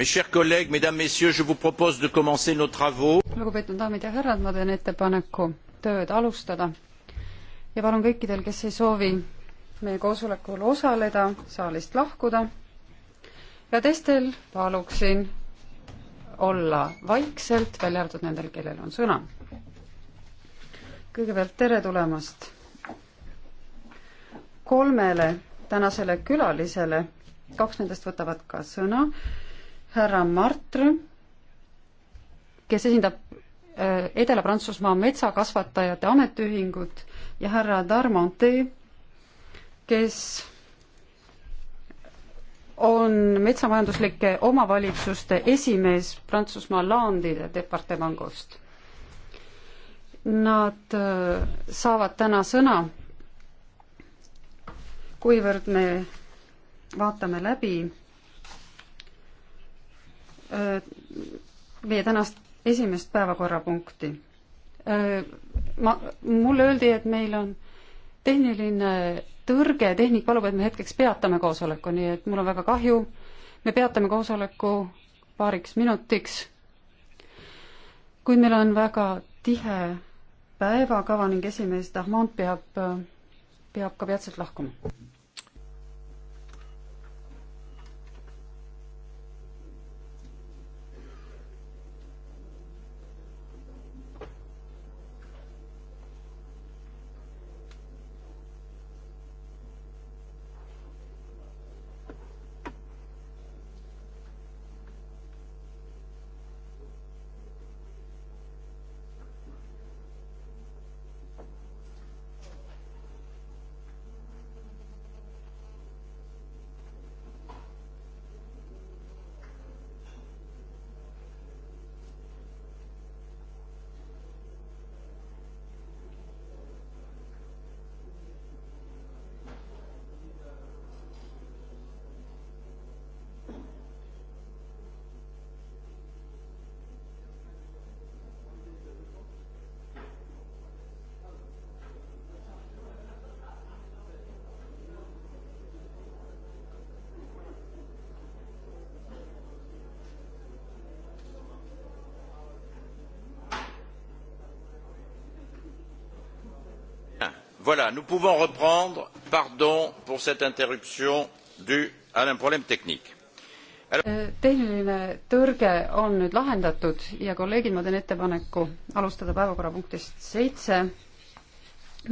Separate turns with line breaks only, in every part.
Mes chers collègues, mesdames, messieurs, je vous propose de commencer nos travaux.
lugupeetud daamid ja härrad, ma teen ettepaneku tööd alustada ja palun kõikidel, kes ei soovi meie koosolekul osaleda, saalist lahkuda ja teistel paluksin olla vaikselt, välja arvatud nendel, kellel on sõna. kõigepealt tere tulemast kolmele tänasele külalisele, kaks nendest võtavad ka sõna härra Martre, kes esindab äh, Edela-Prantsusmaa metsakasvatajate ametiühingut ja härra Darmonte, kes on metsamajanduslike omavalitsuste esimees Prantsusmaa Laandide departamangust. Nad äh, saavad täna sõna, kuivõrd me vaatame läbi Äh, meie tänast esimest päevakorrapunkti. Äh, ma, mulle öeldi, et meil on tehniline tõrge, tehnik palub, et me hetkeks peatame koosoleku, nii et mul on väga kahju. me peatame koosoleku paariks minutiks. kuid meil on väga tihe päevakava ning esimees Dahmont peab, peab ka peatselt lahkuma.
Voilà, nous pouvons reprendre. Pardon pour cette interruption due à un problème technique.
Euh, tehniline tõrge on nüüd lahendatud ja kolleegid, ma teen ettepaneku alustada päevakorrapunktist seitse.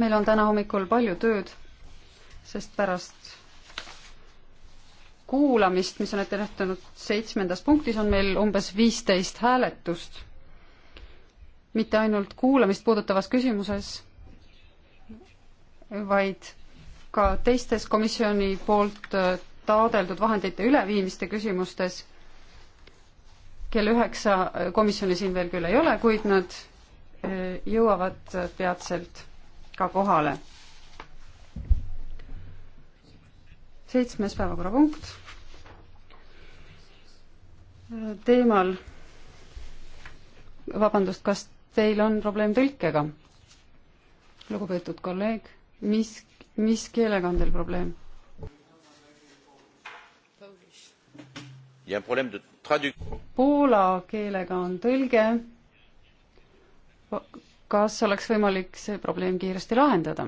meil on täna hommikul palju tööd, sest pärast kuulamist, mis on ette nähtud seitsmendas punktis, on meil umbes viisteist hääletust. mitte ainult kuulamist puudutavas küsimuses vaid ka teistes komisjoni poolt äh, taodeldud vahendite üleviimiste küsimustes. kell üheksa äh, komisjoni siin veel küll ei ole, kuid nad äh, jõuavad peatselt ka kohale. seitsmes päevakorrapunkt teemal, vabandust, kas teil on probleem tõlkega? lugupeetud kolleeg mis, mis keelega on teil probleem? Poola keelega on tõlge. kas oleks võimalik see probleem kiiresti lahendada?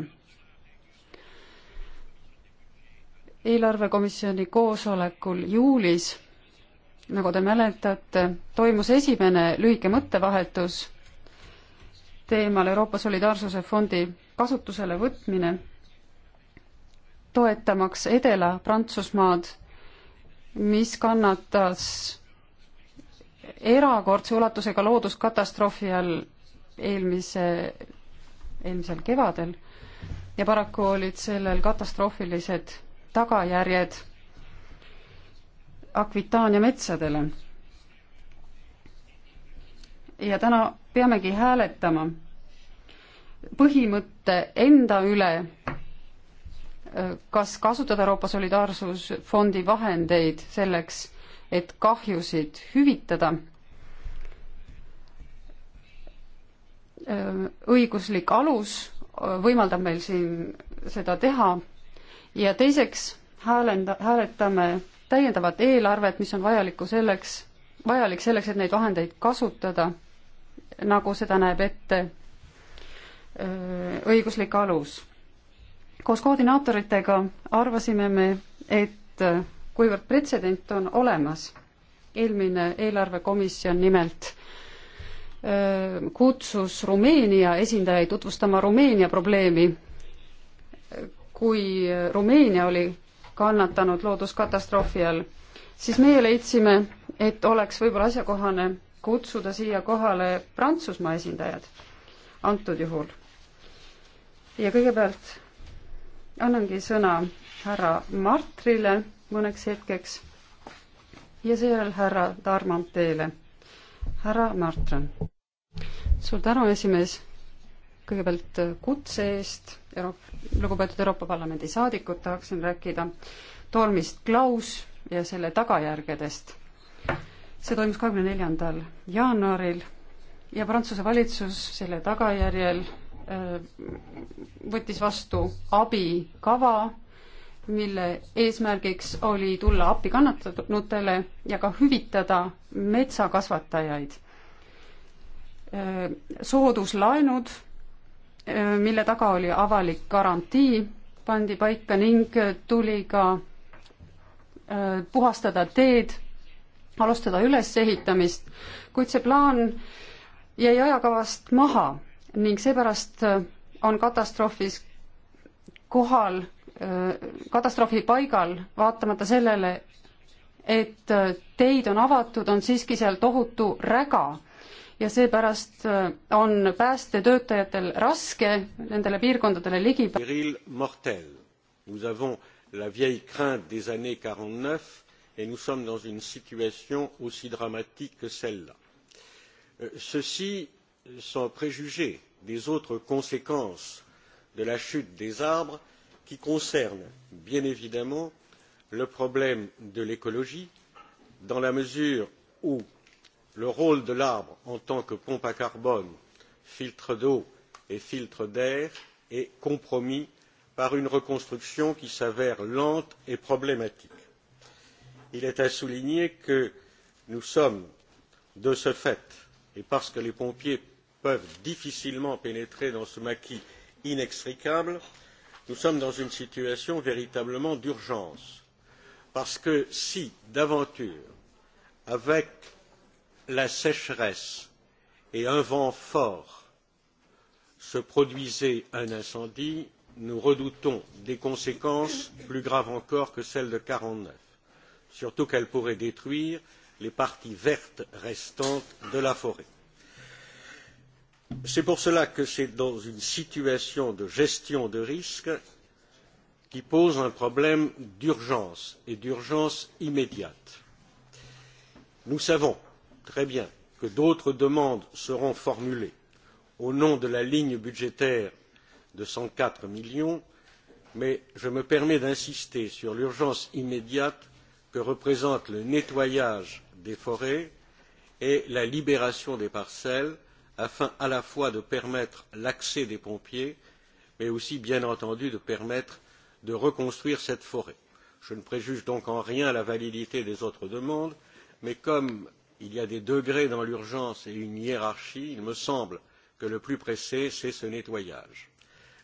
eelarvekomisjoni koosolekul juulis, nagu te mäletate, toimus esimene lühike mõttevahetus teemal Euroopa Solidaarsuse Fondi kasutusele võtmine, toetamaks Edela-Prantsusmaad, mis kannatas erakordse ulatusega looduskatastroofi all eelmise, eelmisel kevadel ja paraku olid sellel katastroofilised tagajärjed Akvitaania metsadele. ja täna peamegi hääletama põhimõtte enda üle, kas kasutada Euroopa Solidaarsusfondi vahendeid selleks, et kahjusid hüvitada. õiguslik alus võimaldab meil siin seda teha ja teiseks häälenda, hääletame täiendavat eelarvet, mis on vajalikku selleks, vajalik selleks, et neid vahendeid kasutada, nagu seda näeb ette õiguslik alus. koos koordinaatoritega arvasime me, et äh, kuivõrd pretsedent on olemas, eelmine eelarvekomisjon nimelt kutsus Rumeenia esindajaid tutvustama Rumeenia probleemi, kui Rumeenia oli kannatanud looduskatastroofi all, siis meie leidsime, et oleks võib-olla asjakohane kutsuda siia kohale Prantsusmaa esindajad antud juhul ja kõigepealt annangi sõna härra Martrile mõneks hetkeks ja seejärel härra Tarmand teile. härra Martran. suur tänu, esimees, kõigepealt kutse eest, lugupeetud Euroopa Parlamendi saadikud, tahaksin rääkida tormist Klaus ja selle tagajärgedest. see toimus kahekümne neljandal jaanuaril ja Prantsuse valitsus selle tagajärjel Äh, võttis vastu abikava, mille eesmärgiks oli tulla appi kannatanutele ja ka hüvitada metsakasvatajaid. Äh, sooduslaenud, äh, mille taga oli avalik garantii, pandi paika ning tuli ka puhastada teed, alustada ülesehitamist, kuid see plaan jäi ajakavast maha ning seepärast äh, on katastroofis kohal, äh, katastroofi paigal, vaatamata sellele, et äh, teid on avatud, on siiski seal tohutu räga ja seepärast on päästetöötajatel raske nendele piirkondadele ligi
Nous avons la vieille crainte des années 49 et nous sommes dans une situation aussi dramatique que celle-là. Euh, ceci sans préjuger des autres conséquences de la chute des arbres qui concernent bien évidemment le problème de l'écologie dans la mesure où le rôle de l'arbre en tant que pompe à carbone filtre d'eau et filtre d'air est compromis par une reconstruction qui s'avère lente et problématique. il est à souligner que nous sommes de ce fait et parce que les pompiers peuvent difficilement pénétrer dans ce maquis inextricable nous sommes dans une situation véritablement d'urgence parce que si d'aventure avec la sécheresse et un vent fort se produisait un incendie nous redoutons des conséquences plus graves encore que celles de quarante neuf surtout qu'elles pourraient détruire les parties vertes restantes de la forêt c'est pour cela que c'est dans une situation de gestion de risque qui pose un problème d'urgence et d'urgence immédiate. nous savons très bien que d'autres demandes seront formulées au nom de la ligne budgétaire de cent quatre millions mais je me permets d'insister sur l'urgence immédiate que représentent le nettoyage des forêts et la libération des parcelles afin à la fois de permettre l'accès des pompiers mais aussi bien entendu de permettre de reconstruire cette forêt. je ne préjuge donc en rien la validité des autres demandes mais comme il y a des degrés dans l'urgence et une hiérarchie il me semble que le plus pressé c'est ce nettoyage.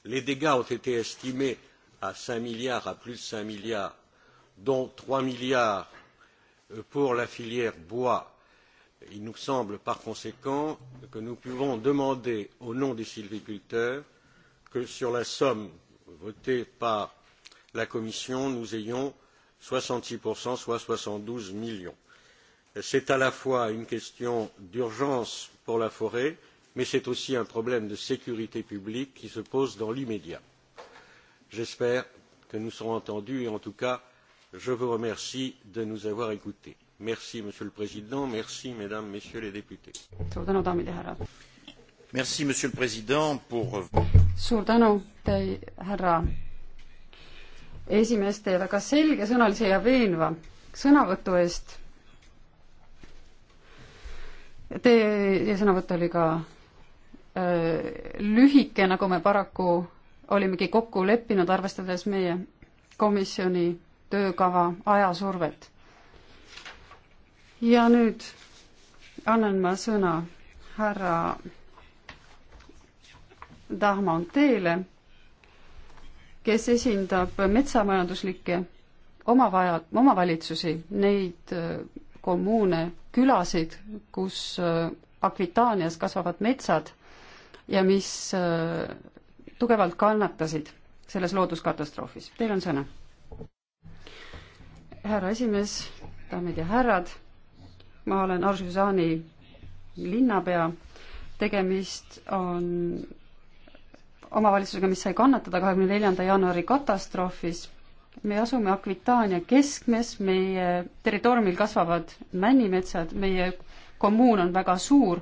les dégâts ont été estimés à cinq milliards à plus de cinq milliards dont trois milliards euh, pour la filière bois Il nous semble par conséquent que nous pouvons demander au nom des sylviculteurs que sur la somme votée par la Commission, nous ayons 66%, soit 72 millions. C'est à la fois une question d'urgence pour la forêt, mais c'est aussi un problème de sécurité publique qui se pose dans l'immédiat. J'espère que nous serons entendus et en tout cas, je vous remercie de nous avoir écoutés. Merci, monsieur le président merci mesdames messieurs les députés.
suur tänu daamid ja härrad.
Merci, monsieur le president pour. Euh,
suur tänu teie härra esimees teie väga selgesõnalise ja veenva sõnavõtu eest. Teie sõnavõtt oli ka öö, äh, lühike, nagu me paraku olimegi kokku leppinud, arvestades meie komisjoni töökava ajasurvet ja nüüd annan ma sõna härra Dahmonteele, kes esindab metsamajanduslikke omavaja, omavalitsusi, neid äh, kommuune, külasid, kus äh, Akvitaanias kasvavad metsad ja mis äh, tugevalt kannatasid selles looduskatastroofis. Teil on sõna. härra esimees, daamid ja härrad ma olen Arsžusani linnapea, tegemist on omavalitsusega, mis sai kannatada kahekümne neljanda jaanuari katastroofis. me asume Akvitaania keskmes, meie territooriumil kasvavad männimetsad, meie kommuun on väga suur,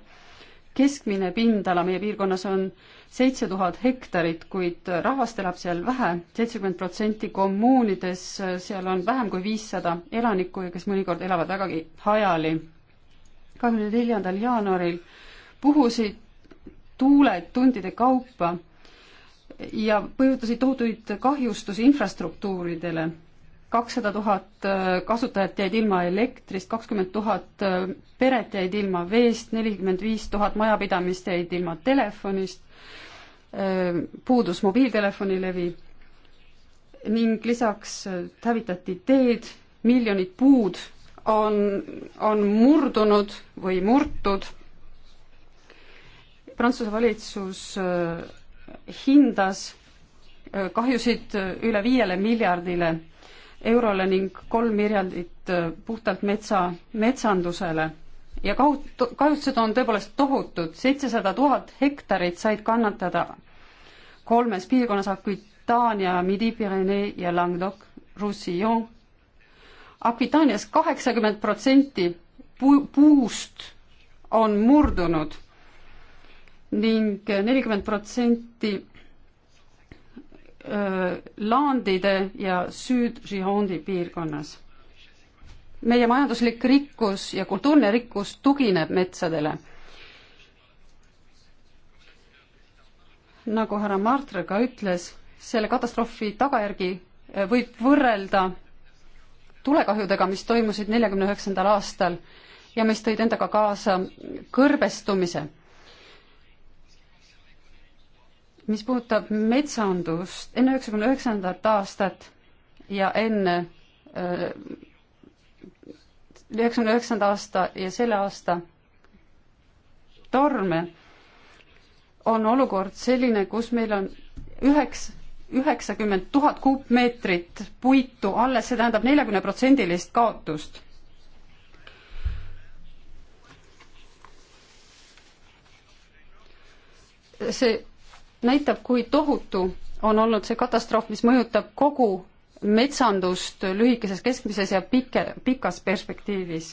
keskmine pindala meie piirkonnas on seitse tuhat hektarit, kuid rahvast elab seal vähe, seitsekümmend protsenti kommuunides seal on vähem kui viissada elanikku ja kes mõnikord elavad vägagi hajali kahekümne neljandal jaanuaril puhusid tuuled tundide kaupa ja põhjutasid tohutuid kahjustusi infrastruktuuridele. kakssada tuhat äh, kasutajat jäid ilma elektrist, kakskümmend tuhat äh, peret jäid ilma veest, nelikümmend viis tuhat majapidamist jäid ilma telefonist, äh, puudus mobiiltelefonilevi ning lisaks hävitati teed, miljonid puud on, on murdunud või murtud. Prantsuse valitsus äh, hindas äh, kahjusid äh, üle viiele miljardile eurole ning kolm miljardit puhtalt metsa, metsandusele. ja kahut-, kahjustused on tõepoolest tohutud, seitsesada tuhat hektarit said kannatada kolmes piirkonnas Aquitania, Midi-Pyrenee ja Languedoc-Roussillon Akvitaanias kaheksakümmend protsenti puust on murdunud ning nelikümmend protsenti laandide ja Süüd-Girondi piirkonnas. meie majanduslik rikkus ja kultuurne rikkus tugineb metsadele. nagu härra Martre ka ütles, selle katastroofi tagajärgi võib võrrelda tulekahjudega, mis toimusid neljakümne üheksandal aastal ja mis tõid endaga kaasa kõrbestumise. mis puudutab metsandust enne üheksakümne üheksandat aastat ja enne äh, üheksakümne üheksanda aasta ja selle aasta torme on olukord selline, kus meil on üheks üheksakümmend tuhat kuupmeetrit puitu alles, see tähendab neljakümneprotsendilist kaotust. see näitab, kui tohutu on olnud see katastroof, mis mõjutab kogu metsandust lühikeses, keskmises ja pike, pikas perspektiivis.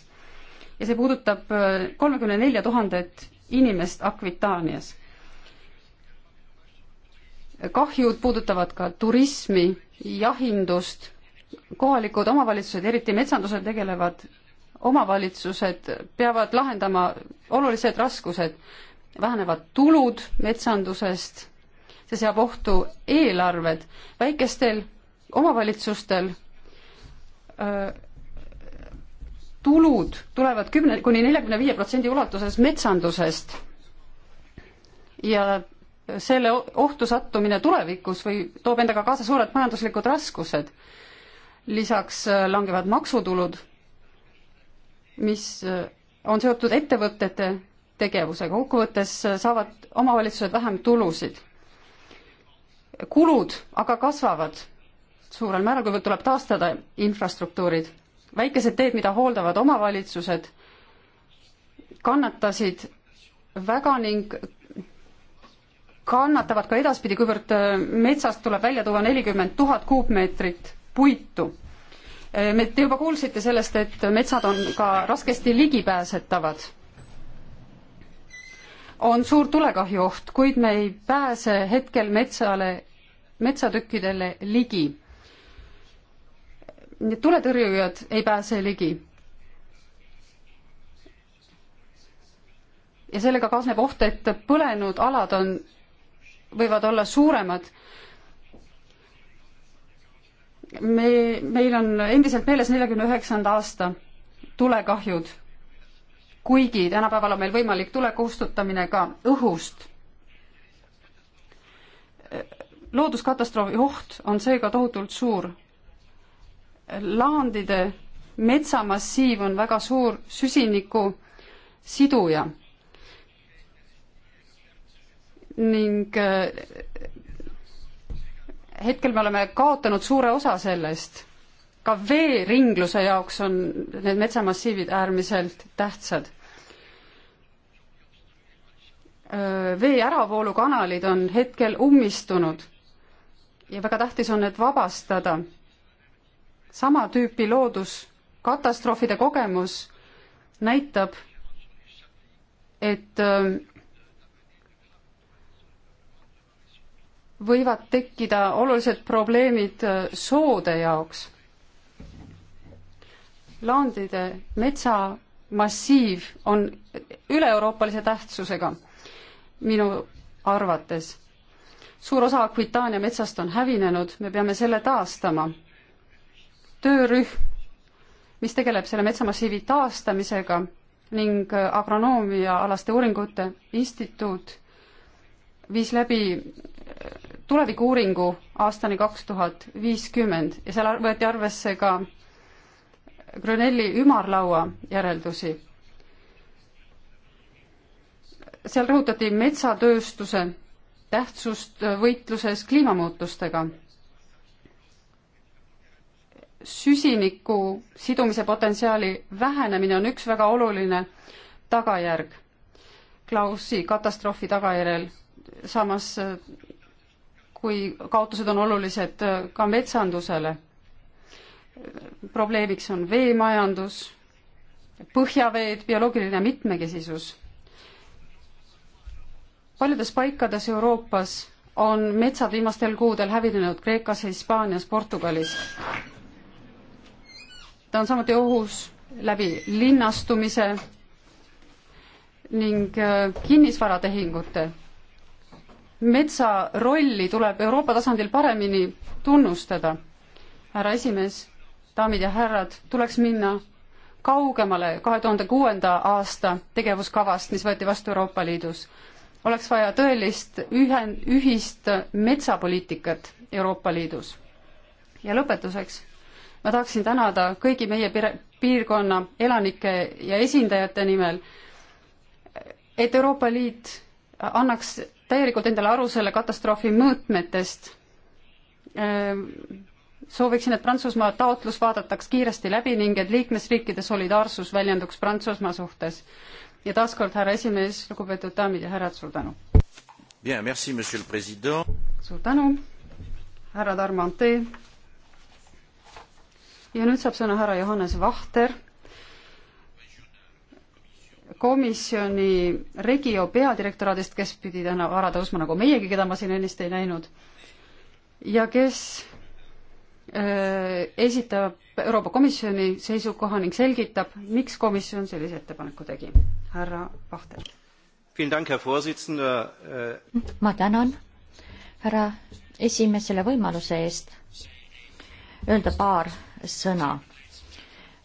ja see puudutab äh, kolmekümne nelja tuhandet inimest Akvitaanias kahjud puudutavad ka turismi, jahindust, kohalikud omavalitsused, eriti metsandusel tegelevad omavalitsused peavad lahendama olulised raskused, vähenevad tulud metsandusest, see seab ohtu eelarved, väikestel omavalitsustel öö, tulud tulevad kümne kuni neljakümne viie protsendi ulatuses metsandusest ja selle ohtu sattumine tulevikus või toob endaga kaasa suured majanduslikud raskused. lisaks äh, langevad maksutulud, mis äh, on seotud ettevõtete tegevusega, kokkuvõttes äh, saavad omavalitsused vähem tulusid. kulud aga kasvavad suurel määral, kuivõrd tuleb taastada infrastruktuurid. väikesed teed, mida hooldavad omavalitsused, kannatasid väga ning kannatavad ka edaspidi, kuivõrd äh, metsast tuleb välja tuua nelikümmend tuhat kuupmeetrit puitu. Äh, te juba kuulsite sellest, et metsad on ka raskesti ligipääsetavad. on suur tulekahju oht, kuid me ei pääse hetkel metsale, metsatükkidele ligi. Need tuletõrjujad ei pääse ligi ja sellega kaasneb oht, et põlenud alad on võivad olla suuremad. me, meil on endiselt meeles neljakümne üheksanda aasta tulekahjud, kuigi tänapäeval on meil võimalik tule kustutamine ka õhust. looduskatastroofi oht on seega tohutult suur. laandide metsamassiiv on väga suur süsiniku siduja ning äh, hetkel me oleme kaotanud suure osa sellest. ka veeringluse jaoks on need metsamassiivid äärmiselt tähtsad. Äh, vee äravoolukanalid on hetkel ummistunud ja väga tähtis on need vabastada. sama tüüpi looduskatastroofide kogemus näitab, et äh, võivad tekkida olulised probleemid äh, soode jaoks. laandide metsamassiiv on üle-euroopalise tähtsusega minu arvates. suur osa Aquitania metsast on hävinenud, me peame selle taastama. töörühm, mis tegeleb selle metsamassiivi taastamisega ning äh, agronoomiaalaste uuringute instituut viis läbi äh, tulevikuuuringu aastani kaks tuhat viiskümmend ja seal võeti arvesse ka Grönelli ümarlaua järeldusi. seal rõhutati metsatööstuse tähtsust võitluses kliimamuutustega. süsiniku sidumise potentsiaali vähenemine on üks väga oluline tagajärg Klausi katastroofi tagajärjel samas kui kaotused on olulised äh, ka metsandusele. probleemiks on veemajandus, põhjaveed, bioloogiline mitmekesisus. paljudes paikades Euroopas on metsad viimastel kuudel hävinenud Kreekas, Hispaanias, Portugalis. ta on samuti ohus läbi linnastumise ning äh, kinnisvaratehingute metsa rolli tuleb Euroopa tasandil paremini tunnustada. härra esimees, daamid ja härrad, tuleks minna kaugemale kahe tuhande kuuenda aasta tegevuskavast, mis võeti vastu Euroopa Liidus. oleks vaja tõelist ühen-, ühist metsapoliitikat Euroopa Liidus. ja lõpetuseks ma tahaksin tänada kõigi meie pire, piirkonna elanike ja esindajate nimel, et Euroopa Liit annaks täielikult endale aru selle katastroofi mõõtmetest. Ehm, sooviksin, et Prantsusmaa taotlus vaadataks kiiresti läbi ning et liikmesriikide solidaarsus väljenduks Prantsusmaa suhtes. ja taaskord, härra esimees, lugupeetud daamid ja härrad, suur tänu! suur tänu, härra Tarmo Ante. ja nüüd saab sõna härra Johannes Vahter komisjoni Regio peadirektoraadist, kes pidi täna vara tõusma nagu meiegi, keda ma siin ennist ei näinud, ja kes öö, äh, esitab Euroopa Komisjoni seisukoha ning selgitab, miks komisjon sellise ettepaneku tegi. härra Vahter.
Äh,
ma tänan, härra esimees, selle võimaluse eest öelda paar sõna.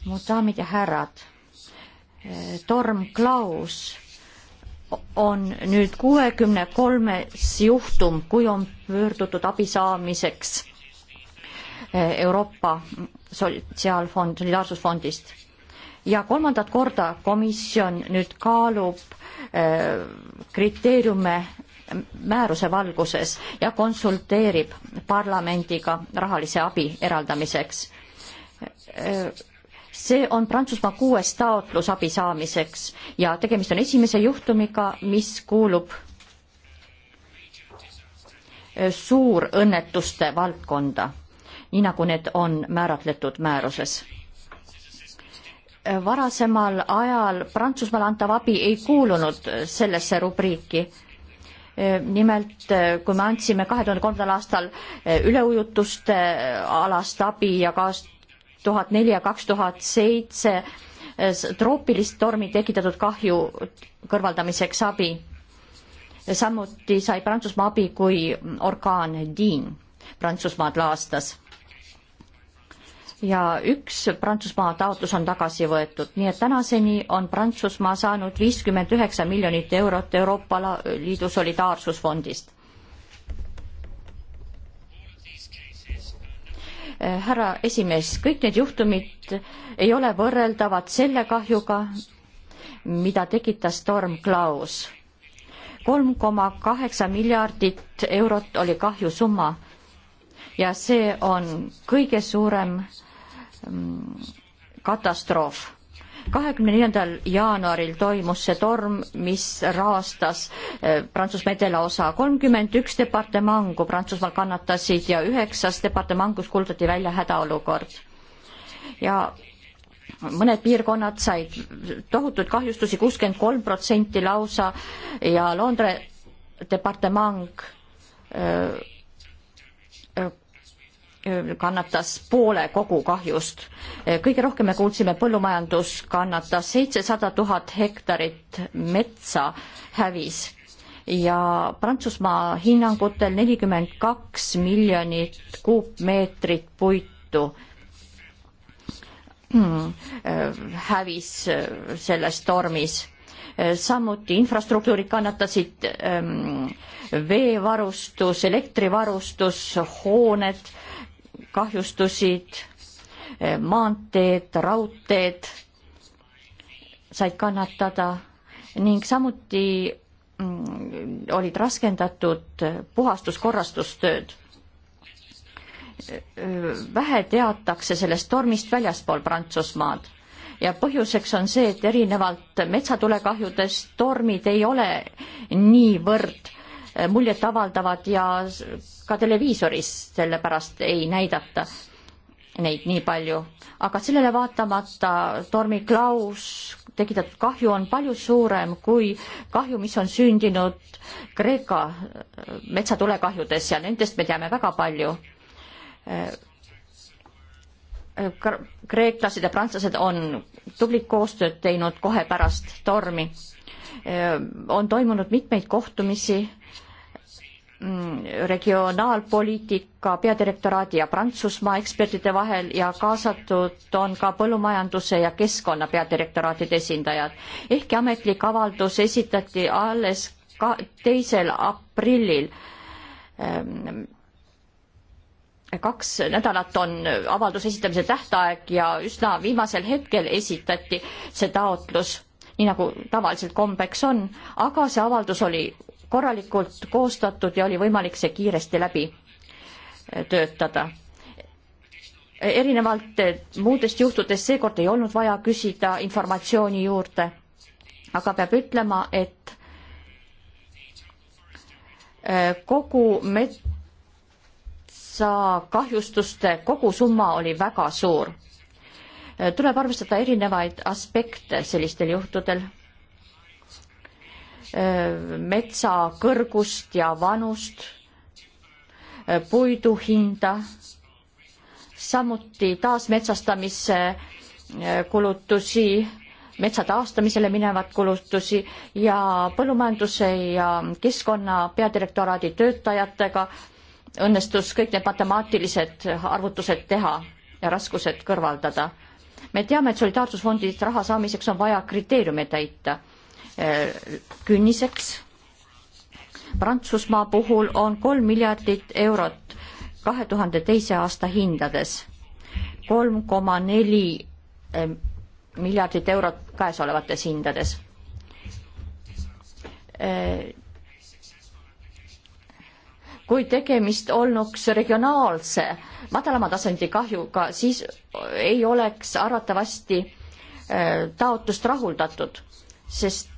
mu daamid ja härrad Torm Klaus on nüüd kuuekümne kolmes juhtum, kui on pöördutud abi saamiseks eh, Euroopa Sotsiaalfond, Solidaarsusfondist. ja kolmandat korda komisjon nüüd kaalub eh, kriteeriume määruse valguses ja konsulteerib parlamendiga rahalise abi eraldamiseks eh, see on Prantsusmaa kuues taotlus abi saamiseks ja tegemist on esimese juhtumiga, mis kuulub äh, suurõnnetuste valdkonda, nii nagu need on määratletud määruses. Äh, varasemal ajal Prantsusmaale antav abi ei kuulunud äh, sellesse rubriiki. nimelt, kui me andsime kahe tuhande kolmandal aastal üleujutuste alast abi ja kaas-, tuhat neli ja kaks tuhat seitse troopilist tormi tekitatud kahju kõrvaldamiseks abi. samuti sai Prantsusmaa abi, kui orkaan Dean Prantsusmaad laastas. ja üks Prantsusmaa taotlus on tagasi võetud, nii et tänaseni on Prantsusmaa saanud viiskümmend üheksa miljonit eurot Euroopa Liidu solidaarsusfondist Eh, härra esimees, kõik need juhtumid ei ole võrreldavad selle kahjuga, mida tekitas torm Klaus. kolm koma kaheksa miljardit eurot oli kahjusumma ja see on kõige suurem mm, katastroof kahekümne neljandal jaanuaril toimus see torm, mis rahastas eh, Prantsusmaa edelaosa. kolmkümmend üks departemangu Prantsusmaal kannatasid ja üheksas departemangus kuulutati välja hädaolukord. ja mõned piirkonnad said tohutuid kahjustusi, kuuskümmend kolm protsenti lausa ja Londre departemang öö, eh, kannatas poole kogu kahjust. kõige rohkem me kuulsime, põllumajandus kannatas seitsesada tuhat hektarit metsa hävis ja Prantsusmaa hinnangutel nelikümmend kaks miljonit kuupmeetrit puitu äh, hävis äh, selles tormis. samuti infrastruktuurid kannatasid ähm, veevarustus, elektrivarustus, hooned kahjustusid, maanteed, raudteed said kannatada ning samuti mm, olid raskendatud puhastuskorrastustööd. vähe teatakse sellest tormist väljaspool Prantsusmaad ja põhjuseks on see, et erinevalt metsatulekahjudest tormid ei ole niivõrd muljet avaldavad ja ka televiisoris sellepärast ei näidata neid nii palju. aga sellele vaatamata Tormi Klaus tekitatud kahju on palju suurem kui kahju, mis on sündinud Kreeka äh, metsatulekahjudes ja nendest me teame väga palju äh, kreeklased ja prantslased on tublit koostööd teinud kohe pärast tormi. Äh, on toimunud mitmeid kohtumisi Mm, regionaalpoliitika peadirektoraadi ja Prantsusmaa ekspertide vahel ja kaasatud on ka põllumajanduse ja keskkonna peadirektoraatide esindajad. ehkki ametlik avaldus esitati alles ka teisel aprillil. Ähm, kaks nädalat on avalduse esitamise tähtaeg ja üsna viimasel hetkel esitati see taotlus, nii nagu tavaliselt kombeks on, aga see avaldus oli korralikult koostatud ja oli võimalik see kiiresti läbi töötada. erinevalt muudest juhtudest seekord ei olnud vaja küsida informatsiooni juurde, aga peab ütlema, et äh, kogu metsa kahjustuste kogusumma oli väga suur. Äh, tuleb arvestada erinevaid aspekte sellistel juhtudel Äh, metsa kõrgust ja vanust, äh, puidu hinda, samuti taasmetsastamise äh, kulutusi, metsa taastamisele minevat kulutusi ja põllumajanduse ja keskkonna peadirektoraadi töötajatega õnnestus kõik need matemaatilised arvutused teha ja raskused kõrvaldada. me teame, et solidaarsusfondist raha saamiseks on vaja kriteeriume täita künniseks. Prantsusmaa puhul on kolm miljardit eurot kahe tuhande teise aasta hindades, kolm koma neli miljardit eurot käesolevates hindades e, kui tegemist olnuks regionaalse madalama tasandi kahjuga, siis ei oleks arvatavasti e, taotlust rahuldatud, sest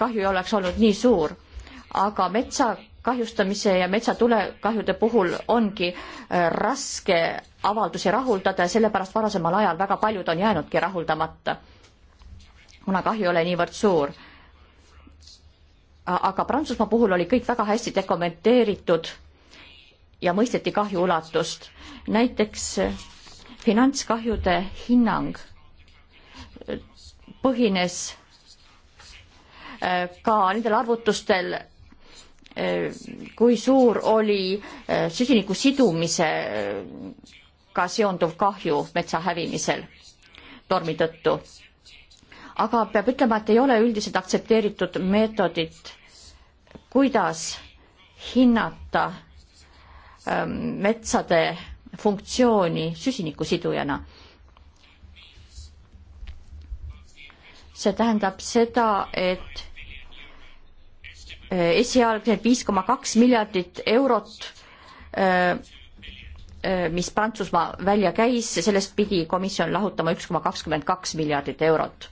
kahju ei oleks olnud nii suur. aga metsa kahjustamise ja metsatulekahjude puhul ongi äh, raske avaldusi rahuldada ja sellepärast varasemal ajal väga paljud on jäänudki rahuldamata, kuna kahju ei ole niivõrd suur. aga Prantsusmaa puhul oli kõik väga hästi dokumenteeritud ja mõisteti kahju ulatust. näiteks äh, finantskahjude hinnang äh, põhines Äh, ka nendel arvutustel, äh, kui suur oli äh, süsiniku sidumisega seonduv kahju metsa hävimisel tormi tõttu. aga peab ütlema, et ei ole üldiselt aktsepteeritud meetodit, kuidas hinnata ähm, metsade funktsiooni süsiniku sidujana see tähendab seda, et Äh, esialgsed viis koma kaks miljardit eurot, äh, äh, mis Prantsusmaa välja käis, sellest pidi komisjon lahutama üks koma kakskümmend kaks miljardit eurot.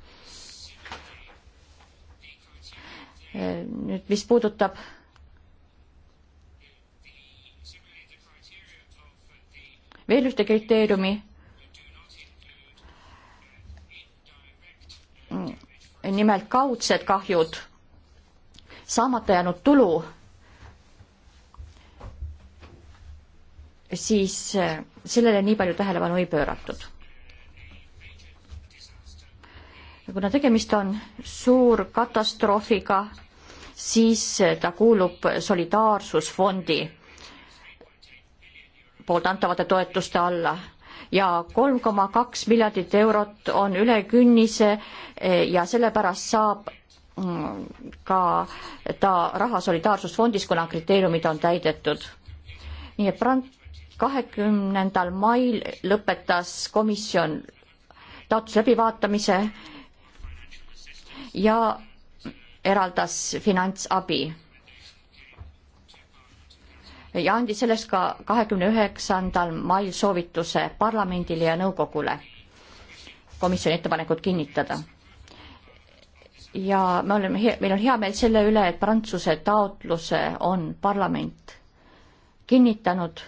nüüd, mis puudutab veel ühte kriteeriumi, mm, nimelt kaudsed kahjud saamata jäänud tulu, siis äh, sellele nii palju tähelepanu ei pööratud. kuna tegemist on suurkatastroofiga, siis äh, ta kuulub Solidaarsusfondi poolt antavate toetuste alla ja kolm koma kaks miljardit eurot on üle künnise äh, ja sellepärast saab ka ta raha solidaarsusfondis, kuna kriteeriumid on täidetud. nii et Brand kahekümnendal mail lõpetas komisjon taotluse läbivaatamise ja eraldas finantsabi ja andis sellest ka kahekümne üheksandal mail soovituse parlamendile ja nõukogule komisjoni ettepanekut kinnitada ja me oleme, meil on hea meel selle üle, et Prantsuse taotluse on parlament kinnitanud.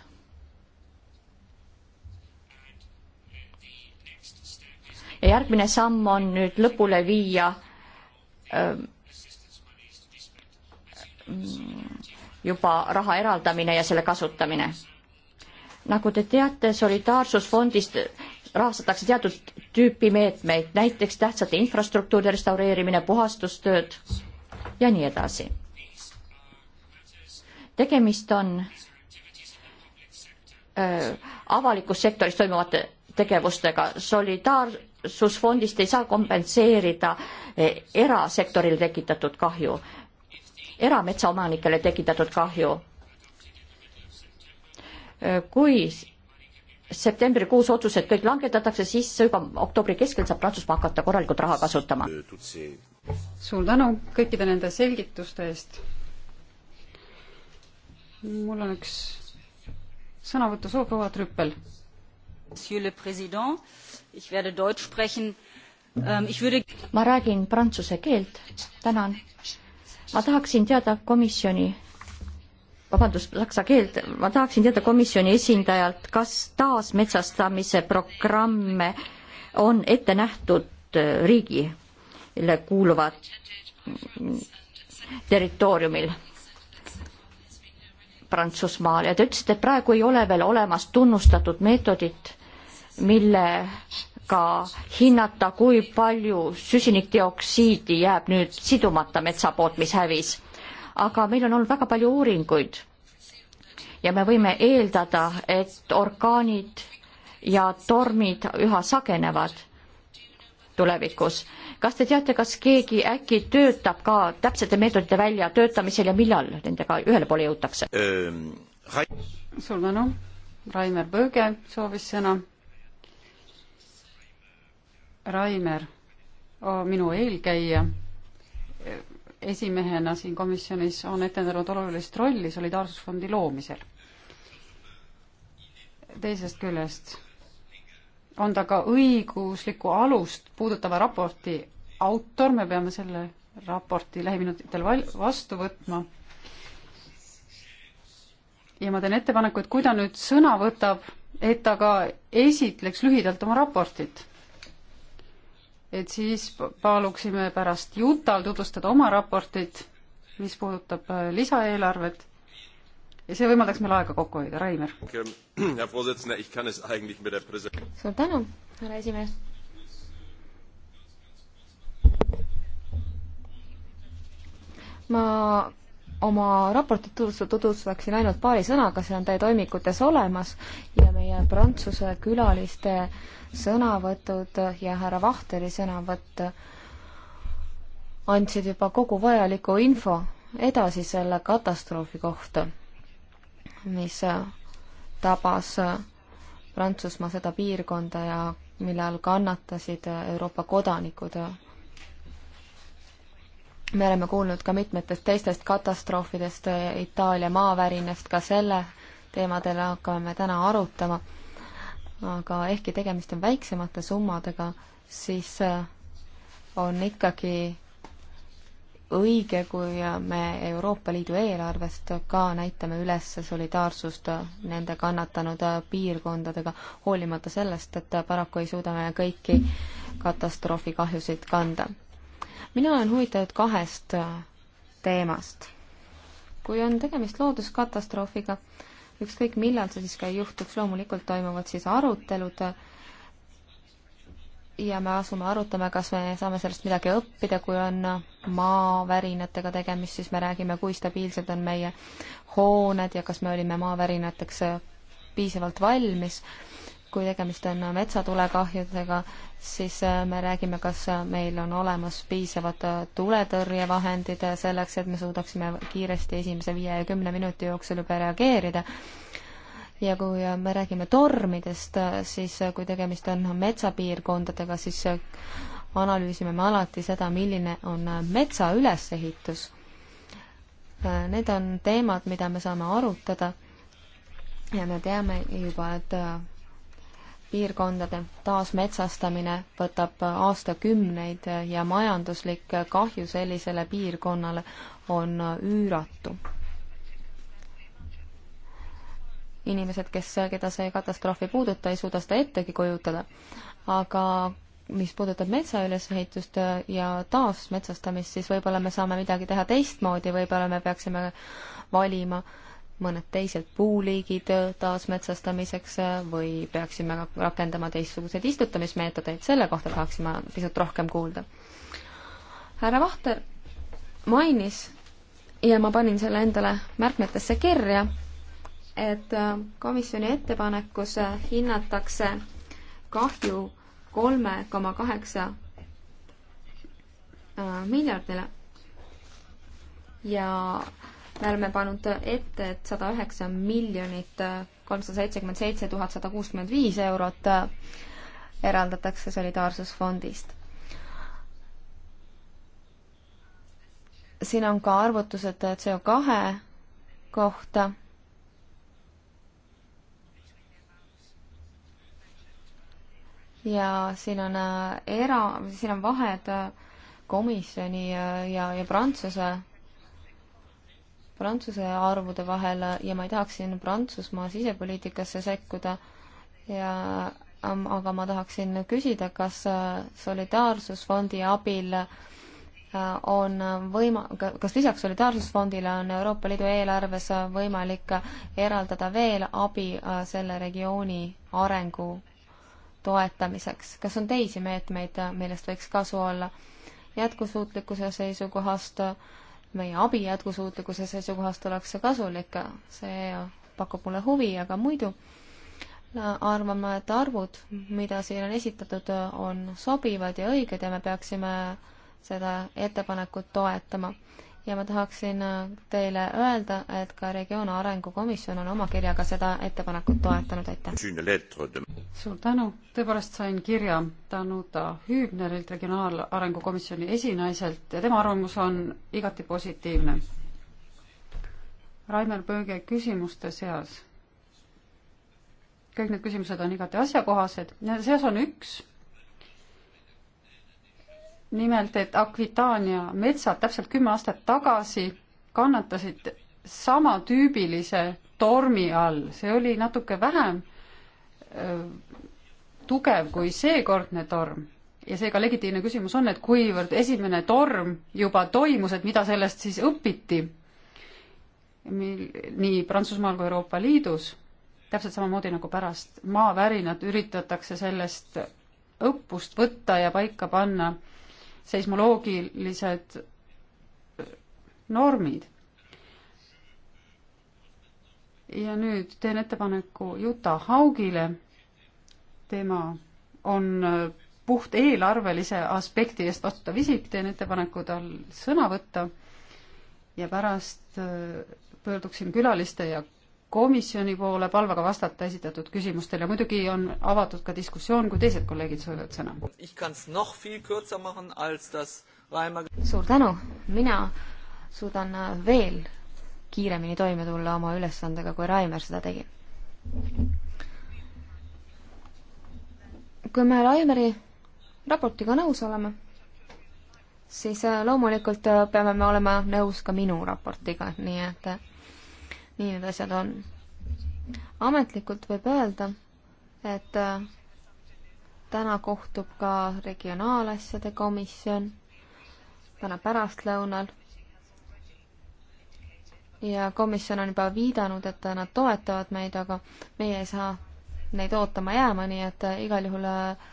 ja järgmine samm on nüüd lõpule viia öö, ähm, juba raha eraldamine ja selle kasutamine. nagu te teate, solidaarsusfondist rahastatakse teatud tüüpi meetmeid, näiteks tähtsate infrastruktuuri restaureerimine, puhastustööd ja nii edasi. tegemist on äh, avalikus sektoris toimuvate tegevustega, solidaarsusfondist ei saa kompenseerida äh, erasektoril tekitatud kahju, erametsaomanikele tekitatud kahju äh,. kui septembrikuus otsused kõik langetatakse, siis juba oktoobri keskel saab Prantsusmaa hakata korralikult raha kasutama.
suur tänu kõikide nende selgituste eest. mul on üks sõnavõttu soov, proua Trüppel. Monsieur le
president, ich werde deutsch sprechen ähm,. Ich würde...
ma
räägin prantsuse keelt, tänan. ma tahaksin teada komisjoni vabandust, saksa keelt, ma tahaksin teada komisjoni esindajalt, kas taasmetsastamise programme on ette nähtud äh, riigile kuuluvat territooriumil Prantsusmaal ja te ütlesite, et praegu ei ole veel olemas tunnustatud meetodit, millega hinnata, kui palju süsinikdioksiidi jääb nüüd sidumata metsa poolt, mis hävis aga meil on olnud väga palju uuringuid ja me võime eeldada, et orkaanid ja tormid üha sagenevad tulevikus. kas te teate, kas keegi äkki töötab ka täpsete meetodite väljatöötamisel ja millal nendega ühele poole jõutakse ähm,?
suur tänu. Raimer Põõge soovis sõna. Raimer, minu eelkäija esimehena siin komisjonis on etendanud olulist rolli solidaarsusfondi loomisel. teisest küljest on ta ka õiguslikku alust puudutava raporti autor, me peame selle raporti lähiminutitel val-, vastu võtma. ja ma teen ettepaneku, et kui ta nüüd sõna võtab, et ta ka esitleks lühidalt oma raportit et siis paluksime pärast Jutal tutvustada oma raportit, mis puudutab äh, lisaeelarvet ja see võimaldaks meil aega kokku hoida, Rainer. suur tänu, härra esimees.
ma oma raportit tutvustaksin ainult paari sõnaga, see on teie toimikutes olemas ja meie Prantsuse külaliste äh, sõnavõtud ja härra Vahteri sõnavõtt andsid juba kogu vajaliku info edasi selle katastroofi kohta, mis tabas Prantsusmaa seda piirkonda ja mille all kannatasid Euroopa kodanikud. me oleme kuulnud ka mitmetest teistest katastroofidest, Itaalia maavärinast, ka selle teemadel hakkame täna arutama aga ehkki tegemist on väiksemate summadega, siis äh, on ikkagi õige, kui me Euroopa Liidu eelarvest ka näitame üles solidaarsust nende kannatanud äh, piirkondadega, hoolimata sellest, et äh, paraku ei suuda me kõiki katastroofikahjusid kanda. mina olen huvitatud kahest teemast. kui on tegemist looduskatastroofiga, ükskõik millal see siis ka ei juhtuks, loomulikult toimuvad siis arutelud ja me asume arutama, kas me saame sellest midagi õppida, kui on maavärinatega tegemist, siis me räägime, kui stabiilsed on meie hooned ja kas me olime maavärinateks piisavalt valmis kui tegemist on metsatulekahjudega, siis äh, me räägime, kas äh, meil on olemas piisavad äh, tuletõrjevahendid selleks, et me suudaksime kiiresti esimese viie ja kümne minuti jooksul juba reageerida. ja kui me räägime tormidest, siis kui tegemist on metsapiirkondadega, siis analüüsime me alati seda, milline on metsa ülesehitus. Need on teemad, mida me saame arutada ja me teame juba, et piirkondade taasmetsastamine võtab aastakümneid ja majanduslik kahju sellisele piirkonnale on üüratu. inimesed, kes, keda see katastroof ei puuduta, ei suuda seda ettegi kujutada. aga mis puudutab metsa ülesehitust ja taasmetsastamist, siis võib-olla me saame midagi teha teistmoodi, võib-olla me peaksime valima äh, mõned teised puuliigid äh, taasmetsastamiseks äh, või peaksime rakendama teistsuguseid istutamismeetodeid, selle kohta tahaksin ma pisut rohkem kuulda. härra Vahter mainis ja ma panin selle endale märkmetesse kirja, et äh, komisjoni ettepanekus hinnatakse kahju kolme koma kaheksa miljardile ja me oleme pannud ette, et sada üheksa miljonit äh, kolmsada seitsekümmend seitse tuhat sada kuuskümmend viis eurot äh, eraldatakse Solidaarsusfondist. siin on ka arvutused äh, CO kahe kohta. ja siin on era, siin on vahed komisjoni ja, ja, ja Prantsuse Prantsuse arvude vahel ja ma ei tahaks siin Prantsusmaa sisepoliitikasse sekkuda ja aga ma tahaksin küsida, kas äh, Solidaarsusfondi abil äh, on võima-, kas lisaks Solidaarsusfondile on Euroopa Liidu eelarves võimalik eraldada veel abi äh, selle regiooni arengu toetamiseks, kas on teisi meetmeid, millest võiks kasu olla jätkusuutlikkuse seisukohast äh, meie abi jätkusuutlikkuse seisukohast oleks see kasulik, see pakub mulle huvi, aga muidu arvan ma, et arvud, mida siin on esitatud, on sobivad ja õiged ja me peaksime seda ettepanekut toetama ja ma tahaksin äh, teile öelda, et
ka Regioon Arengukomisjon on oma kirjaga seda ettepanekut toetanud, aitäh! suur tänu, tõepoolest sain kirja Danuta Hüübnerilt, Regionaalarengu Komisjoni esinaiselt ja tema arvamus on igati positiivne. Raimar Pööge küsimuste seas kõik need küsimused on igati asjakohased ja seas on üks nimelt, et Aquitania metsad täpselt kümme aastat tagasi kannatasid sama tüübilise tormi all, see oli natuke vähem öö, äh, tugev kui seekordne torm. ja seega legitiimne küsimus on, et kuivõrd esimene torm juba toimus, et mida sellest siis õpiti mil, nii Prantsusmaal kui Euroopa Liidus, täpselt samamoodi nagu pärast maavärinat üritatakse sellest õppust võtta ja paika panna äh, seismoloogilised normid. ja nüüd teen ettepaneku Juta Haugile. tema on puht eelarvelise aspekti eest vastutav isik, teen ettepaneku tal sõna võtta ja pärast pöörduksin külaliste ja komisjoni poole palvega vastata esitatud küsimustele. muidugi on avatud ka diskussioon, kui teised kolleegid soovivad sõna.
Reimer... suur tänu,
mina suudan äh, veel kiiremini toime tulla oma ülesandega, kui Raimer seda tegi. kui me Raimeri raportiga nõus oleme, siis äh, loomulikult äh, peame me olema nõus ka minu raportiga, nii et nii need asjad on. ametlikult võib öelda, et äh, täna kohtub ka regionaalasjade komisjon, täna pärastlõunal. ja komisjon on juba viidanud, et nad toetavad meid, aga meie ei saa neid ootama jääma, nii et äh, igal juhul äh,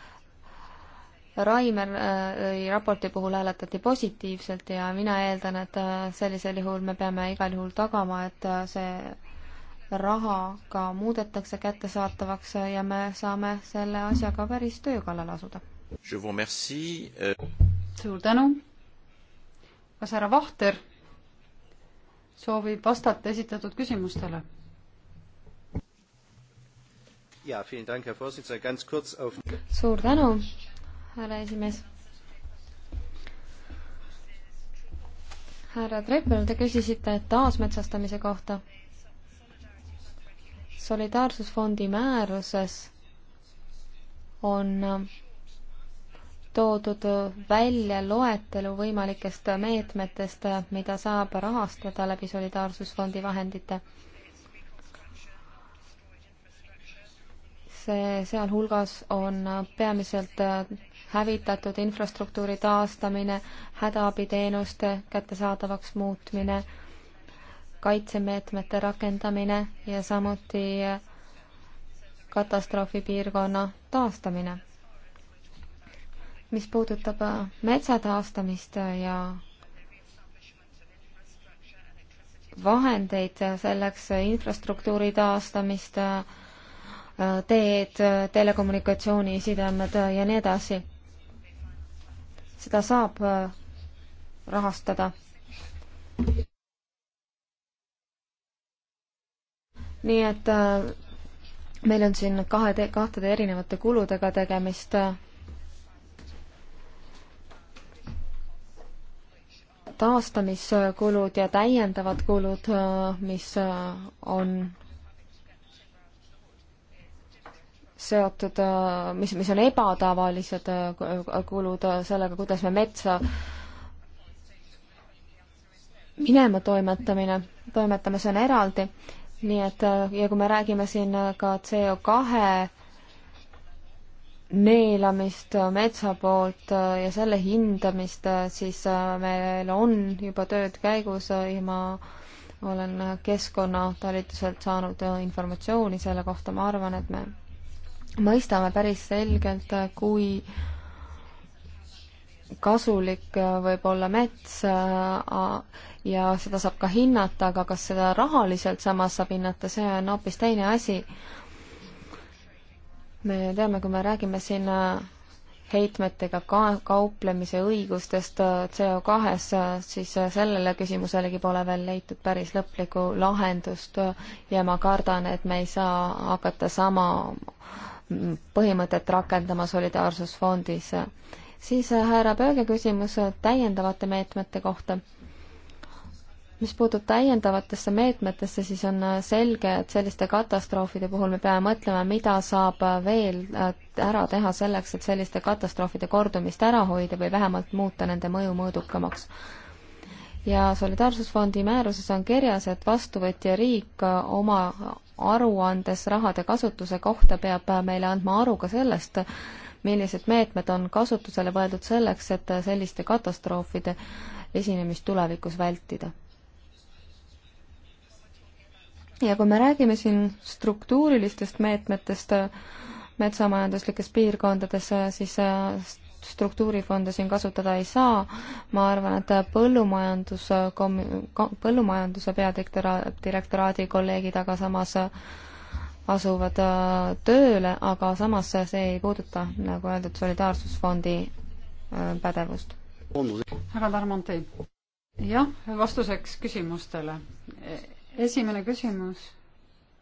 Raimeri äh, raporti puhul hääletati positiivselt ja mina eeldan, et äh, sellisel juhul me peame igal juhul tagama, et äh, see raha ka muudetakse kättesaatavaks ja me saame
selle asjaga päris töö kallale asuda. suur tänu. kas härra Vahter soovib vastata esitatud küsimustele?
suur tänu,
härra esimees.
härra Treppel, te küsisite taasmetsastamise kohta. solidaarsusfondi määruses on toodud välja loetelu võimalikest meetmetest, mida saab rahastada läbi solidaarsusfondi vahendite. see, sealhulgas on peamiselt hävitatud infrastruktuuri taastamine, hädaabiteenuste kättesaadavaks muutmine, kaitsemeetmete rakendamine ja samuti katastroofipiirkonna taastamine. mis puudutab äh, metsa taastamist äh, ja vahendeid äh, selleks infrastruktuuri taastamist, teed, telekommunikatsiooni, sidemed ja nii edasi seda saab äh, rahastada. nii et äh, meil on siin kahe, kahtede erinevate kuludega tegemist. Äh, taastamiskulud ja täiendavad kulud, mis on seotud, äh, mis, mis on ebatavalised äh, kulud äh, sellega, kuidas me metsa minema toimetamine, toimetame, see on eraldi. nii et ja kui me räägime siin ka CO kahe neelamist metsa poolt ja selle hindamist, siis meil on juba tööd käigus ja ma olen keskkonnatalitluselt saanud informatsiooni selle kohta, ma arvan, et me mõistame päris selgelt, kui kasulik võib olla mets äh, ja seda saab ka hinnata, aga kas seda rahaliselt samas saab hinnata, see on hoopis teine asi. me teame, kui me räägime siin äh, heitmetega ka-, kauplemise õigustest äh, CO2-s, siis sellele küsimuselegi pole veel leitud päris lõplikku lahendust ja ma kardan, et me ei saa hakata sama põhimõtet rakendama Solidaarsusfondis. siis äh, härra Pööge küsimus äh, täiendavate meetmete kohta. mis puutub täiendavatesse meetmetesse, siis on äh, selge, et selliste katastroofide puhul me peame mõtlema, mida saab veel ära teha selleks, et selliste katastroofide kordumist ära hoida või vähemalt muuta nende mõju mõõdukamaks ja Solidaarsusfondi määruses on kirjas, et vastuvõtja riik oma aruandes rahade kasutuse kohta peab meile andma aru ka sellest, millised meetmed on kasutusele võetud selleks, et selliste katastroofide esinemist tulevikus vältida. ja kui me räägime siin struktuurilistest meetmetest metsamajanduslikes piirkondades, siis struktuurifonde siin kasutada ei saa, ma arvan, et põllumajandus, põllumajanduse peadirektoraadi kolleegid aga samas asuvad äh, tööle, aga samas see ei puuduta, nagu öeldud, Solidaarsusfondi äh, pädevust.
härra Tarmantei. jah, vastuseks küsimustele. E, esimene küsimus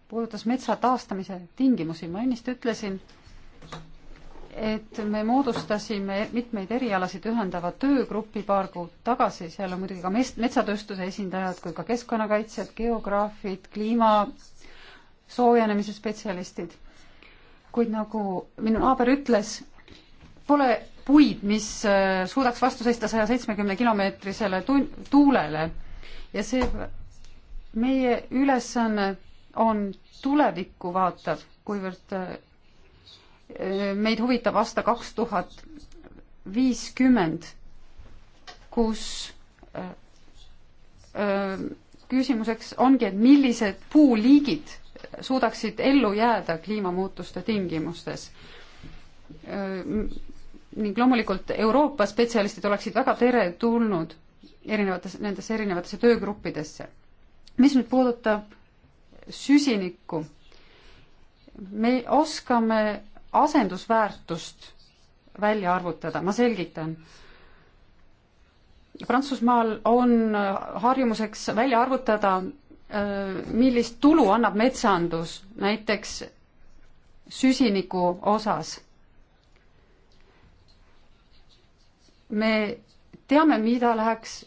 puudutas metsa taastamise tingimusi, ma ennist ütlesin, et me moodustasime mitmeid erialasid ühendava töögrupi paar kuud tagasi, seal on muidugi ka mest-, metsatööstuse esindajad kui ka keskkonnakaitsjad, geograafid, kliima soojenemise spetsialistid. kuid nagu minu naaber ütles, pole puid, mis äh, suudaks vastu seista saja seitsmekümne kilomeetrisele tuulele ja see meie ülesanne on tulevikku vaatav, kuivõrd äh, meid huvitab aasta kaks tuhat viiskümmend, kus äh, äh, küsimuseks ongi, et millised puuliigid suudaksid ellu jääda kliimamuutuste tingimustes. Äh, ning loomulikult Euroopa spetsialistid oleksid väga teretulnud erinevates, nendesse erinevatesse töögruppidesse. mis nüüd puudutab süsinikku, me oskame asendusväärtust välja arvutada, ma selgitan. Prantsusmaal on äh, harjumuseks välja arvutada, äh, millist tulu annab metsandus näiteks süsiniku osas. me teame, mida läheks,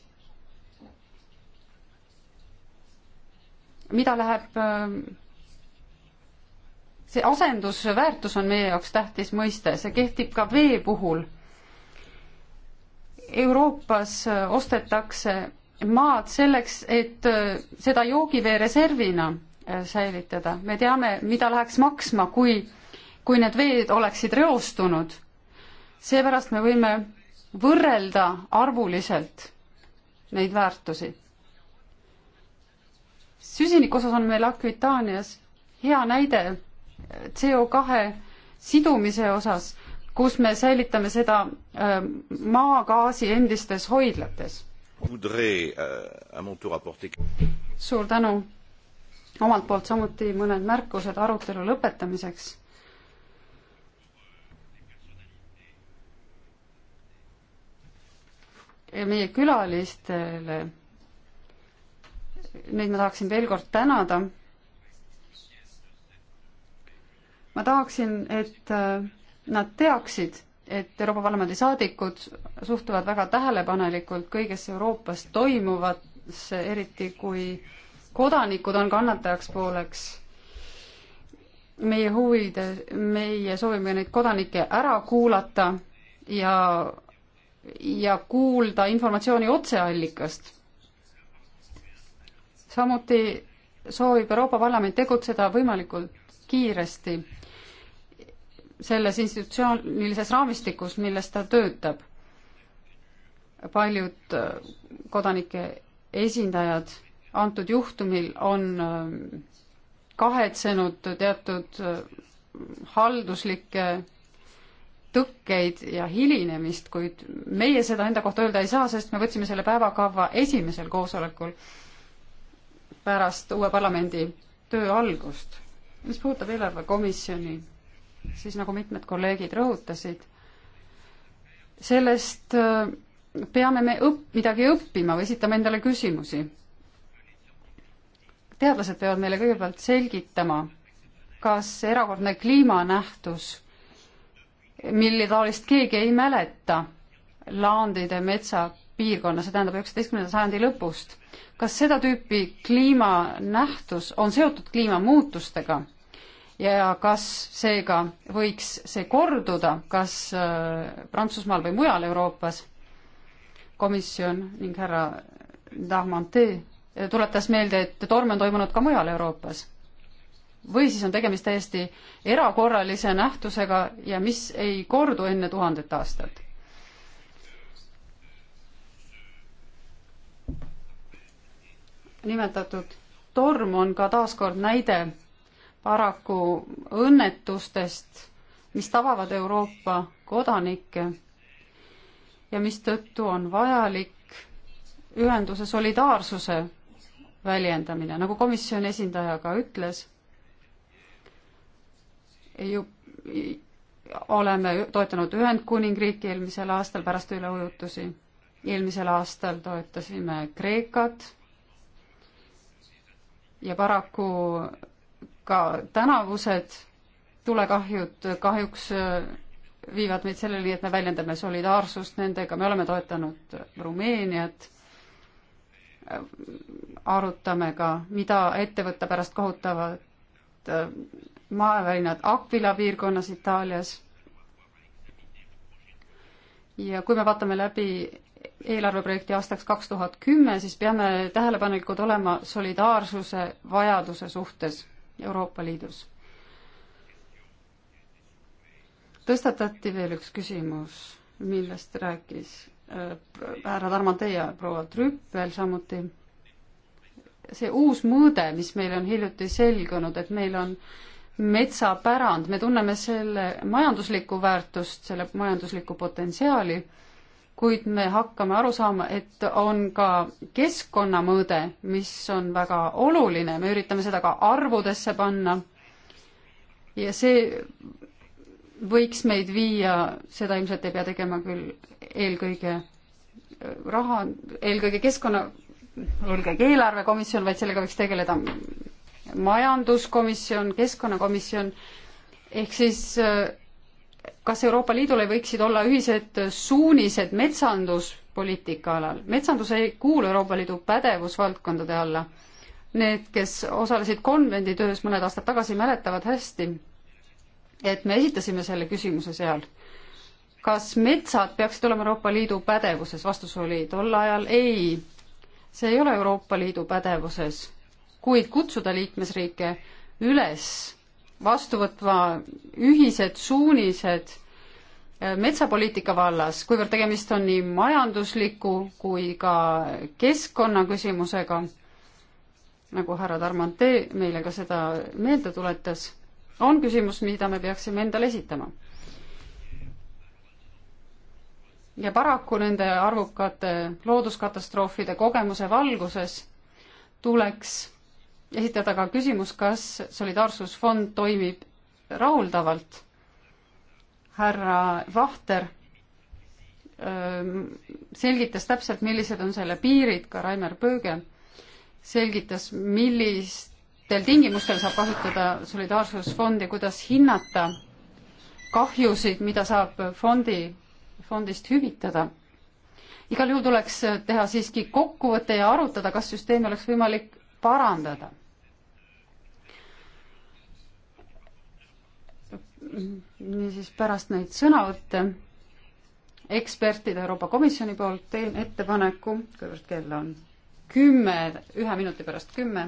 mida läheb äh, see asendusväärtus on meie jaoks tähtis mõiste, see kehtib ka vee puhul. Euroopas äh, ostetakse maad selleks, et äh, seda joogivee reservina äh, säilitada. me teame, mida läheks maksma, kui, kui need veed oleksid reostunud. seepärast me võime võrrelda arvuliselt neid väärtusi. süsiniku osas on meil Aquitaanias hea näide CO kahe sidumise osas, kus me säilitame seda äh, maagaasi endistes hoidlates. Äh, suur tänu omalt poolt samuti mõned märkused arutelu lõpetamiseks. meie külalistele, neid ma tahaksin veel kord tänada ma tahaksin, et äh, nad teaksid, et Euroopa Parlamendi saadikud suhtuvad väga tähelepanelikult kõigesse Euroopas toimuvasse, eriti kui kodanikud on kannatajaks pooleks. meie huvide, meie soovime neid kodanikke ära kuulata ja, ja kuulda informatsiooni otseallikast. samuti soovib Euroopa Parlament tegutseda võimalikult kiiresti selles institutsioonilises raamistikus, milles ta töötab. paljud äh, kodanike esindajad antud juhtumil on äh, kahetsenud teatud äh, halduslikke tõkkeid ja hilinemist, kuid meie seda enda kohta öelda ei saa, sest me võtsime selle päevakava esimesel koosolekul pärast uue parlamendi töö algust. mis puudutab eelarvekomisjoni siis nagu mitmed kolleegid rõhutasid, sellest äh, peame me õpp-, midagi õppima või esitama endale küsimusi. teadlased peavad meile kõigepealt selgitama, kas erakordne kliimanähtus, mille taolist keegi ei mäleta, Laandide metsapiirkonna, see tähendab üheksateistkümnenda sajandi lõpust, kas seda tüüpi kliimanähtus on seotud kliimamuutustega ja kas seega võiks see korduda, kas äh, Prantsusmaal või mujal Euroopas. komisjon ning härra Dahmante äh, tuletas meelde, et torm on toimunud ka mujal Euroopas. või siis on tegemist täiesti erakorralise nähtusega ja mis ei kordu enne tuhandet aastat nimetatud torm on ka taaskord näide paraku õnnetustest, mis tabavad Euroopa kodanikke ja mistõttu on vajalik ühenduse solidaarsuse väljendamine, nagu komisjoni esindaja ka ütles, ju oleme toetanud Ühendkuningriiki eelmisel aastal pärast üleujutusi, eelmisel aastal toetasime Kreekat ja paraku ka tänavused tulekahjud kahjuks äh, viivad meid selleni, et me väljendame solidaarsust nendega, me oleme toetanud Rumeeniat, äh, arutame ka, mida ette võtta pärast kohutavat äh, maevärinad Aquila piirkonnas Itaalias. ja kui me vaatame läbi eelarveprojekti aastaks kaks tuhat kümme, siis peame tähelepanelikud olema solidaarsuse vajaduse suhtes Euroopa Liidus. tõstatati veel üks küsimus, millest rääkis äh, härra Tarmo Teie, proua Trüppel samuti. see uus mõõde, mis meil on hiljuti selgunud, et meil on metsapärand, me tunneme selle majanduslikku väärtust, selle majanduslikku potentsiaali kuid me hakkame aru saama, et on ka keskkonnamõõde, mis on väga oluline, me üritame seda ka arvudesse panna. ja see võiks meid viia, seda ilmselt ei pea tegema küll eelkõige raha, eelkõige keskkonna, eelkõige eelarvekomisjon, vaid sellega võiks tegeleda majanduskomisjon, keskkonnakomisjon, ehk siis äh, kas Euroopa Liidul ei võiksid olla ühised suunised metsanduspoliitika alal? metsandus ei kuulu Euroopa Liidu pädevusvaldkondade alla. Need, kes osalesid konvendi töös mõned aastad tagasi, mäletavad hästi, et me esitasime selle küsimuse seal. kas metsad peaksid olema Euroopa Liidu pädevuses? vastus oli tol ajal ei. see ei ole Euroopa Liidu pädevuses, kuid kutsuda liikmesriike üles vastu võtma ühised suunised äh, metsapoliitika vallas, kuivõrd tegemist on nii majandusliku kui ka keskkonnaküsimusega, nagu härra Tarmante meile ka seda meelde tuletas, on küsimus, mida me peaksime endale esitama. ja paraku nende arvukate looduskatastroofide kogemuse valguses tuleks esitada ka küsimus, kas solidaarsusfond toimib rahuldavalt. härra Vahter ähm, selgitas täpselt, millised on selle piirid, ka Raimar Pööge selgitas, millistel tingimustel saab kasutada solidaarsusfondi, kuidas hinnata kahjusid, mida saab fondi, fondist hüvitada. igal juhul tuleks teha siiski kokkuvõte ja arutada, kas süsteemi oleks võimalik parandada. niisiis pärast neid sõnavõtte ekspertide Euroopa Komisjoni poolt teen ettepaneku, kuivõrd kell on kümme, ühe minuti pärast kümme,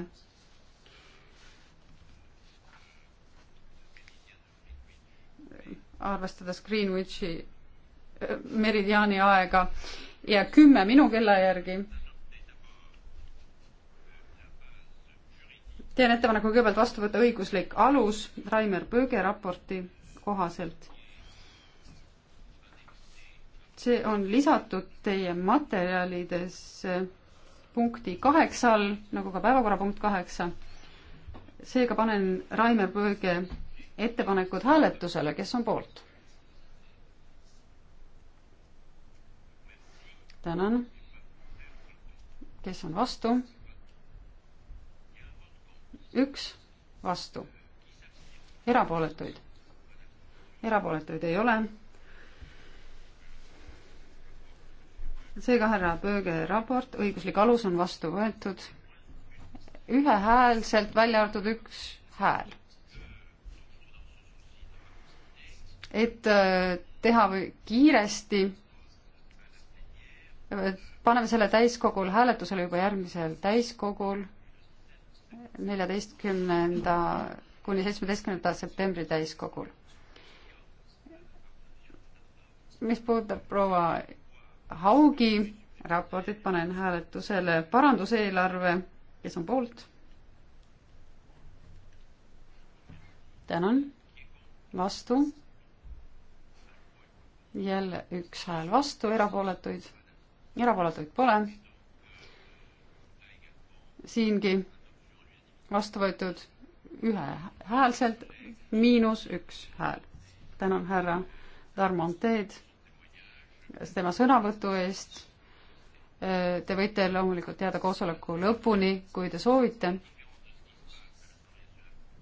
arvestades Greenwichi äh, meridiaani aega ja kümme minu kella järgi teen ettepaneku kõigepealt vastu võtta õiguslik alus Raimer Pööge raporti kohaselt. see on lisatud teie materjalides punkti kaheksa all, nagu ka päevakorrapunkt kaheksa. seega panen Raimer Pööge ettepanekud hääletusele, kes on poolt? tänan. kes on vastu? üks vastu. erapooletuid? erapooletuid ei ole. seega härra Pööge raport, õiguslik alus on vastu võetud ühehäälselt, välja arvatud üks hääl. et äh, teha kiiresti, äh, paneme selle täiskogul hääletusele juba järgmisel täiskogul neljateistkümnenda kuni seitsmeteistkümnenda septembri täiskogul. mis puudutab proua Haugi raportit, panen hääletusele paranduseelarve, kes on poolt? tänan, vastu. jälle üks hääl vastu, erapooletuid, erapooletuid pole. siingi vastu võetud ühehäälselt, miinus üks hääl. tänan härra Darmonteed tema sõnavõtu eest. Te võite loomulikult jääda koosoleku lõpuni, kui te soovite.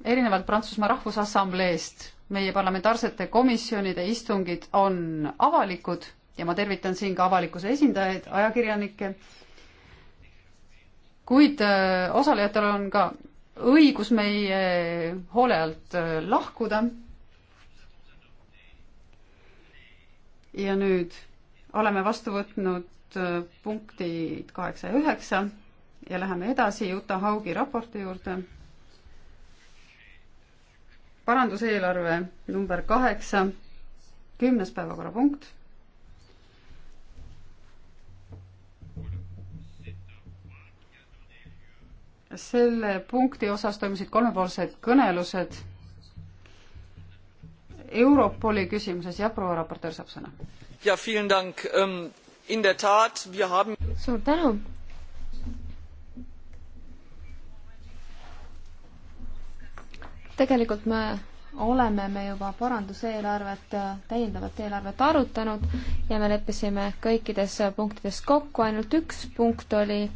erinevalt Prantsusmaa Rahvusassambleest, meie parlamentaarsete komisjonide istungid on avalikud ja ma tervitan siin ka avalikkuse esindajaid, ajakirjanikke kuid äh, osalejatel on ka õigus meie hoole alt äh, lahkuda. ja nüüd oleme vastu võtnud äh, punktid kaheksa ja üheksa ja läheme edasi Juta Haugi raporti juurde. paranduseelarve number kaheksa, kümnes päevakorrapunkt selle punkti osas toimusid kolmepoolsed kõnelused Europoli küsimuses ja proua raportöör saab sõna.
Ähm,
suur tänu.
tegelikult me oleme me juba paranduseelarvet, täiendavat eelarvet arutanud ja me leppisime kõikides punktides kokku, ainult üks punkt oli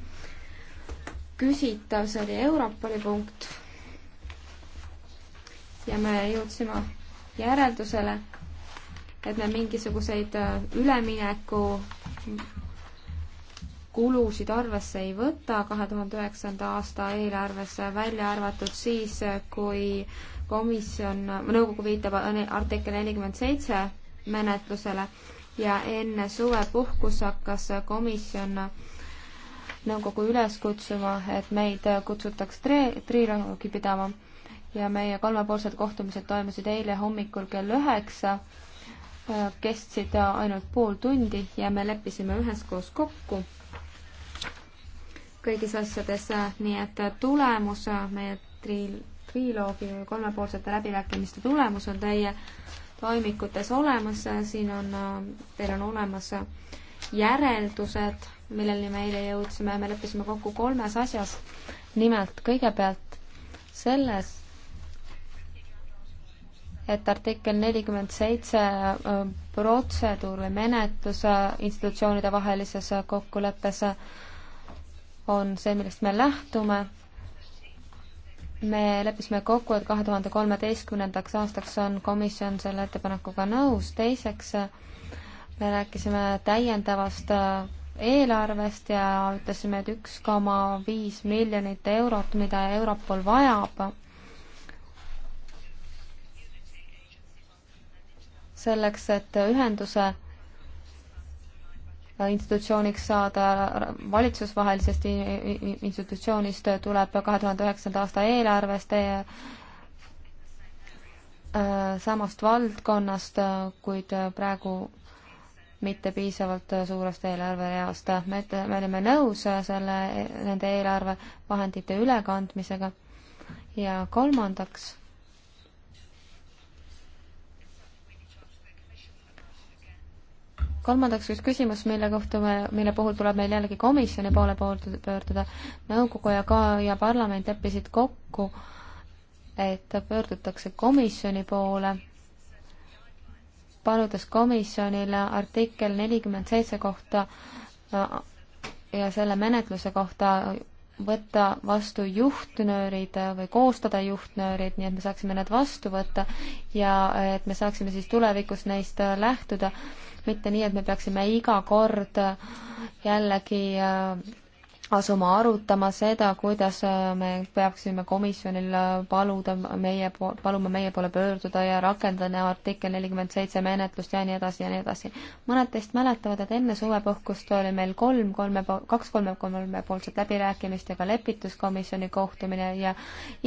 küsitav, see oli Europoli punkt. ja me jõudsime järeldusele, et me mingisuguseid äh, ülemineku kulusid arvesse ei võta kahe tuhande üheksanda aasta eelarves, välja arvatud siis, kui komisjon, nõukogu viitab artikkel nelikümmend seitse menetlusele ja enne suvepuhkus hakkas komisjon nõukogu üles kutsuma, et meid kutsutaks triloogi pidama ja meie kolmepoolsed kohtumised toimusid eile hommikul kell üheksa, kestsid ainult pool tundi ja me leppisime üheskoos kokku kõigis asjades, nii et tulemus meie tri-, triloogi või kolmepoolsete läbirääkimiste tulemus on teie toimikutes olemas, siin on, teil on olemas järeldused milleni me eile jõudsime, me leppisime kokku kolmes asjas. nimelt kõigepealt selles, et artikkel nelikümmend seitse äh, protseduur või menetlus äh, institutsioonide vahelises äh, kokkuleppes on see, millest me lähtume me leppisime kokku, et kahe tuhande kolmeteistkümnendaks aastaks on komisjon selle ettepanekuga nõus, teiseks me rääkisime täiendavast eelarvest ja ütlesime, et üks koma viis miljonit eurot, mida Europol vajab, selleks, et ühenduse institutsiooniks saada valitsusvahelisest institutsioonist tuleb kahe tuhande üheksanda aasta eelarvest äh, samast valdkonnast, kuid praegu mitte piisavalt suurest eelarvereast. me, me olime nõus selle, nende eelarvevahendite ülekandmisega ja kolmandaks kolmandaks üks küsimus, mille kohta me, mille puhul tuleb meil jällegi komisjoni poole pöörduda. nõukogu ja ka, ja parlament leppisid kokku, et pöördutakse komisjoni poole paludes komisjonile artikkel nelikümmend seitse kohta äh, ja selle menetluse kohta võtta vastu juhtnöörid või koostada juhtnöörid, nii et me saaksime need vastu võtta ja et me saaksime siis tulevikus neist lähtuda, mitte nii, et me peaksime iga kord jällegi äh, asuma arutama seda, kuidas äh, me peaksime komisjonil äh, paluda meie, paluma meie poole pöörduda ja rakendada artikkel nelikümmend seitse menetlust ja nii edasi ja nii edasi. mõned teist mäletavad, et enne suvepuhkust oli meil kolm kolme, kaks kolme kolmepoolset läbirääkimist ja ka lepituskomisjoni kohtumine ja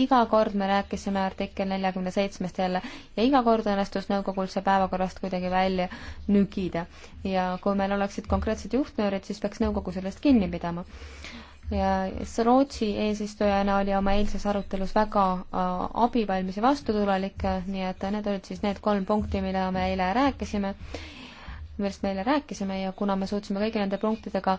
iga kord me rääkisime artikkel neljakümne seitsmest jälle ja iga kord õnnestus nõukogul see päevakorrast kuidagi välja nügida. ja kui meil oleksid konkreetsed juhtnöörid, siis peaks nõukogu sellest kinni pidama ja Rootsi eesistujana oli oma eilses arutelus väga äh, abivalmis ja vastutulelik, äh, nii et need olid siis need kolm punkti, mida me eile rääkisime, millest me eile rääkisime ja kuna me suutsime kõigi nende punktidega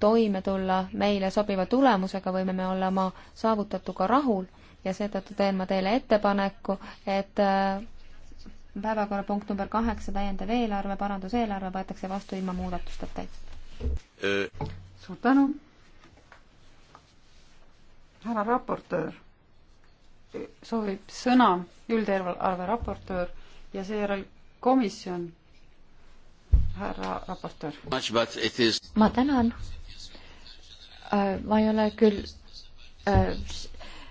toime tulla meile sobiva tulemusega, võime me olla oma saavutatuga rahul ja seetõttu teen ma teile ettepaneku, et äh, päevakorrapunkt number kaheksa, täiendav eelarve, paranduseelarve võetakse vastu ilma muudatusteta.
suur tänu härra raportöör soovib sõna, üldeelarve raportöör ja seejärel komisjon. härra raportöör. ma tänan.
Äh, ma ei ole küll äh,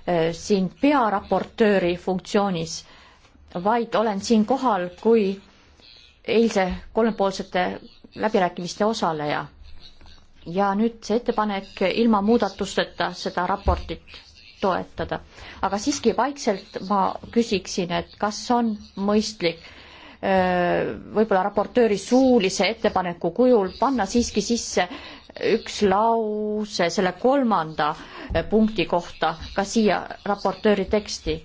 äh, siin pearaportööri funktsioonis, vaid olen siin kohal kui eilse kolmepoolsete läbirääkimiste osaleja ja nüüd see ettepanek ilma muudatusteta seda raportit toetada. aga siiski vaikselt ma küsiksin, et kas on mõistlik võib-olla raportööri suulise ettepaneku kujul panna siiski sisse üks lause selle kolmanda punkti kohta ka siia raportööri teksti.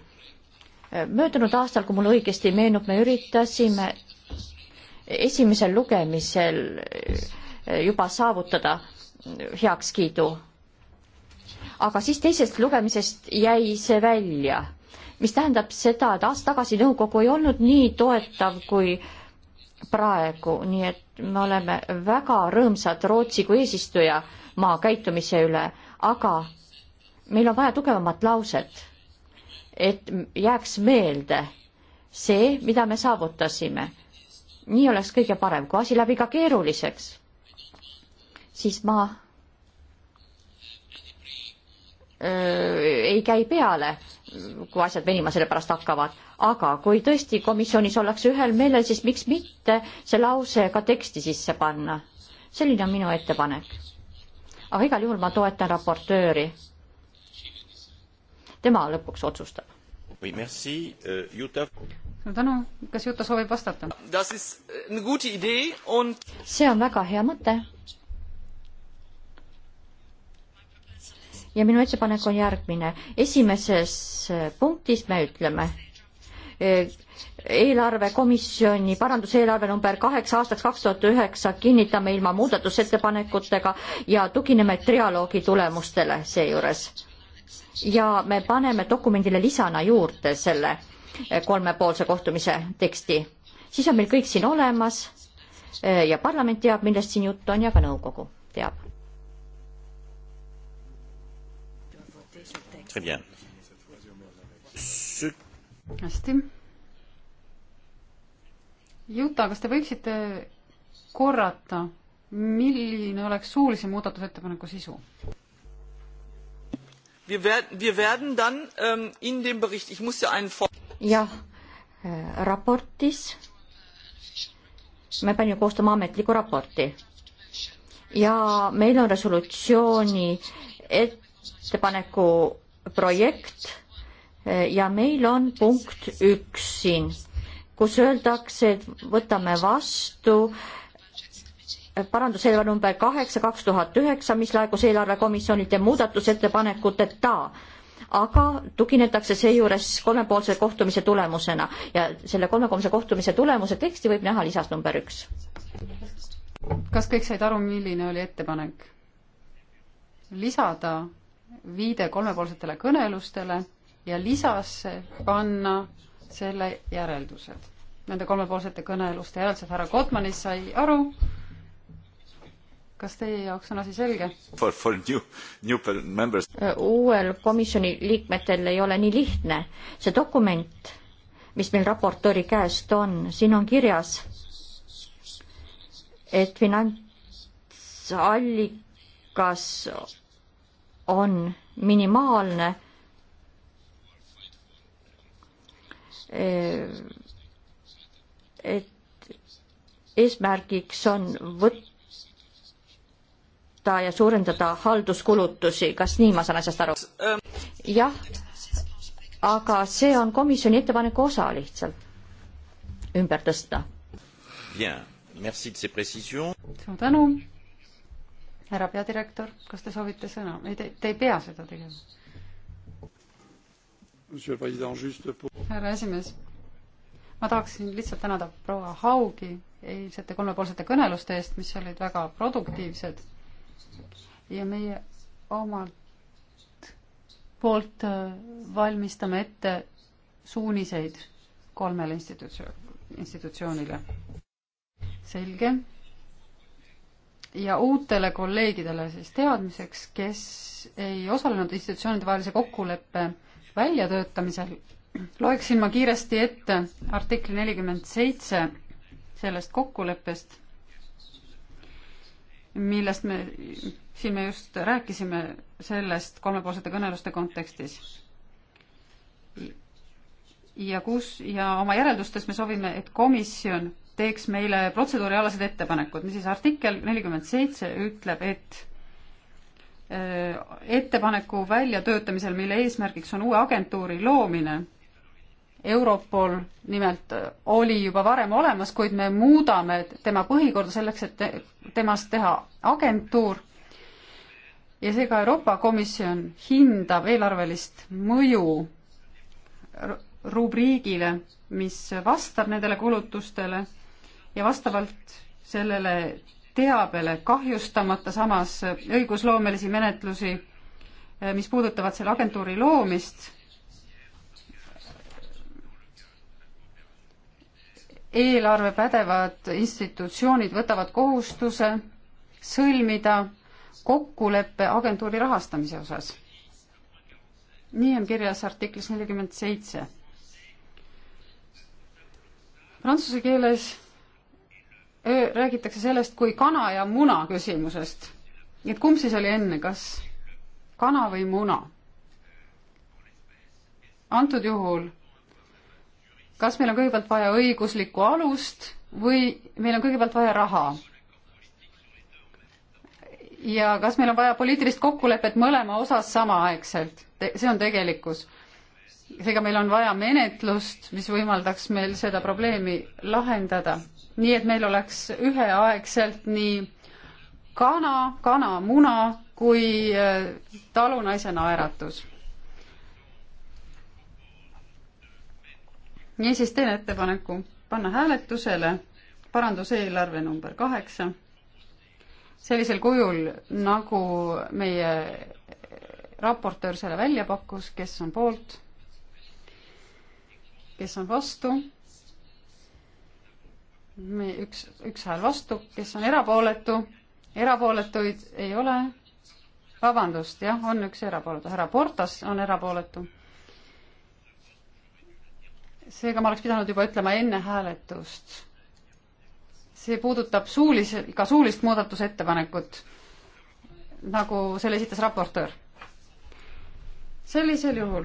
möödunud aastal, kui mulle õigesti meenub, me üritasime esimesel lugemisel juba saavutada heakskiidu. aga siis teisest lugemisest jäi see välja, mis tähendab seda, et aasta tagasi nõukogu ei olnud nii toetav kui praegu, nii et me oleme väga rõõmsad Rootsi kui eesistuja maa käitumise üle, aga meil on vaja tugevamat lauset, et jääks meelde see, mida me saavutasime. nii oleks kõige parem, kui asi läheb ikka keeruliseks siis ma öö, ei käi peale, kui asjad venima selle pärast hakkavad. aga kui tõesti komisjonis ollakse ühel meelel, siis miks mitte see lause ka teksti sisse panna. selline on minu ettepanek. aga igal juhul ma toetan raportööri. tema lõpuks
otsustab. Oui, merci, euh, Jutta.
No, tänu, kas Jutta soovib vastata? Und... see on väga hea mõte
ja minu ettepanek on järgmine. esimeses punktis me ütleme, eelarvekomisjoni paranduseelarve number kaheksa aastaks kaks tuhat üheksa kinnitame ilma muudatusettepanekutega ja tugineme trialoogi tulemustele seejuures. ja me paneme dokumendile lisana juurde selle kolmepoolse kohtumise teksti. siis on meil kõik siin olemas ja parlament teab, millest siin juttu on ja ka nõukogu teab.
hästi. Juta, kas te võiksite korrata, milline oleks suulise muudatusettepaneku sisu? Ähm, jah, äh, raportis
me peame ju koostama ametliku raporti ja meil on resolutsiooni ettepaneku projekt eh, ja meil on punkt üks siin, kus öeldakse, et võtame vastu paranduseelarve number kaheksa kaks tuhat üheksa, mis laekus eelarvekomisjonide muudatusettepanekuteta aga tuginetakse seejuures kolmepoolse kohtumise tulemusena ja selle kolmepoolse kohtumise tulemuse teksti võib näha
lisas number üks. kas kõik said aru, milline oli ettepanek? lisada viide kolmepoolsetele kõnelustele ja lisasse panna selle järeldused. Nende kolmepoolsete kõneluste järeldused, härra Kotmanis sai aru, kas teie jaoks on asi selge?
Äh,
uuel komisjoni liikmetel ei ole nii
lihtne. see dokument, mis meil raportööri käest on, siin on kirjas, et finantsallikas on minimaalne. et eesmärgiks on võtta ja suurendada halduskulutusi, kas nii ma saan asjast aru? jah, aga see on komisjoni ettepaneku osa lihtsalt ümber tõsta.
suur
tänu härra peadirektor, kas te soovite sõna? ei, te, te ei pea seda tegema. härra esimees, ma tahaksin lihtsalt tänada proua Haugi eilsete kolmepoolsete kõneluste eest, mis olid väga produktiivsed ja meie omalt poolt äh, valmistame ette suuniseid kolmele institutsio institutsioonile. selge ja uutele kolleegidele siis teadmiseks, kes ei osalenud institutsioonide vahelise kokkuleppe väljatöötamisel, loeksin ma kiiresti ette artikli nelikümmend seitse sellest kokkuleppest, millest me, siin me just rääkisime sellest kolmepoolsete kõneluste kontekstis. ja kus ja oma järeldustes me soovime, et komisjon teeks meile protseduurialased ettepanekud, mis siis artikkel nelikümmend seitse ütleb, et äh, ettepaneku väljatöötamisel, mille eesmärgiks on uue agentuuri loomine, Europol nimelt äh, oli juba varem olemas, kuid me muudame tema põhikorda selleks, et temast teha agentuur ja seega Euroopa Komisjon hindab eelarvelist mõju rubriigile, mis vastab nendele kulutustele ja vastavalt sellele teabele kahjustamata samas õigusloomelisi menetlusi, eh, mis puudutavad selle agentuuri loomist, eelarvepädevad institutsioonid võtavad kohustuse sõlmida kokkuleppe agentuuri rahastamise osas. nii on kirjas artiklis nelikümmend seitse. Prantsuse keeles räägitakse sellest kui kana ja muna küsimusest. et kumb siis oli enne, kas kana või muna? antud juhul, kas meil on kõigepealt vaja õiguslikku alust või meil on kõigepealt vaja raha? ja kas meil on vaja poliitilist kokkulepet mõlema osas samaaegselt? see on tegelikkus. seega meil on vaja menetlust, mis võimaldaks meil seda probleemi lahendada nii et meil oleks üheaegselt nii kana, kanamuna kui äh, talunaise naeratus. niisiis teen ettepaneku panna hääletusele paranduseelarve number kaheksa sellisel kujul, nagu meie raportöör selle välja pakkus, kes on poolt, kes on vastu me üks, üks hääl vastu, kes on erapooletu, erapooletuid ei ole. vabandust, jah, on üks erapooletu, härra Portas on erapooletu. seega ma oleks pidanud juba ütlema enne hääletust. see puudutab suulise, ka suulist muudatusettepanekut, nagu selle esitas raportöör. sellisel juhul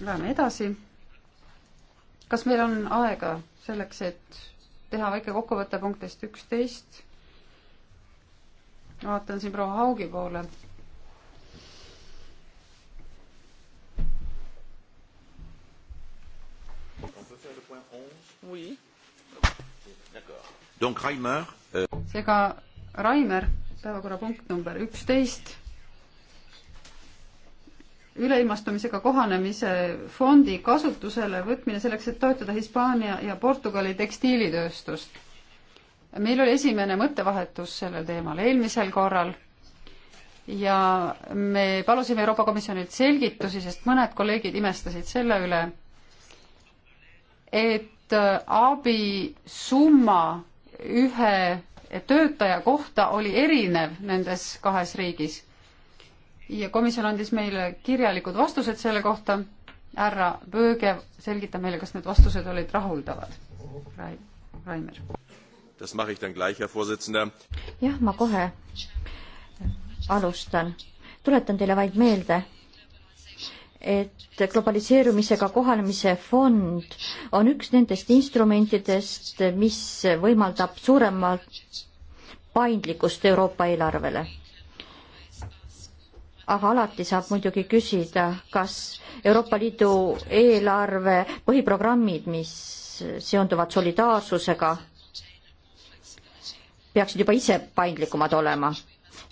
läheme edasi kas meil on aega selleks, et teha väike kokkuvõte punktist üksteist? vaatan siin proua Haugi poole. Euh, seega Raimer, päevakorrapunkt number üksteist üleilmastumisega kohanemise fondi kasutusele võtmine selleks, et toetada Hispaania ja Portugali tekstiilitööstust. meil oli esimene mõttevahetus sellel teemal eelmisel korral ja me palusime Euroopa Komisjonilt selgitusi, sest mõned kolleegid imestasid selle üle, et abisumma ühe töötaja kohta oli erinev nendes kahes riigis ja komisjon andis meile kirjalikud vastused selle kohta. härra Pööge selgitab meile, kas need vastused olid rahuldavad Rai,. Raimer. jah, ma kohe
alustan. tuletan teile vaid meelde, et globaliseerumisega kohanemise fond on üks nendest instrumentidest, mis võimaldab suuremat paindlikkust Euroopa eelarvele aga alati saab muidugi küsida, kas Euroopa Liidu eelarve põhiprogrammid, mis seonduvad solidaarsusega, peaksid juba ise paindlikumad olema.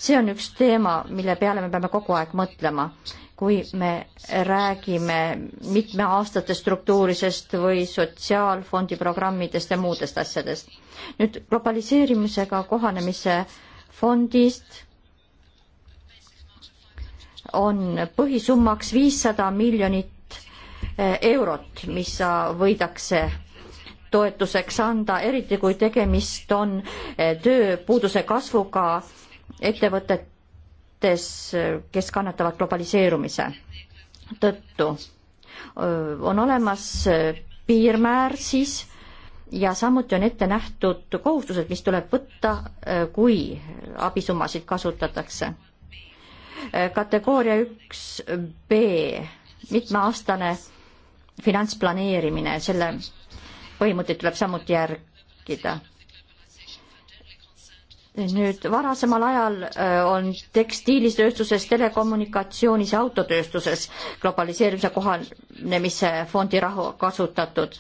see on üks teema, mille peale me peame kogu aeg mõtlema, kui me räägime mitmeaastate struktuurisest või sotsiaalfondi programmidest ja muudest asjadest. nüüd globaliseerimisega kohanemise fondist on põhisummaks viissada miljonit eh, eurot, mis võidakse toetuseks anda, eriti kui tegemist on eh, tööpuuduse kasvuga ettevõtetes, kes kannatavad globaliseerumise tõttu. on olemas eh, piirmäär siis ja samuti on ette nähtud kohustused, mis tuleb võtta, kui abisummasid kasutatakse Eh, kategooria üks B, mitmeaastane finantsplaneerimine, selle põhimõtteid tuleb samuti järgida. nüüd varasemal ajal eh, on tekstiilitööstuses, telekommunikatsioonis ja autotööstuses globaliseerimise kohanemise fondi raha kasutatud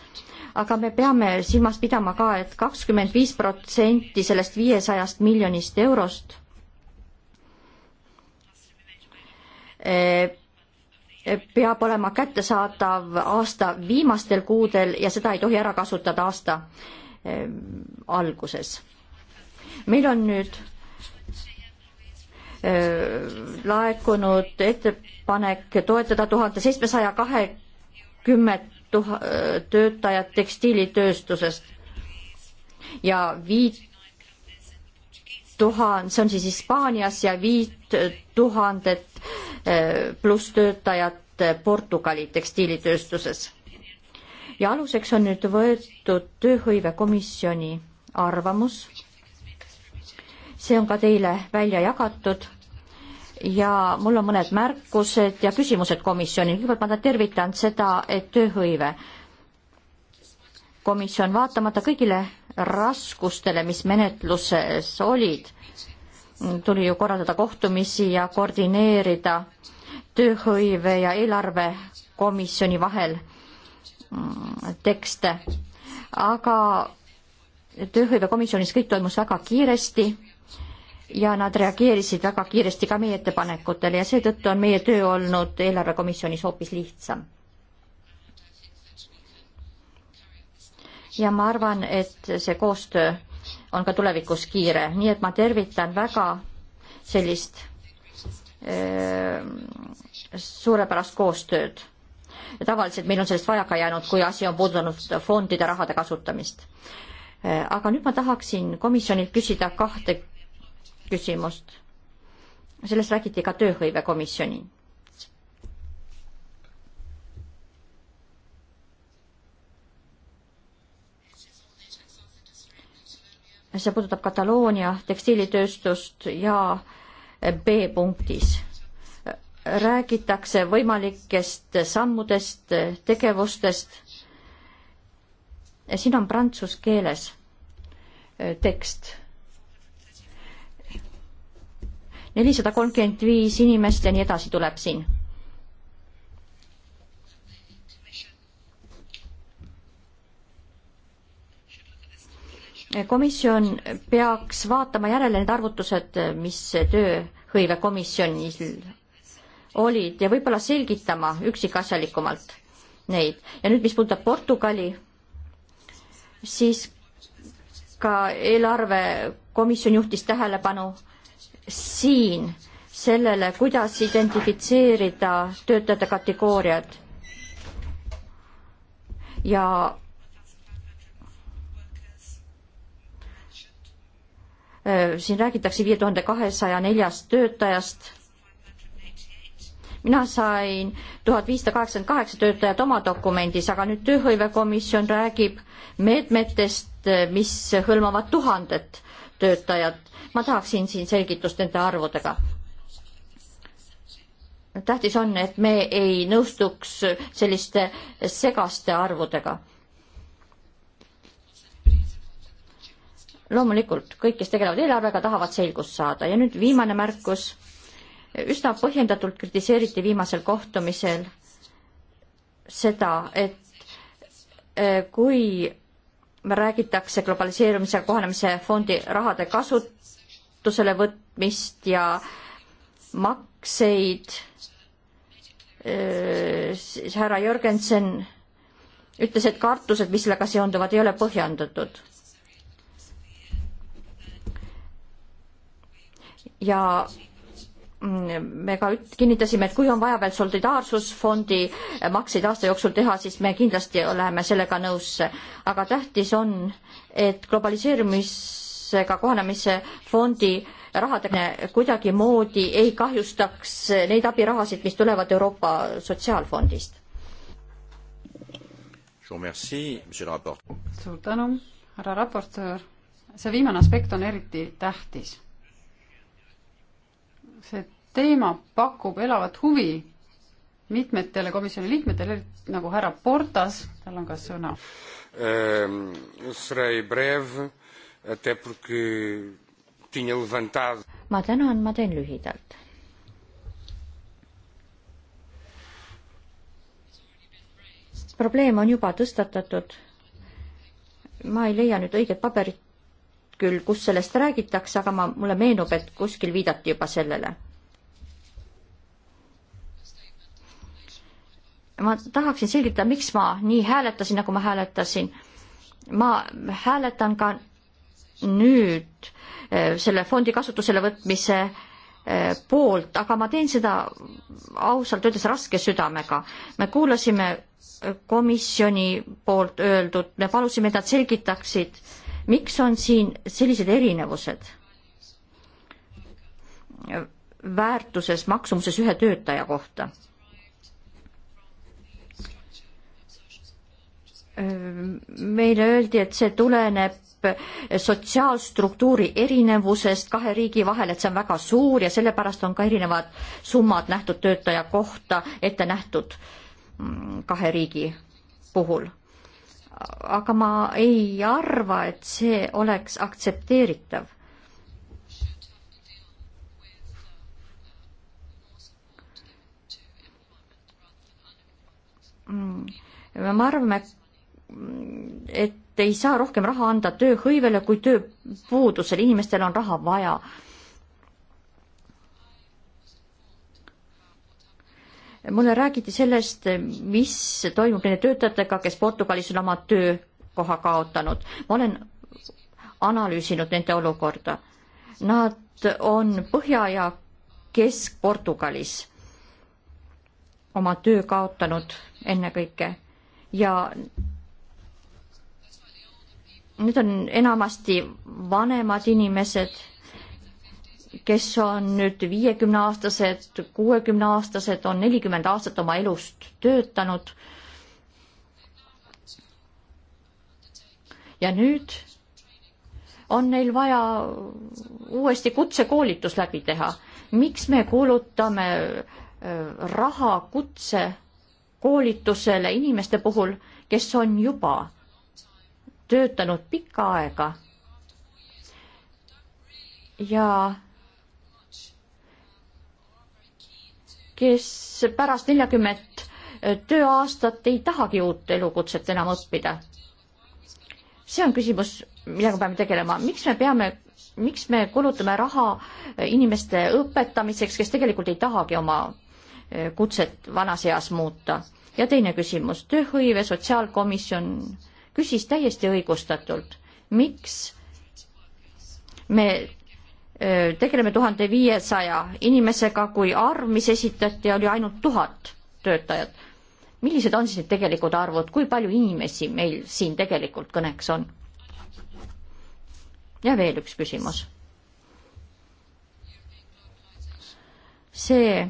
aga me peame silmas pidama ka et, et kakskümmend viis protsenti sellest viiesajast miljonist eurost Eh, peab olema kättesaadav aasta viimastel kuudel ja seda ei tohi ära kasutada aasta eh, alguses. meil on nüüd eh, laekunud ettepanek toetada tuhande seitsmesaja kahekümmet tuhat töötajat tekstiilitööstusest ja viit tuhat, see on siis Hispaanias ja viit tuhandet eh, pluss töötajat eh, Portugali tekstiilitööstuses. ja aluseks on nüüd võetud tööhõivekomisjoni arvamus. see on ka teile välja jagatud ja mul on mõned märkused ja küsimused komisjonil. kõigepealt ma tervitan seda, et tööhõive komisjon vaatamata kõigile raskustele, mis menetluses olid. tuli ju korraldada kohtumisi ja koordineerida tööhõive ja eelarvekomisjoni vahel mm, tekste, aga tööhõivekomisjonis kõik toimus väga kiiresti ja nad reageerisid väga kiiresti ka meie ettepanekutele ja seetõttu on meie töö olnud eelarvekomisjonis hoopis lihtsam ja ma arvan, et see koostöö on ka tulevikus kiire, nii et ma tervitan väga sellist öö, suurepärast koostööd. tavaliselt meil on sellest vajaka jäänud, kui asi on puudutanud fondide rahade kasutamist. aga nüüd ma tahaksin komisjonilt küsida kahte küsimust. sellest räägiti ka tööhõivekomisjoni see puudutab Kataloonia tekstiilitööstust ja B-punktis räägitakse võimalikest sammudest, tegevustest. siin on prantsuse keeles tekst. nelisada kolmkümmend viis inimest ja nii edasi tuleb siin komisjon peaks vaatama järele need arvutused, mis tööhõivekomisjonis olid ja võib-olla selgitama üksikasjalikumalt neid. ja nüüd, mis puudutab Portugali, siis ka eelarvekomisjon juhtis tähelepanu siin sellele, kuidas identifitseerida töötajate kategooriad ja Äh, siin räägitakse viie tuhande kahesaja neljast töötajast. mina sain tuhat viissada kaheksakümmend kaheksa töötajat oma dokumendis, aga nüüd Tööhõivekomisjon räägib meetmetest, äh, mis hõlmavad tuhandet töötajat. ma tahaksin siin selgitust nende arvudega tähtis on, et me ei nõustuks selliste segaste arvudega loomulikult kõik, kes tegelevad eelarvega, tahavad selgust saada ja nüüd viimane märkus. üsna põhjendatult kritiseeriti viimasel kohtumisel seda, et eh, kui räägitakse globaliseerumise ja kohanemise fondi rahade kasutusele võtmist ja makseid, eh, siis härra Jörgensen ütles, et kartused, mis sellega seonduvad, ei ole põhjendatud ja mm, me ka kinnitasime, et kui on vaja veel solidaarsusfondi makseid aasta jooksul teha, siis me kindlasti läheme sellega nõusse. aga tähtis on, et globaliseerumisega kohanemise fondi rahadega kuidagimoodi ei kahjustaks neid abirahasid, mis tulevad Euroopa Sotsiaalfondist.
suur
tänu, härra raportöör. see viimane aspekt on eriti tähtis see teema pakub elavat huvi mitmetele komisjoni liikmetele, nagu härra Portas, tal on ka sõna.
Ehm,
ma tänan, ma teen
lühidalt. probleem on juba tõstatatud. ma ei leia nüüd õiget paberit küll, kus sellest räägitakse, aga ma, mulle meenub, et kuskil viidati juba sellele. ma tahaksin selgitada, miks ma nii hääletasin, nagu ma hääletasin. ma hääletan ka nüüd eh, selle fondi kasutusele võtmise eh, poolt, aga ma teen seda ausalt öeldes raske südamega. me kuulasime eh, komisjoni poolt öeldud, me palusime, et nad selgitaksid äh, miks on siin sellised erinevused väärtuses, maksumuses ühe töötaja kohta? meile öeldi, et see tuleneb sotsiaalstruktuuri erinevusest kahe riigi vahel, et see on väga suur ja sellepärast on ka erinevad summad nähtud töötaja kohta ette nähtud kahe riigi puhul aga ma ei arva, et see oleks aktsepteeritav. me mm. arvame, et ei saa rohkem raha anda tööhõivele kui tööpuudusele, inimestel on raha vaja mulle räägiti sellest, mis toimub nende töötajatega, kes Portugalis on oma töökoha kaotanud. ma olen analüüsinud nende olukorda. Nad on Põhja ja Kesk-Portugalis oma töö kaotanud ennekõike ja need on enamasti vanemad inimesed kes on nüüd viiekümneaastased, kuuekümneaastased, on nelikümmend aastat oma elust töötanud. ja nüüd on neil vaja uuesti kutsekoolitus läbi teha. miks me kulutame äh, raha kutsekoolitusele inimeste puhul, kes on juba töötanud pikka aega? ja kes pärast neljakümmet tööaastat ei tahagi uut elukutset enam õppida. see on küsimus, millega peame tegelema, miks me peame, miks me kulutame raha inimeste õpetamiseks, kes tegelikult ei tahagi oma eh, kutset vanas eas muuta. ja teine küsimus, tööhõive sotsiaalkomisjon küsis täiesti õigustatult, miks me tegeleme tuhande viiesaja inimesega, kui arv, mis esitati, oli ainult tuhat töötajat. millised on siis need tegelikud arvud, kui palju inimesi meil siin tegelikult kõneks on? ja veel üks küsimus. see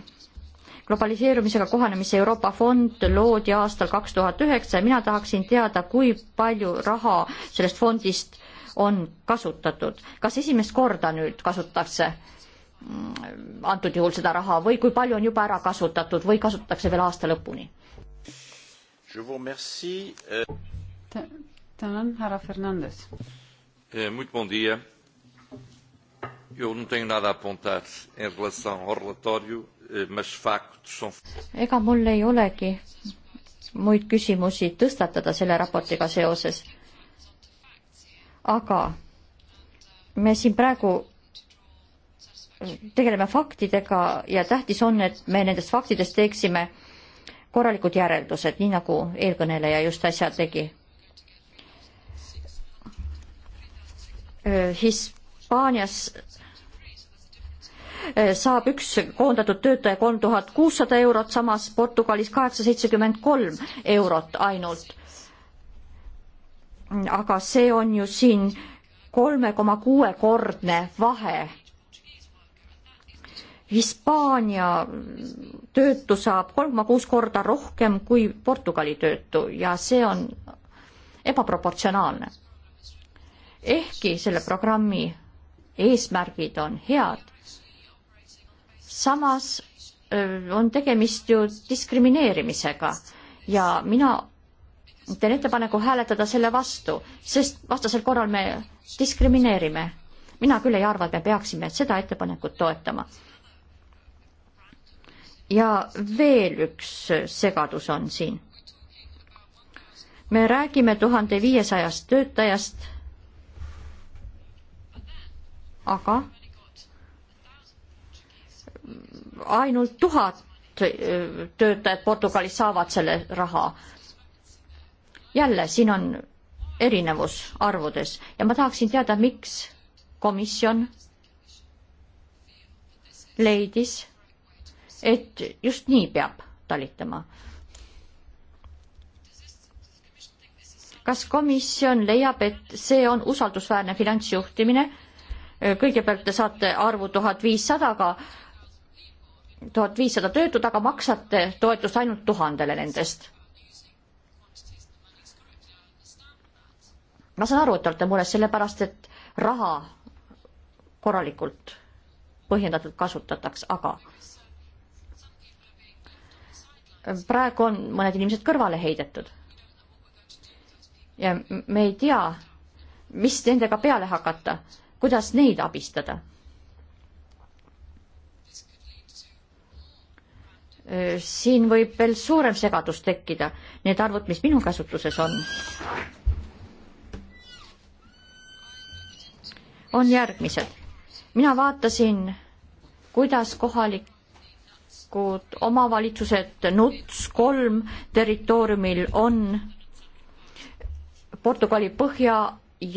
globaliseerumisega kohanemise Euroopa fond loodi aastal kaks tuhat üheksa ja mina tahaksin teada, kui palju raha sellest fondist äh, on kasutatud. kas esimest korda nüüd kasutatakse mm, antud juhul seda raha või kui palju on juba ära kasutatud või kasutatakse veel aasta lõpuni?
Euh,
tänan, härra Fernandes.
Euh, muito bom dia. Eu não tenho nada a apontar em relação ao relatório, euh, mas factos são.
ega mul ei olegi muid küsimusi tõstatada selle raportiga seoses aga me siin praegu tegeleme faktidega ja tähtis on, et me nendest faktidest teeksime korralikud järeldused, nii nagu eelkõneleja just äsja tegi. Hispaanias saab üks koondatud töötaja kolm tuhat kuussada eurot, samas Portugalis kaheksasada seitsekümmend kolm eurot ainult aga see on ju siin kolme koma kuue kordne vahe. Hispaania töötu saab kolm koma kuus korda rohkem kui Portugali töötu ja see on ebaproportsionaalne. ehkki selle programmi eesmärgid on head, samas on tegemist ju diskrimineerimisega ja mina teen ettepaneku hääletada selle vastu, sest vastasel korral me diskrimineerime. mina küll ei arva, et me peaksime et seda ettepanekut toetama. ja veel üks segadus on siin. me räägime tuhande viiesajast töötajast, aga ainult tuhat töötajad Portugalis saavad selle raha jälle siin on erinevus arvudes ja ma tahaksin teada, miks komisjon leidis, et just nii peab talitama. kas komisjon leiab, et see on usaldusväärne finantsjuhtimine? kõigepealt te saate arvu tuhat viissadaga, tuhat viissada töötut, aga maksate toetust ainult tuhandele nendest ma saan aru, et te olete mures sellepärast, et raha korralikult põhjendatult kasutataks, aga praegu on mõned inimesed kõrvale heidetud. ja me ei tea, mis nendega peale hakata, kuidas neid abistada. siin võib veel suurem segadus tekkida, need arvud, mis minu käsutuses on on järgmised. mina vaatasin, kuidas kohalikud omavalitsused NUTS kolm territooriumil on Portugali põhja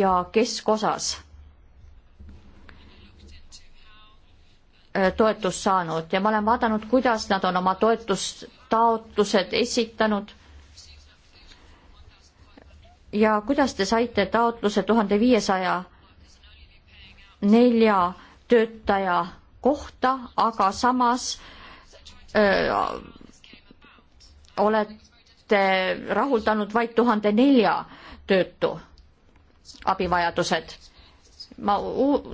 ja keskosas toetust saanud ja ma olen vaadanud, kuidas nad on oma toetustaotlused esitanud. ja kuidas te saite taotluse tuhande viiesaja nelja töötaja kohta, aga samas öö, olete rahuldanud vaid tuhande nelja töötu abivajadused. ma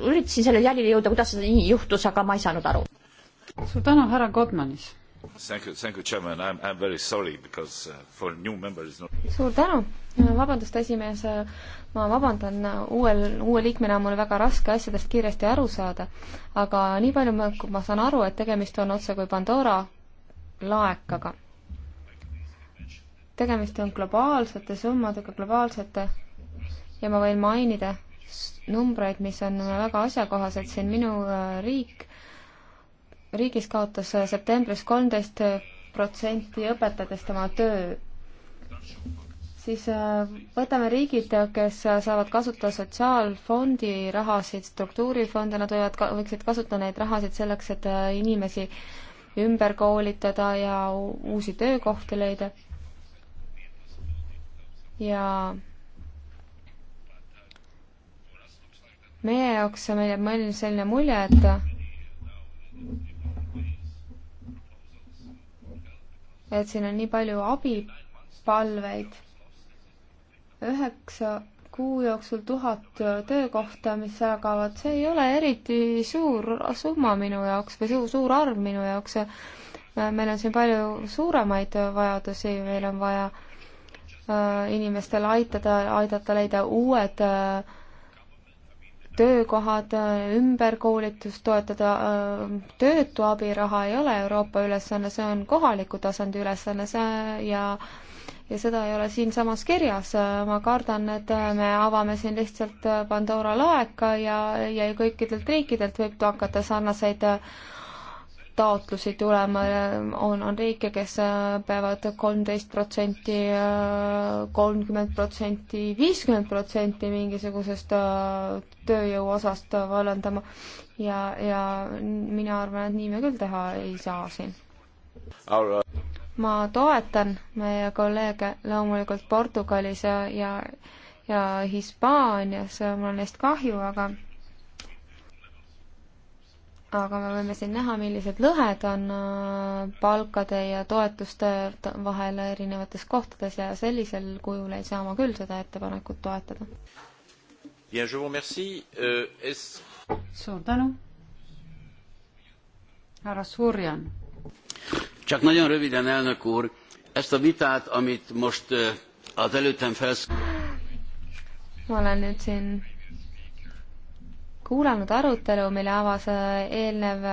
üritasin sellele jälile jõuda, kuidas seda nii juhtus, aga ma ei saanud aru.
suur tänu, härra Kodmanis. Uh, suur tänu, vabandust, esimees, ma vabandan, uuel, uue liikmena on mul väga raske asjadest kiiresti aru saada, aga nii palju ma, kui ma saan aru, et tegemist on otsekui Pandora laekaga. tegemist on globaalsete summadega, globaalsete ja ma võin mainida numbreid, mis on väga asjakohased siin minu äh, riik, riigis kaotas äh, septembris kolmteist äh, protsenti õpetajatest oma töö siis äh, võtame riigid, kes saavad kasutada sotsiaalfondi rahasid, struktuurifonde, nad võivad, võiksid kasutada neid rahasid selleks, et äh, inimesi ümber koolitada ja uusi töökohti leida. ja meie jaoks meil jääb mõelnud selline mulje, et et siin on nii palju abipalveid üheksa kuu jooksul tuhat töökohta, mis jagavad, see ei ole eriti suur summa minu jaoks või suur, suur arv minu jaoks. meil on siin palju suuremaid vajadusi, meil on vaja äh, inimestele aitada, aidata leida uued äh, töökohad, äh, ümberkoolitust toetada, töötu abiraha ei ole Euroopa ülesanne, see on kohaliku tasandi ülesanne, see ja äh, ja seda ei ole siinsamas kirjas. ma kardan, et me avame siin lihtsalt Pandora laeka ja, ja kõikidelt riikidelt võib hakata sarnaseid taotlusi tulema, on, on riike, kes peavad kolmteist protsenti, kolmkümmend protsenti, viiskümmend protsenti mingisugusest tööjõu osast vallandama ja, ja mina arvan, et nii me küll teha ei saa siin ma toetan meie kolleege loomulikult Portugalis ja, ja, ja Hispaanias, mul on neist kahju, aga aga me võime siin näha, millised lõhed on äh, palkade ja toetuste vahel erinevates kohtades ja sellisel kujul ei saa ma küll seda ettepanekut toetada.
Euh,
suur tänu. härra Surjan
Csak nagyon röviden, elnök úr, ezt a vitát, amit most az előttem felsz...
ma olen nüüd siin
kuulanud arutelu, mille avas eelnev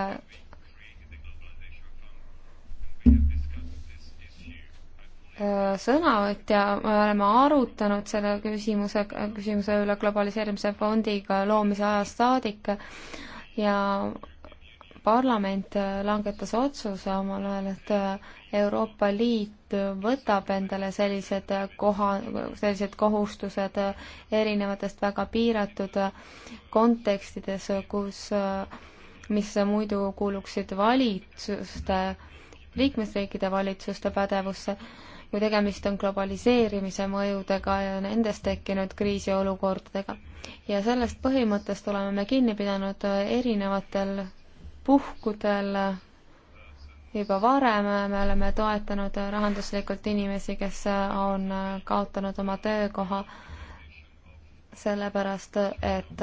sõnavõtja, me oleme arutanud selle küsimuse, küsimuse üle globaliseerimise fondiga loomise ajast saadik ja parlament äh, langetas otsuse omal ajal, et äh, Euroopa Liit võtab endale sellised äh, koha, sellised kohustused erinevatest väga piiratud kontekstides, kus, mis muidu kuuluksid valitsuste, liikmesriikide valitsuste pädevusse, kui tegemist on globaliseerimise mõjudega ja nendest tekkinud kriisiolukordadega. ja sellest põhimõttest oleme me kinni pidanud erinevatel puhkudel juba varem me oleme toetanud rahanduslikult inimesi, kes on kaotanud oma töökoha sellepärast, et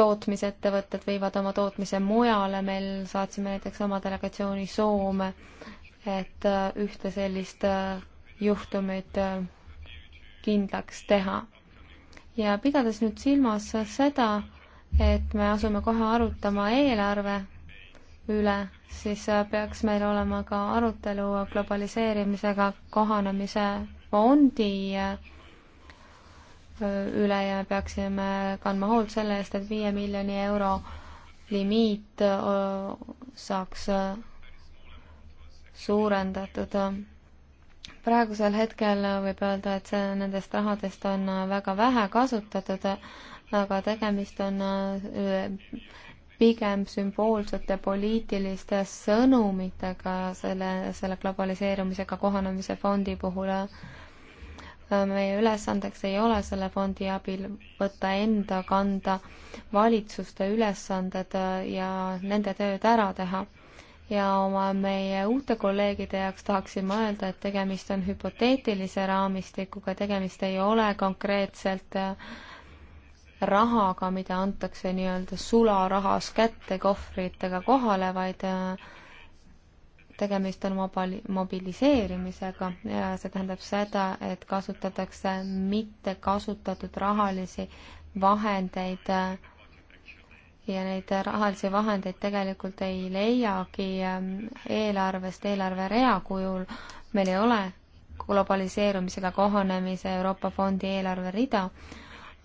tootmisettevõtted viivad oma tootmise mujale, meil saatsime näiteks oma delegatsiooni Soome, et ühte sellist juhtumit kindlaks teha. ja pidades nüüd silmas seda, et me asume kohe arutama eelarve üle, siis peaks meil olema ka arutelu globaliseerimisega kohanemise fondi äh, üle ja peaksime kandma hoolt selle eest, et viie miljoni euro limiit äh, saaks äh, suurendatud. praegusel hetkel võib öelda, et see, nendest rahadest on väga vähe kasutatud aga tegemist on äh, pigem sümboolsete poliitiliste sõnumitega selle, selle globaliseerumisega kohanemise fondi puhul. Äh, meie ülesandeks ei ole selle fondi abil võtta enda kanda valitsuste ülesanded äh, ja nende tööd ära teha. ja oma meie uute kolleegide jaoks tahaksin ma öelda, et tegemist on hüpoteetilise raamistikuga, tegemist ei ole konkreetselt äh, rahaga, mida antakse nii-öelda sularahas kätte kohvritega kohale, vaid äh, tegemist on mobili-, mobiliseerimisega ja see tähendab seda, et kasutatakse mitte kasutatud rahalisi vahendeid äh, ja neid rahalisi vahendeid tegelikult ei leiagi äh, eelarvest eelarverea kujul, meil ei ole globaliseerumisega kohanemise Euroopa Fondi eelarverida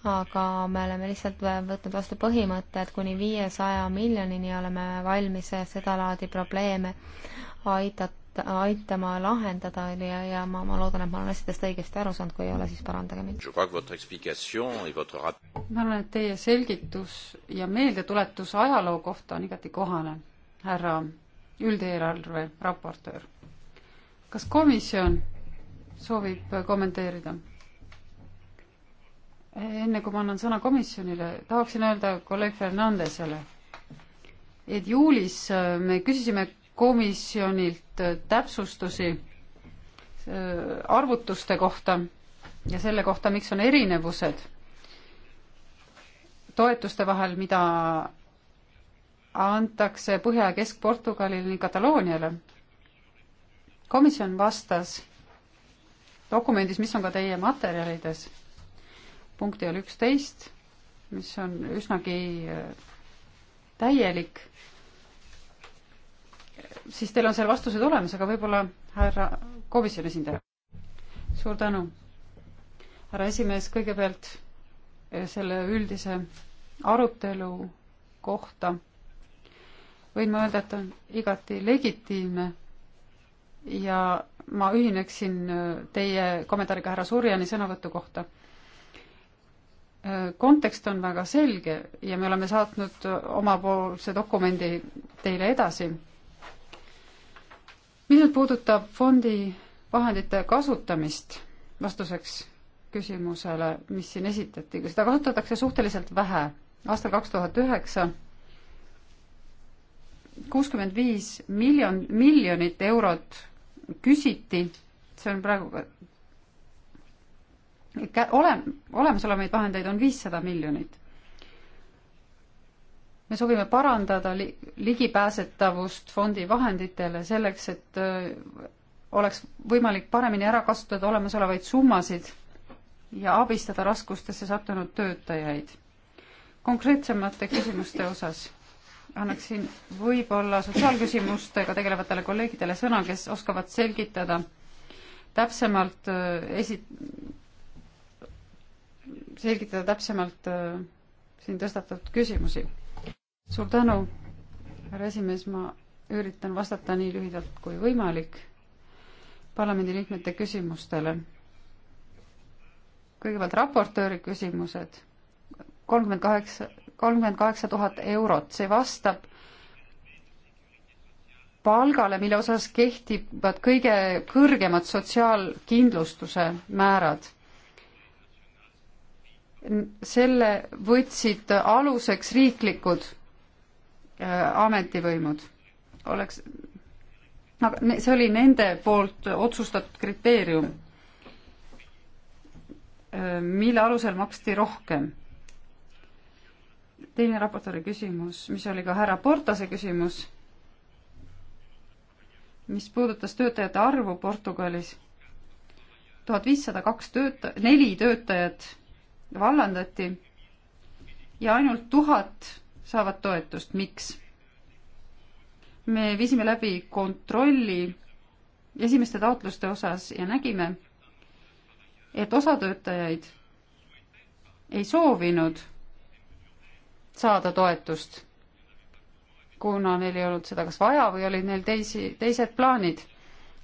aga me oleme lihtsalt võtnud vastu põhimõtte, et kuni viiesaja miljonini oleme valmis sedalaadi probleeme aidata, aitama lahendada ja, ja
ma, ma loodan, et ma olen asjadest õigesti aru saanud, kui ei ole, siis parandage mind. ma arvan, et teie selgitus ja meeldetuletus ajaloo kohta on igati kohane, härra üldeelarve raportöör. kas komisjon soovib kommenteerida? enne kui ma annan sõna komisjonile, tahaksin öelda kolleeg Fernandesele, et juulis äh, me küsisime komisjonilt äh, täpsustusi äh, arvutuste kohta ja selle kohta, miks on erinevused toetuste vahel, mida antakse Põhja- ja Kesk-Portugalile ning Katalooniale. komisjon vastas dokumendis, mis on ka teie materjalides punkti all üksteist, mis on üsnagi äh, täielik, siis teil on seal vastused olemas, aga võib-olla härra komisjoni esindaja. suur tänu, härra esimees, kõigepealt äh, selle üldise arutelu kohta võin ma öelda, et on igati legitiimne ja ma ühineksin äh, teie kommentaariga härra Surjani sõnavõtu kohta kontekst on väga selge ja me oleme saatnud omapoolse dokumendi teile edasi. mis nüüd puudutab fondi vahendite kasutamist, vastuseks küsimusele, mis siin esitati, seda kasutatakse suhteliselt vähe. aastal kaks tuhat üheksa kuuskümmend viis miljon, miljonit eurot küsiti, see on praegu ole, olemasolevaid vahendeid on viissada miljonit. me soovime parandada li, ligipääsetavust fondi vahenditele selleks, et öö, äh, oleks võimalik paremini ära kasutada olemasolevaid summasid ja abistada raskustesse sattunud töötajaid. konkreetsemate küsimuste osas annaksin võib-olla sotsiaalküsimustega tegelevatele kolleegidele sõna, kes oskavad selgitada täpsemalt äh, esi-, selgitada täpsemalt äh, siin tõstatatud küsimusi. suur tänu, härra esimees, ma üritan vastata nii lühidalt kui võimalik parlamendiliikmete küsimustele. kõigepealt raportööri küsimused, kolmkümmend kaheksa, kolmkümmend kaheksa tuhat eurot, see vastab palgale, mille osas kehtivad kõige kõrgemad sotsiaalkindlustuse määrad selle võtsid aluseks riiklikud äh, ametivõimud. oleks, aga see oli nende poolt otsustatud kriteerium, äh, mille alusel maksti rohkem. teine raportööri küsimus, mis oli ka härra Portase küsimus, mis puudutas töötajate arvu Portugalis, tuhat viissada kaks tööta-, neli töötajat vallandati ja ainult tuhat saavad toetust, miks? me viisime läbi kontrolli esimeste taotluste osas ja nägime, et osa töötajaid ei soovinud saada toetust, kuna neil ei olnud seda kas vaja või olid neil teisi, teised plaanid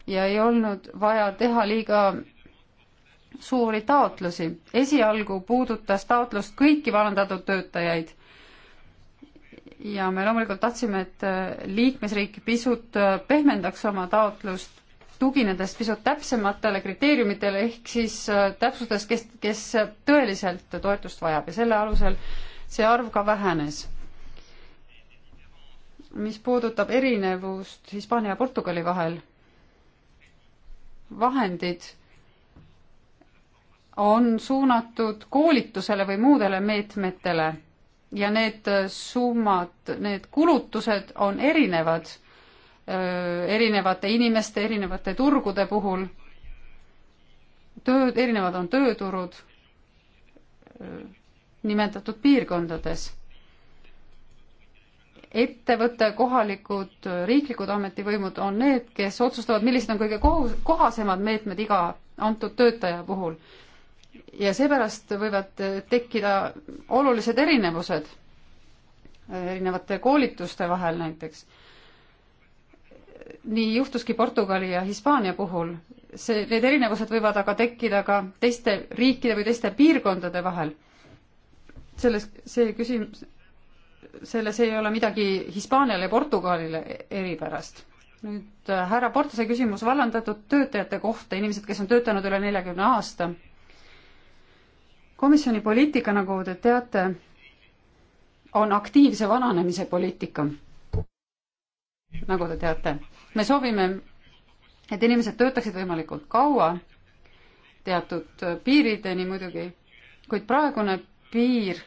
ja ei olnud vaja teha liiga suuri taotlusi. esialgu puudutas taotlust kõiki vallandatud töötajaid ja me loomulikult tahtsime, et äh, liikmesriik pisut äh, pehmendaks oma taotlust, tuginedes pisut täpsematele kriteeriumitele, ehk siis äh, täpsustas, kes, kes tõeliselt toetust vajab ja selle alusel see arv ka vähenes. mis puudutab erinevust Hispaania ja Portugali vahel, vahendid on suunatud koolitusele või muudele meetmetele ja need summad, need kulutused on erinevad erinevate inimeste, erinevate turgude puhul. tööd, erinevad on tööturud nimetatud piirkondades. ettevõte, kohalikud, riiklikud ametivõimud on need, kes otsustavad, millised on kõige kohus, kohasemad meetmed iga antud töötaja puhul ja seepärast võivad tekkida olulised erinevused äh, erinevate koolituste vahel näiteks. nii juhtuski Portugali ja Hispaania puhul. see, need erinevused võivad aga tekkida ka teiste riikide või teiste piirkondade vahel. selles, see küsimus, selles ei ole midagi Hispaaniale ja Portugalile eripärast. nüüd äh, härra Portase küsimus vallandatud töötajate kohta, inimesed, kes on töötanud üle neljakümne aasta komisjoni poliitika, nagu te teate, on aktiivse vananemise poliitika. nagu te teate, me soovime, et inimesed töötaksid võimalikult kaua, teatud piirideni muidugi, kuid praegune piir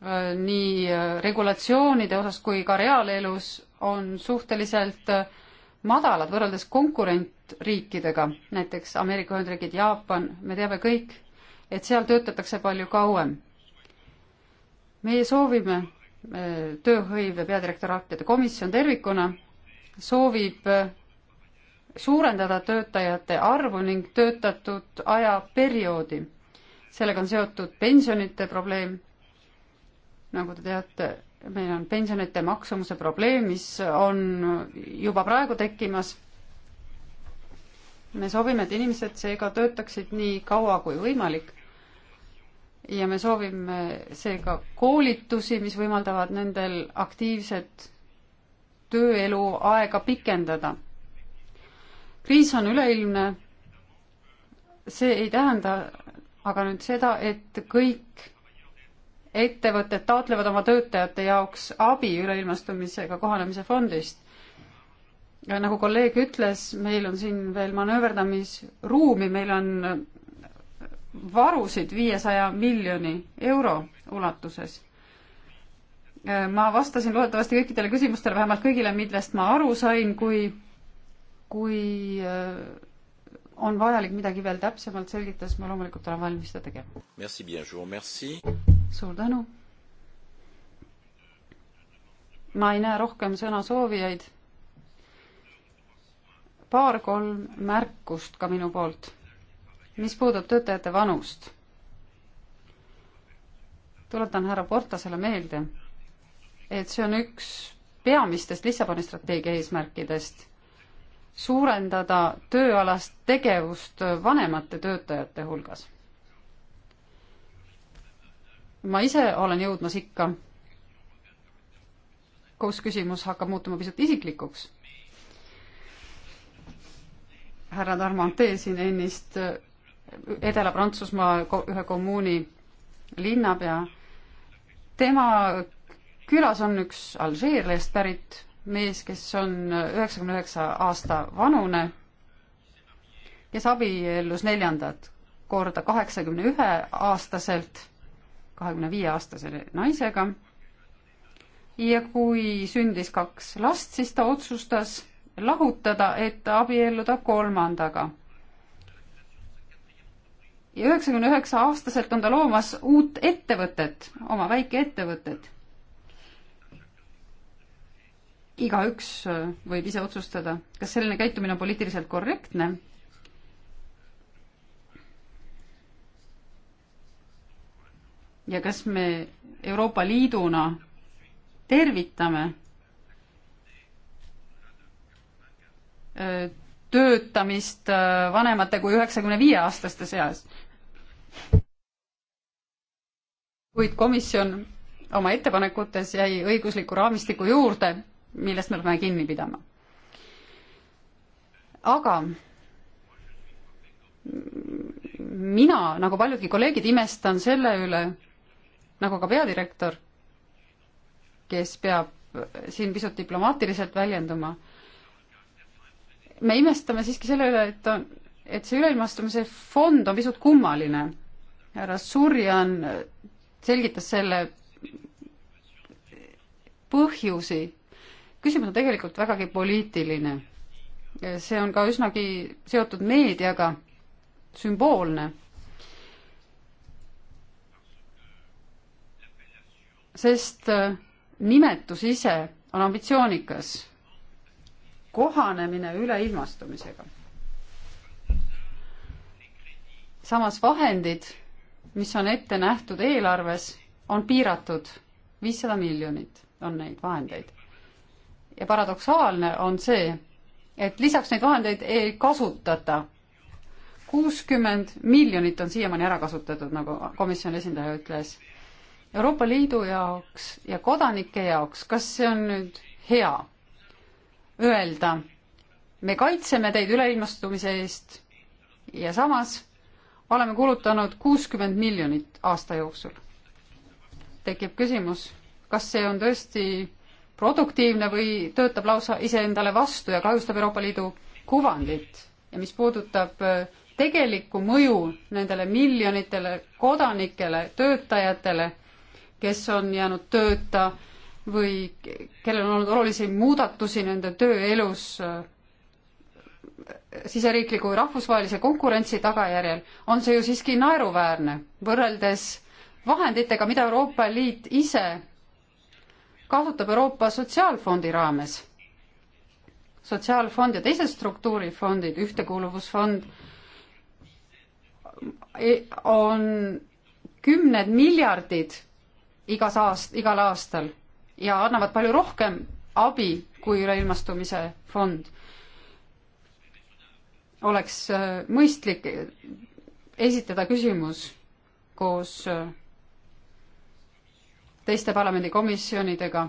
äh, nii äh, regulatsioonide osas kui ka reaalelus on suhteliselt äh, madalad võrreldes konkurent, riikidega, näiteks Ameerika Ühendriigid, Jaapan, me teame kõik, et seal töötatakse palju kauem. meie soovime, äh, tööhõive peadirektoraatide komisjon tervikuna soovib äh, suurendada töötajate arvu ning töötatud ajaperioodi. sellega on seotud pensionite probleem. nagu te teate, meil on pensionite maksumuse probleem, mis on juba praegu tekkimas me soovime, et inimesed seega töötaksid nii kaua kui võimalik. ja me soovime seega koolitusi, mis võimaldavad nendel aktiivset tööelu aega pikendada. kriis on üleilmne. see ei tähenda aga nüüd seda, et kõik ettevõtted taotlevad oma töötajate jaoks abi üleilmastumisega kohanemise fondist nagu kolleeg ütles, meil on siin veel manööverdamisruumi, meil on varusid viiesaja miljoni euro ulatuses. ma vastasin loodetavasti kõikidele küsimustele, vähemalt kõigile, millest ma aru sain, kui, kui äh, on vajalik midagi veel täpsemalt selgitada, siis ma loomulikult olen valmis seda tegema. suur tänu. ma ei näe rohkem sõnasoovijaid paar-kolm märkust ka minu poolt, mis puudub töötajate vanust. tuletan härra Portasele meelde, et see on üks peamistest Lissaboni strateegia eesmärkidest, suurendada tööalast tegevust vanemate töötajate hulgas. ma ise olen jõudmas ikka, kus küsimus hakkab muutuma pisut isiklikuks härra Darmante siin ennist äh, Edela-Prantsusmaa ühe kommuuni linnapea. tema külas on üks Alžeeriast pärit mees, kes on üheksakümne üheksa aasta vanune, kes abiellus neljandat korda kaheksakümne ühe aastaselt, kahekümne viie aastase naisega. ja kui sündis kaks last, siis ta otsustas lahutada, et abielluda kolmandaga. ja üheksakümne üheksa aastaselt on ta loomas uut ettevõtet, oma väikeettevõtet. igaüks äh, võib ise otsustada, kas selline käitumine on poliitiliselt korrektne ja kas me Euroopa Liiduna tervitame töötamist äh, vanemate kui üheksakümne viie aastaste seas. kuid komisjon oma ettepanekutes jäi õigusliku raamistiku juurde, millest me peame kinni pidama. aga mina, nagu paljudki kolleegid, imestan selle üle, nagu ka peadirektor, kes peab siin pisut diplomaatiliselt väljenduma me imestame siiski selle üle, et on, et see üleilmastumise fond on pisut kummaline. härra Surjan selgitas selle põhjusi. küsimus on tegelikult vägagi poliitiline. see on ka üsnagi seotud meediaga, sümboolne. sest nimetus ise on ambitsioonikas kohanemine üleilmastumisega. samas vahendid, mis on ette nähtud eelarves, on piiratud, viissada miljonit on neid vahendeid. ja paradoksaalne on see, et lisaks neid vahendeid ei kasutata. kuuskümmend miljonit on siiamaani ära kasutatud, nagu komisjoni esindaja ütles. Euroopa Liidu jaoks ja kodanike jaoks, kas see on nüüd hea? öelda, me kaitseme teid üleilmastumise eest ja samas oleme kulutanud kuuskümmend miljonit aasta jooksul. tekib küsimus, kas see on tõesti produktiivne või töötab lausa iseendale vastu ja kahjustab Euroopa Liidu kuvandit ja mis puudutab äh, tegelikku mõju nendele miljonitele kodanikele, töötajatele, kes on jäänud tööta äh, või kellel on olnud olulisi muudatusi nende tööelus äh, siseriikliku või rahvusvahelise konkurentsi tagajärjel, on see ju siiski naeruväärne võrreldes vahenditega, mida Euroopa Liit ise kasutab Euroopa Sotsiaalfondi raames. sotsiaalfond ja teised struktuurifondid, ühtekuuluvusfond, e-, on kümned miljardid igas aast-, igal aastal ja annavad palju rohkem abi kui üleilmastumise fond. oleks äh, mõistlik esitada küsimus koos äh, teiste parlamendikomisjonidega,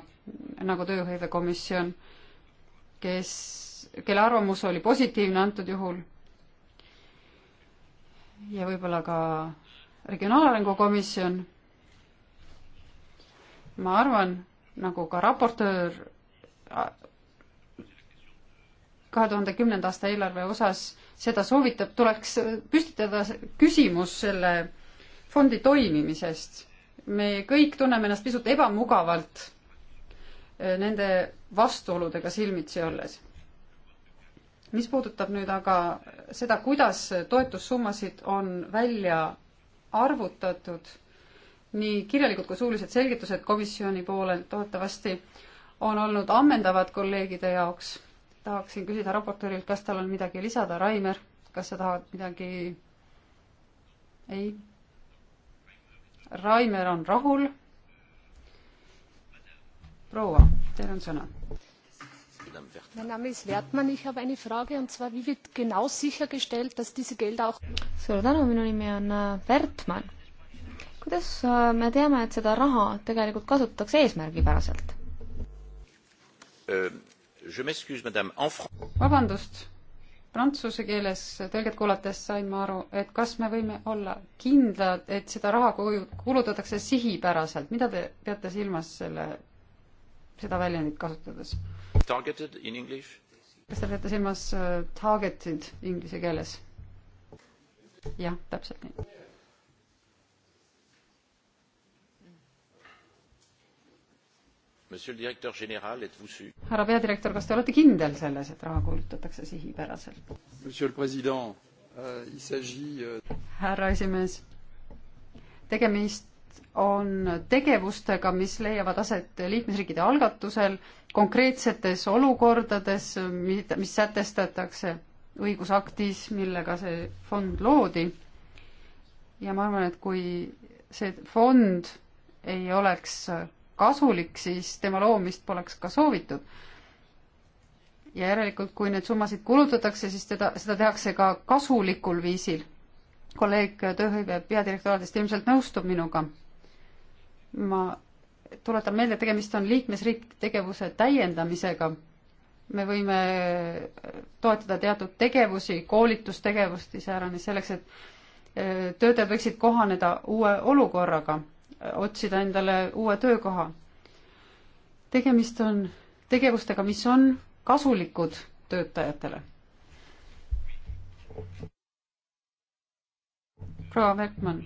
nagu tööhõivekomisjon, kes, kelle arvamus oli positiivne antud juhul ja võib-olla ka Regionaalarengu komisjon. ma arvan, nagu ka raportöör kahe tuhande kümnenda aasta eelarve osas seda soovitab, tuleks püstitada küsimus selle fondi toimimisest. me kõik tunneme ennast pisut ebamugavalt eh, nende vastuoludega silmitsi olles. mis puudutab nüüd aga seda, kuidas toetussummasid on välja arvutatud nii kirjalikud kui suulised selgitused komisjoni poolelt loodetavasti on olnud ammendavad kolleegide jaoks. tahaksin küsida raportöörilt, kas tal on midagi lisada, Rainer, kas sa tahad midagi? ei? Rainer on rahul. proua, teil on sõna. Mein Name ist Wertmann. Ich habe eine Frage
und zwar, wie wird genau sichergestellt, dass diese Gelder auch. Suur tänu, minu nimi on äh, Wertmann kuidas äh, me teame, et seda raha tegelikult kasutatakse eesmärgipäraselt?
Äh,
vabandust, prantsuse keeles tõlget kuulates sain ma aru, et kas me võime olla kindlad, et seda raha kulutatakse sihipäraselt, mida te peate silmas selle, seda väljendit kasutades?
Targeted in english?
kas te peate silmas äh, targeted inglise keeles? jah, täpselt nii härra peadirektor, kas te olete kindel selles, et raha kulutatakse sihipäraselt?
Euh, euh,
härra esimees, tegemist on tegevustega, mis leiavad aset liikmesriikide algatusel konkreetsetes olukordades, mis sätestatakse õigusaktis, millega see fond loodi. ja ma arvan, et kui see fond ei oleks kasulik, siis tema loomist poleks ka soovitud. ja järelikult, kui need summasid kulutatakse, siis teda, seda tehakse ka kasulikul viisil. kolleeg tööhõive peadirektoraadist ilmselt nõustub minuga. ma tuletan meelde, et tegemist on liikmesriikide tegevuse täiendamisega me võime toetada teatud tegevusi, koolitustegevust iseäranis selleks, et äh, töötajad võiksid kohaneda uue olukorraga otsida endale uue töökoha. tegemist on tegevustega, mis on kasulikud töötajatele. proua Verkmann,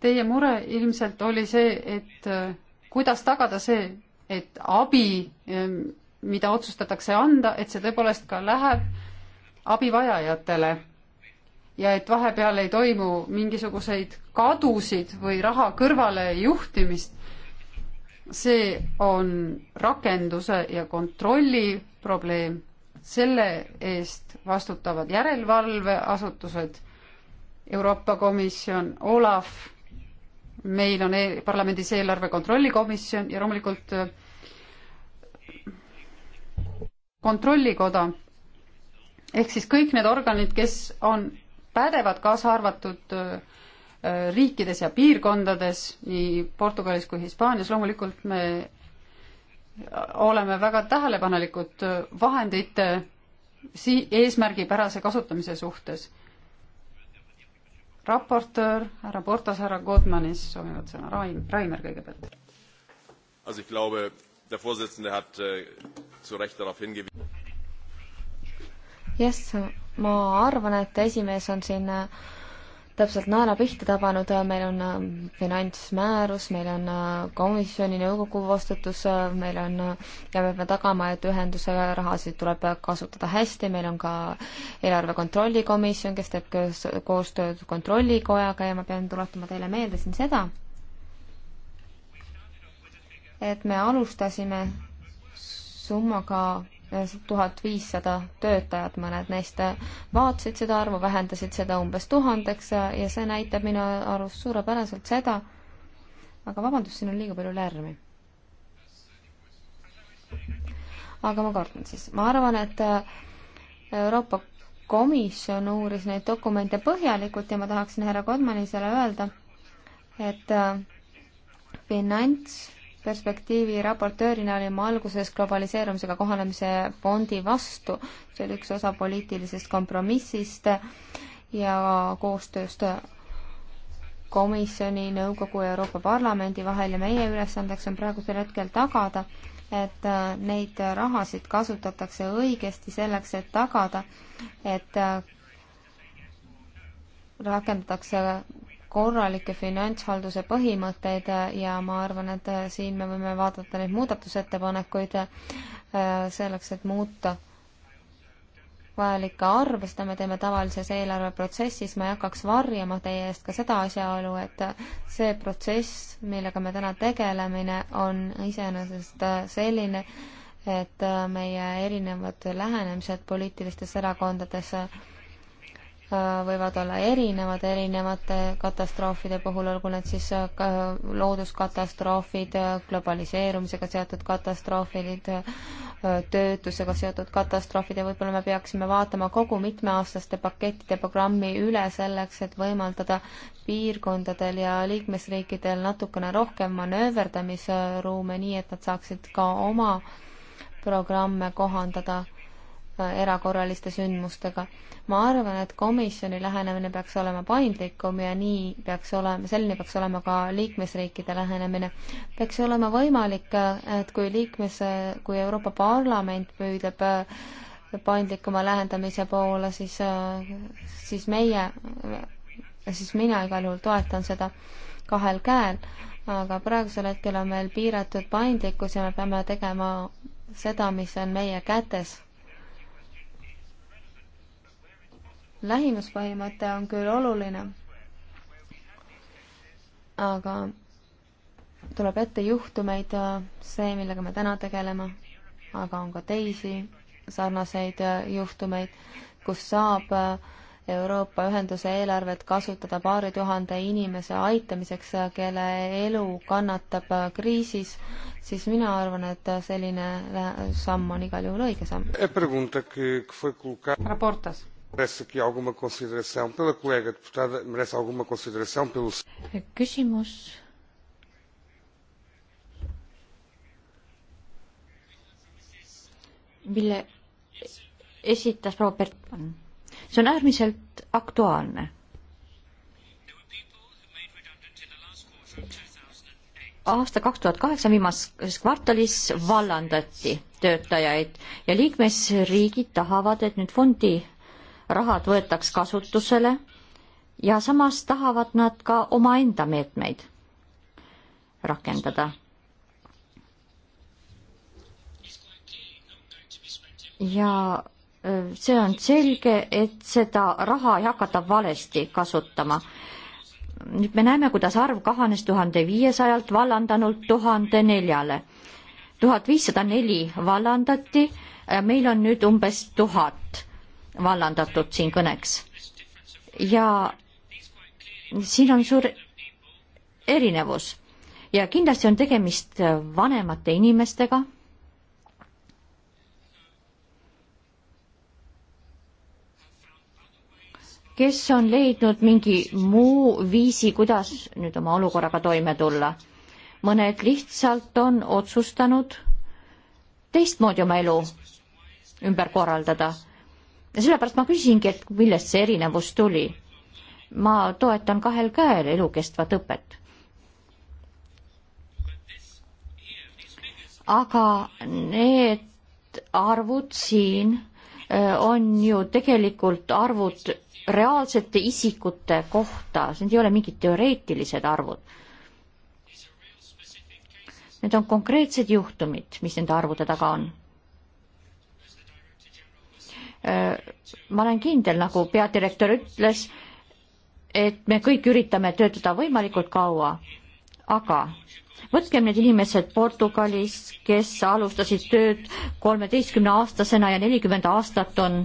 teie mure ilmselt oli see, et äh, kuidas tagada see, et abi, ähm, mida otsustatakse anda, et see tõepoolest ka läheb abivajajatele ja et vahepeal ei toimu mingisuguseid kadusid või raha kõrvalejuhtimist. see on rakenduse ja kontrolli probleem, selle eest vastutavad järelevalveasutused, Euroopa Komisjon, Olav, meil on e parlamendis eelarve kontrolli komisjon ja loomulikult äh, kontrollikoda ehk siis kõik need organid, kes on pädevad, kaasa arvatud äh, riikides ja piirkondades, nii Portugalis kui Hispaanias, loomulikult me oleme väga tähelepanelikud vahendite si-, eesmärgipärase kasutamise suhtes. raportöör härra Portas, härra Godmanis soovivad sõna, Rain, Rainer kõigepealt.
Also ich glaube,
der Vorsitzende hat äh, zu Recht darauf hingewiesen.
Yes, sir ma arvan, et esimees on siin äh, täpselt naela pihta tabanud, meil on äh, finantsmäärus, meil on äh, komisjoni nõukogu vastutus, meil on ja me peame tagama, et ühenduse rahasid tuleb kasutada hästi, meil on ka eelarve kontrolli komisjon, kes teeb koostööd kontrollikojaga ja ma pean tuletama teile meelde siin seda, et me alustasime summaga tuhat viissada töötajat, mõned neist vaatasid seda arvu, vähendasid seda umbes tuhandeks ja see näitab minu arust suurepäraselt seda, aga vabandust, siin on liiga palju lärmi. aga ma kordan siis, ma arvan, et äh, Euroopa Komisjon uuris neid dokumente põhjalikult ja ma tahaksin härra Kodmanisele öelda, et äh, finants perspektiivi raportöörina olin ma alguses globaliseerumisega kohanemise fondi vastu, see oli üks osa poliitilisest kompromissist ja koostööst komisjoni, nõukogu ja Euroopa Parlamendi vahel ja meie ülesandeks on praegusel hetkel tagada, et neid rahasid kasutatakse õigesti selleks, et tagada, et rakendatakse korralikke finantshalduse põhimõtteid ja ma arvan, et siin me võime vaadata neid muudatusettepanekuid äh, selleks, et muuta vajalikke arve, seda me teeme tavalises eelarveprotsessis, ma ei hakkaks varjama teie eest ka seda asjaolu, et see protsess, millega me täna tegelemine, on iseenesest äh, selline, et äh, meie erinevad lähenemised poliitilistes erakondades Äh, võivad olla erinevad erinevate katastroofide puhul, olgu need siis äh, looduskatastroofid, äh, globaliseerumisega seotud katastroofid, töötusega seotud katastroofid ja võib-olla me peaksime vaatama kogu mitmeaastaste pakettide programmi üle selleks, et võimaldada piirkondadel ja liikmesriikidel natukene rohkem manööverdamisruume, nii et nad saaksid ka oma programme kohandada erakorraliste sündmustega. ma arvan, et komisjoni lähenemine peaks olema paindlikum ja nii peaks olema, selline peaks olema ka liikmesriikide lähenemine. peaks olema võimalik, et kui liikmes, kui Euroopa Parlament püüdleb äh, paindlikuma lähendamise poole, siis, äh, siis meie, siis mina igal juhul toetan seda kahel käel, aga praegusel hetkel on meil piiratud paindlikkus ja me peame tegema seda, mis on meie kätes lähimuspõhimõte on küll oluline, aga tuleb ette juhtumeid, äh, see, millega me täna tegeleme, aga on ka teisi sarnaseid äh, juhtumeid, kus saab äh, Euroopa Ühenduse eelarvet kasutada paari tuhande inimese aitamiseks, kelle elu kannatab kriisis, siis mina arvan, et selline samm on igal juhul õige samm. raportas
küsimus. mille esitas proua Bertmann. see on äärmiselt aktuaalne. aasta kaks tuhat kaheksa viimases kvartalis vallandati töötajaid ja liikmesriigid tahavad, et nüüd fondi rahad võetaks kasutusele ja samas tahavad nad ka omaenda meetmeid rakendada. ja see on selge, et seda raha ei hakata valesti kasutama. nüüd me näeme, kuidas arv kahanes tuhande viiesajalt vallandanult tuhande neljale. tuhat viissada neli vallandati, meil on nüüd umbes tuhat vallandatud siin kõneks. ja siin on suur erinevus ja kindlasti on tegemist vanemate inimestega kes on leidnud mingi muu viisi, kuidas nüüd oma olukorraga toime tulla. mõned lihtsalt on otsustanud teistmoodi oma elu ümber korraldada ja sellepärast ma küsingi, et millest see erinevus tuli. ma toetan kahel käel elukestvat õpet. aga need arvud siin äh, on ju tegelikult arvud reaalsete isikute kohta, need ei ole mingid teoreetilised arvud. Need on konkreetsed juhtumid, mis nende arvude taga on ma olen kindel, nagu peadirektor ütles, et me kõik üritame töötada võimalikult kaua, aga võtkem need inimesed Portugalis, kes alustasid tööd kolmeteistkümne aastasena ja nelikümmend aastat on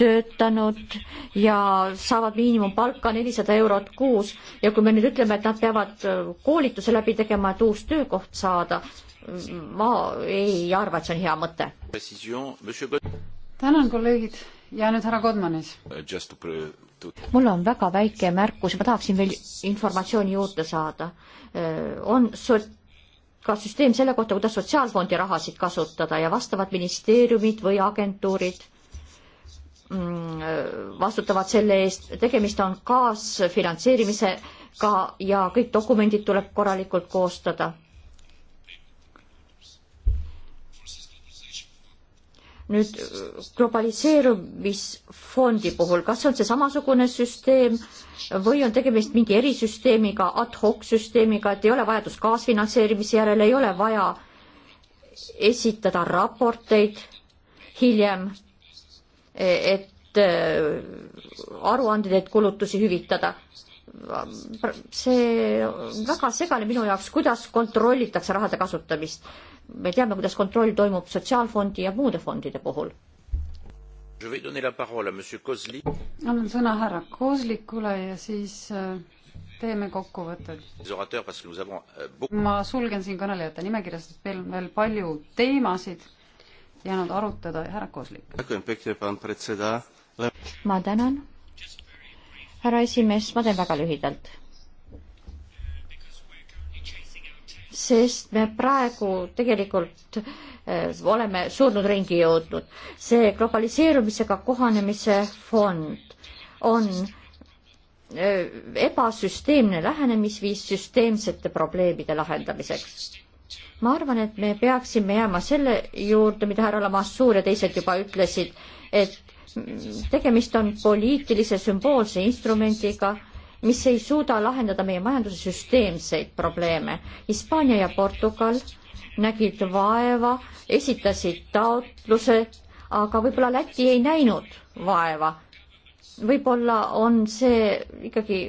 töötanud ja saavad miinimumpalka nelisada eurot kuus ja kui me nüüd ütleme, et nad peavad koolituse läbi tegema, et uus töökoht saada, ma ei arva, et see on hea mõte tänan, kolleegid ja nüüd härra Kodmanis. mul on väga väike märkus, ma tahaksin veel informatsiooni juurde saada. Äh, on so-, ka süsteem selle kohta, kuidas sotsiaalfondi rahasid kasutada ja vastavad ministeeriumid või agentuurid mm, äh, vastutavad selle eest, tegemist on kaasfinantseerimisega ka ja kõik dokumendid tuleb korralikult koostada nüüd äh, globaliseerumisfondi puhul, kas on see samasugune süsteem või on tegemist mingi erisüsteemiga, ad hoc süsteemiga, et ei ole vajadust kaasfinantseerimise järele, ei ole vaja esitada raporteid hiljem, e, et äh, aruandeid, et kulutusi hüvitada see väga segane minu jaoks, kuidas kontrollitakse rahade kasutamist. me teame,
kuidas kontroll toimub sotsiaalfondi ja muude fondide puhul. annan sõna härra Kozlikule ja siis äh, teeme kokkuvõtted.
Euh,
ma sulgen siin kõnelejate nimekirja, sest meil on veel palju teemasid jäänud arutada. härra Kozlik.
ma tänan härra esimees, ma teen väga lühidalt. sest me praegu tegelikult äh, oleme surnud ringi jõudnud. see globaliseerumisega kohanemise fond on äh, ebasüsteemne lähenemisviis süsteemsete probleemide lahendamiseks. ma arvan, et me peaksime jääma selle juurde, mida härra Lamassuur ja teised juba ütlesid, et tegemist on poliitilise sümboolse instrumendiga, mis ei suuda lahendada meie majanduse süsteemseid probleeme. Hispaania ja Portugal nägid vaeva, esitasid taotluse, aga võib-olla Läti ei näinud vaeva. võib-olla on see ikkagi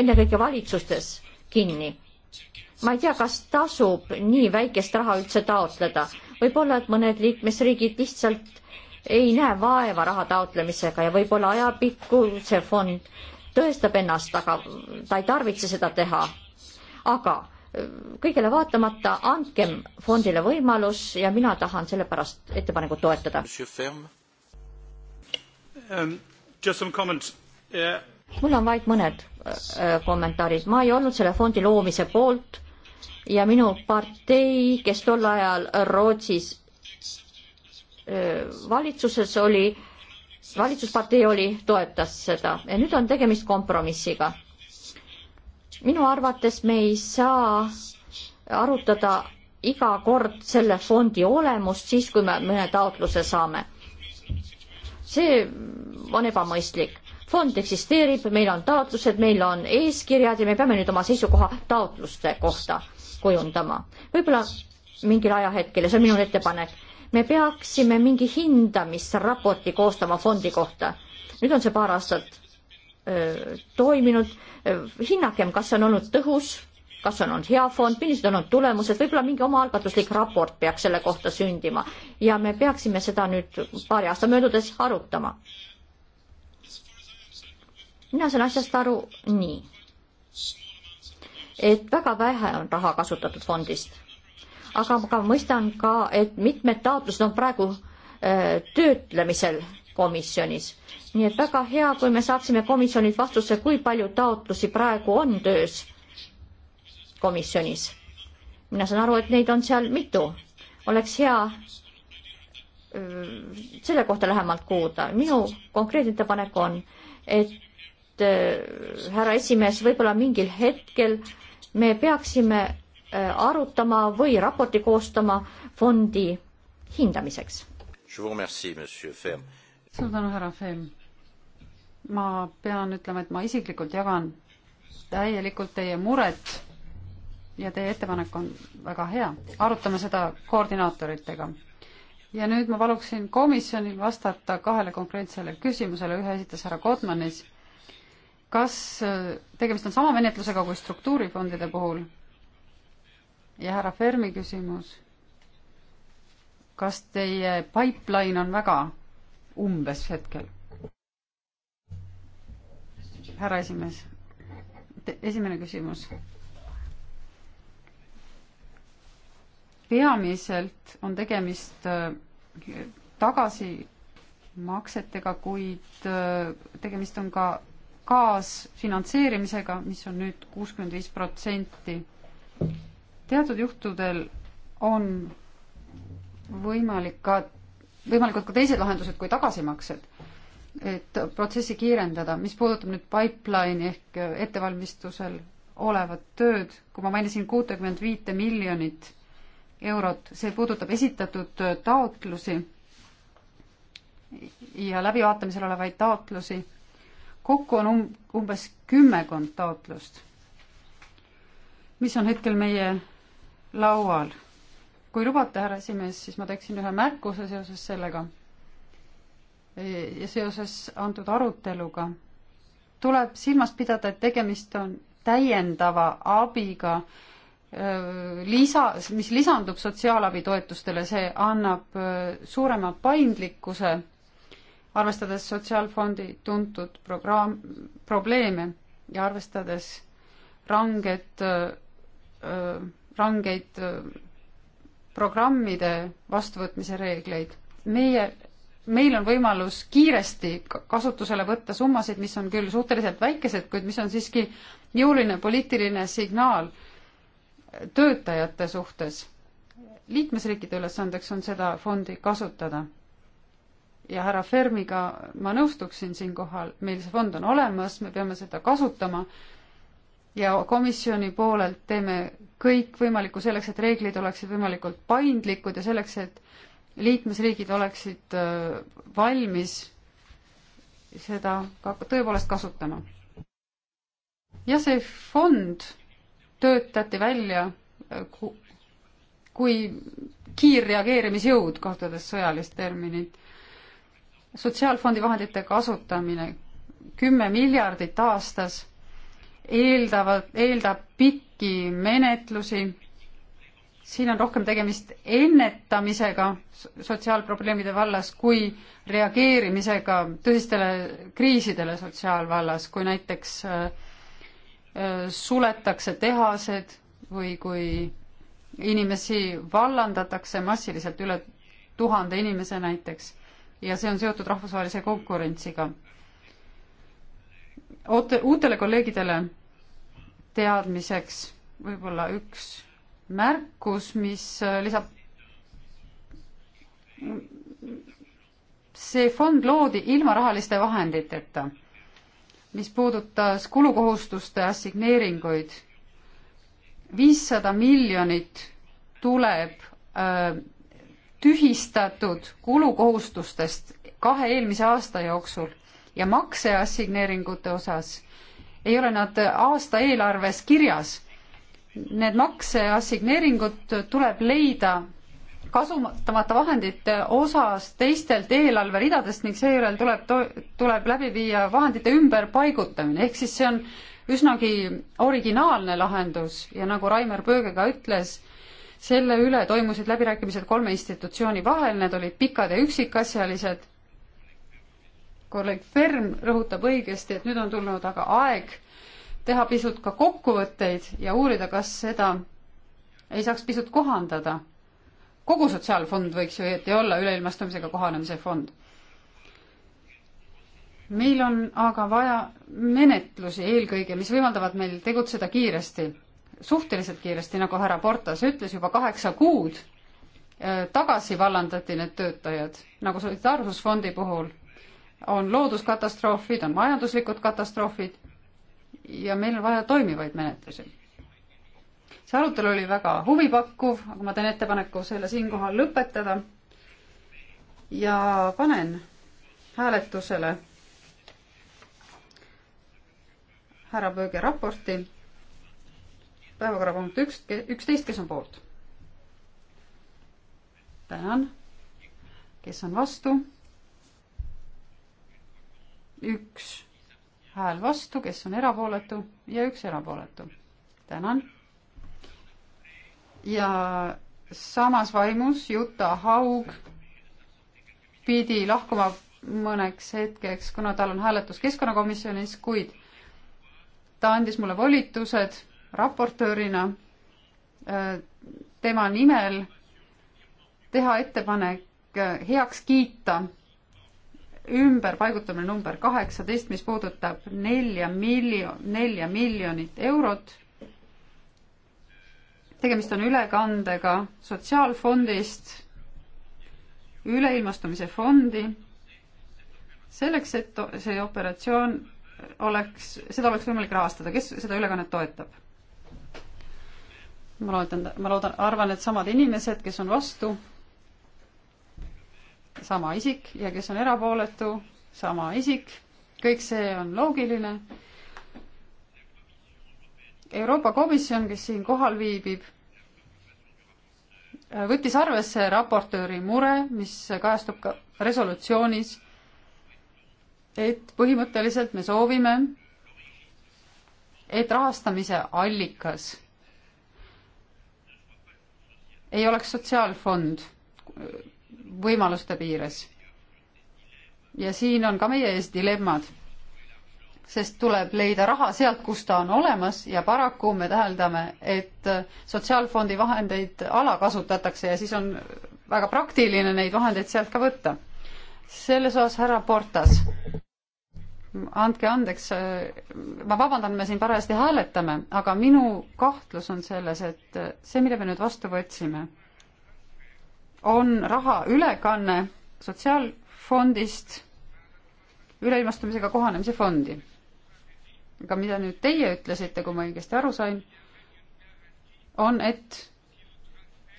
ennekõike valitsustes kinni. ma ei tea, kas tasub nii väikest raha üldse taotleda, võib-olla et mõned liikmesriigid lihtsalt ei näe vaeva raha taotlemisega ja võib-olla ajapikku see fond tõestab ennast, aga ta ei tarvitse seda teha. aga äh, kõigele vaatamata andkem fondile võimalus ja mina tahan sellepärast ettepanekut toetada. Um, mul on vaid mõned äh, kommentaarid, ma ei olnud selle fondi loomise poolt ja minu partei, kes tol ajal Rootsis valitsuses oli, valitsuspartei oli, toetas seda ja nüüd on tegemist kompromissiga. minu arvates me ei saa arutada iga kord selle fondi olemust siis, kui me mõne taotluse saame. see on ebamõistlik. fond eksisteerib, meil on taotlused, meil on eeskirjad ja me peame nüüd oma seisukoha taotluste kohta kujundama. võib-olla mingil ajahetkel ja see on minu ettepanek me peaksime mingi hindamisraporti koostama fondi kohta. nüüd on see paar aastat öö, toiminud, hinnakem, kas see on olnud tõhus, kas on olnud hea fond, millised on olnud tulemused, võib-olla mingi omaalgatuslik raport peaks selle kohta sündima ja me peaksime seda nüüd paari aasta möödudes arutama. mina saan asjast aru nii, et väga vähe on raha kasutatud fondist aga ma ka mõistan ka, et mitmed taotlused on praegu äh, töötlemisel komisjonis. nii et väga hea, kui me saaksime komisjonilt vastuse, kui palju taotlusi praegu on töös komisjonis. mina saan aru, et neid on seal mitu. oleks hea äh, selle kohta lähemalt kuulda. minu konkreetne ettepanek on, et äh, härra esimees, võib-olla mingil hetkel me peaksime Äh, arutama või raporti koostama fondi
hindamiseks. suur tänu, härra Fehm. ma pean ütlema, et ma isiklikult jagan täielikult teie muret ja teie ettepanek on väga hea. arutame seda koordinaatoritega. ja nüüd ma paluksin komisjonil vastata kahele konkreetsele küsimusele, ühe esitas härra Kotmanis. kas äh, tegemist on sama menetlusega kui struktuurifondide puhul? ja härra Fermi küsimus. kas teie pipeline on väga umbes hetkel? härra esimees, esimene küsimus. peamiselt on tegemist äh, tagasimaksetega, kuid äh, tegemist on ka kaasfinantseerimisega, mis on nüüd kuuskümmend viis protsenti teatud juhtudel on võimalik ka, võimalikud ka teised lahendused kui tagasimaksed, et protsessi kiirendada. mis puudutab nüüd pipeline'i ehk ettevalmistusel olevat tööd, kui ma mainisin kuutekümmet viite miljonit eurot, see puudutab esitatud taotlusi ja läbivaatamisel olevaid taotlusi. kokku on um-, umbes kümmekond taotlust, mis on hetkel meie laual. kui lubate, härra esimees, siis ma teeksin ühe märkuse seoses sellega ja seoses antud aruteluga. tuleb silmas pidada, et tegemist on täiendava abiga, lisa, mis lisandub sotsiaalabitoetustele, see annab suurema paindlikkuse, arvestades Sotsiaalfondi tuntud programm, probleeme ja arvestades ranged öö, rangeid äh, programmide vastuvõtmise reegleid. meie, meil on võimalus kiiresti kasutusele võtta summasid, mis on küll suhteliselt väikesed, kuid mis on siiski jõuline poliitiline signaal töötajate suhtes. liikmesriikide ülesandeks on seda fondi kasutada. ja härra Fermiga ma nõustuksin siinkohal, meil see fond on olemas, me peame seda kasutama ja komisjoni poolelt teeme kõik võimalikku selleks, et reeglid oleksid võimalikult paindlikud ja selleks, et liikmesriigid oleksid äh, valmis seda ka tõepoolest kasutama. ja see fond töötati välja äh, kui kiirreageerimisjõud, kasutades sõjalist terminit. sotsiaalfondi vahendite kasutamine kümme miljardit aastas eeldavad, eeldab pikki menetlusi. siin on rohkem tegemist ennetamisega sotsiaalprobleemide vallas kui reageerimisega tõsistele kriisidele sotsiaalvallas, kui näiteks äh, äh, suletakse tehased või kui inimesi vallandatakse massiliselt, üle tuhande inimese näiteks, ja see on seotud rahvusvahelise konkurentsiga oote, uutele kolleegidele teadmiseks võib-olla üks märkus, mis äh, lisab. see fond loodi ilma rahaliste vahenditeta, mis puudutas kulukohustuste assigneeringuid. viissada miljonit tuleb öö, äh, tühistatud kulukohustustest kahe eelmise aasta jooksul ja makseassigneeringute osas ei ole nad aasta eelarves kirjas. Need makseassigneeringud tuleb leida kasutamata vahendite osas teistelt eelarveridadest ning seejärel tuleb, tuleb läbi viia vahendite ümberpaigutamine, ehk siis see on üsnagi originaalne lahendus ja nagu Raimar Pööge ka ütles, selle üle toimusid läbirääkimised kolme institutsiooni vahel, need olid pikad ja üksikasjalised kolleeg Ferm rõhutab õigesti, et nüüd on tulnud aga aeg teha pisut ka kokkuvõtteid ja uurida, kas seda ei saaks pisut kohandada. kogu sotsiaalfond võiks ju õieti olla üleilmastumisega kohanemise fond. meil on aga vaja menetlusi eelkõige, mis võimaldavad meil tegutseda kiiresti, suhteliselt kiiresti, nagu härra Portas ütles, juba kaheksa kuud eh, tagasi vallandati need töötajad, nagu Solidaarsusfondi puhul on looduskatastroofid, on majanduslikud katastroofid ja meil on vaja toimivaid menetlusi. see arutelu oli väga huvipakkuv, aga ma teen ettepaneku selle siinkohal lõpetada ja panen hääletusele härra Pööge raporti päevakorrapunkt üks, üksteist, kes on poolt? tänan. kes on vastu? üks hääl vastu, kes on erapooletu ja üks erapooletu. tänan. ja samas vaimus Juta Haug pidi lahkuma mõneks hetkeks, kuna tal on hääletus keskkonnakomisjonis, kuid ta andis mulle volitused raportöörina äh, tema nimel teha ettepanek äh, heaks kiita ümberpaigutamine number kaheksateist, mis puudutab nelja miljon, nelja miljonit eurot. tegemist on ülekandega Sotsiaalfondist üleilmastumise fondi, selleks, et see operatsioon oleks, seda oleks võimalik rahastada, kes seda ülekannet toetab? ma loodan, ma loodan, arvan, et samad inimesed, kes on vastu sama isik ja kes on erapooletu, sama isik, kõik see on loogiline. Euroopa Komisjon, kes siin kohal viibib, võttis arvesse raportööri mure, mis kajastub ka resolutsioonis, et põhimõtteliselt me soovime, et rahastamise allikas ei oleks sotsiaalfond võimaluste piires. ja siin on ka meie ees dilemmad, sest tuleb leida raha sealt, kus ta on olemas ja paraku me täheldame, et sotsiaalfondi vahendeid alakasutatakse ja siis on väga praktiline neid vahendeid sealt ka võtta. selles osas härra Portas, andke andeks, ma vabandan, me siin parajasti hääletame, aga minu kahtlus on selles, et see, mille me nüüd vastu võtsime on raha ülekanne sotsiaalfondist üleilmastumisega kohanemise fondi. aga mida nüüd teie ütlesite, kui ma õigesti aru sain, on, et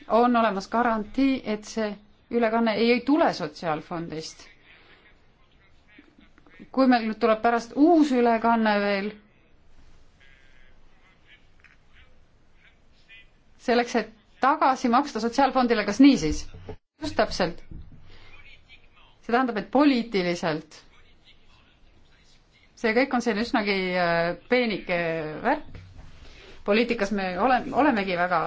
on olemas garantii, et see ülekanne ei, ei tule sotsiaalfondist. kui meil nüüd tuleb pärast uus ülekanne veel, selleks, et tagasi maksta Sotsiaalfondile, kas nii siis? just täpselt. see tähendab, et poliitiliselt. see kõik on selline üsnagi äh, peenike värk. poliitikas me ole, olemegi väga,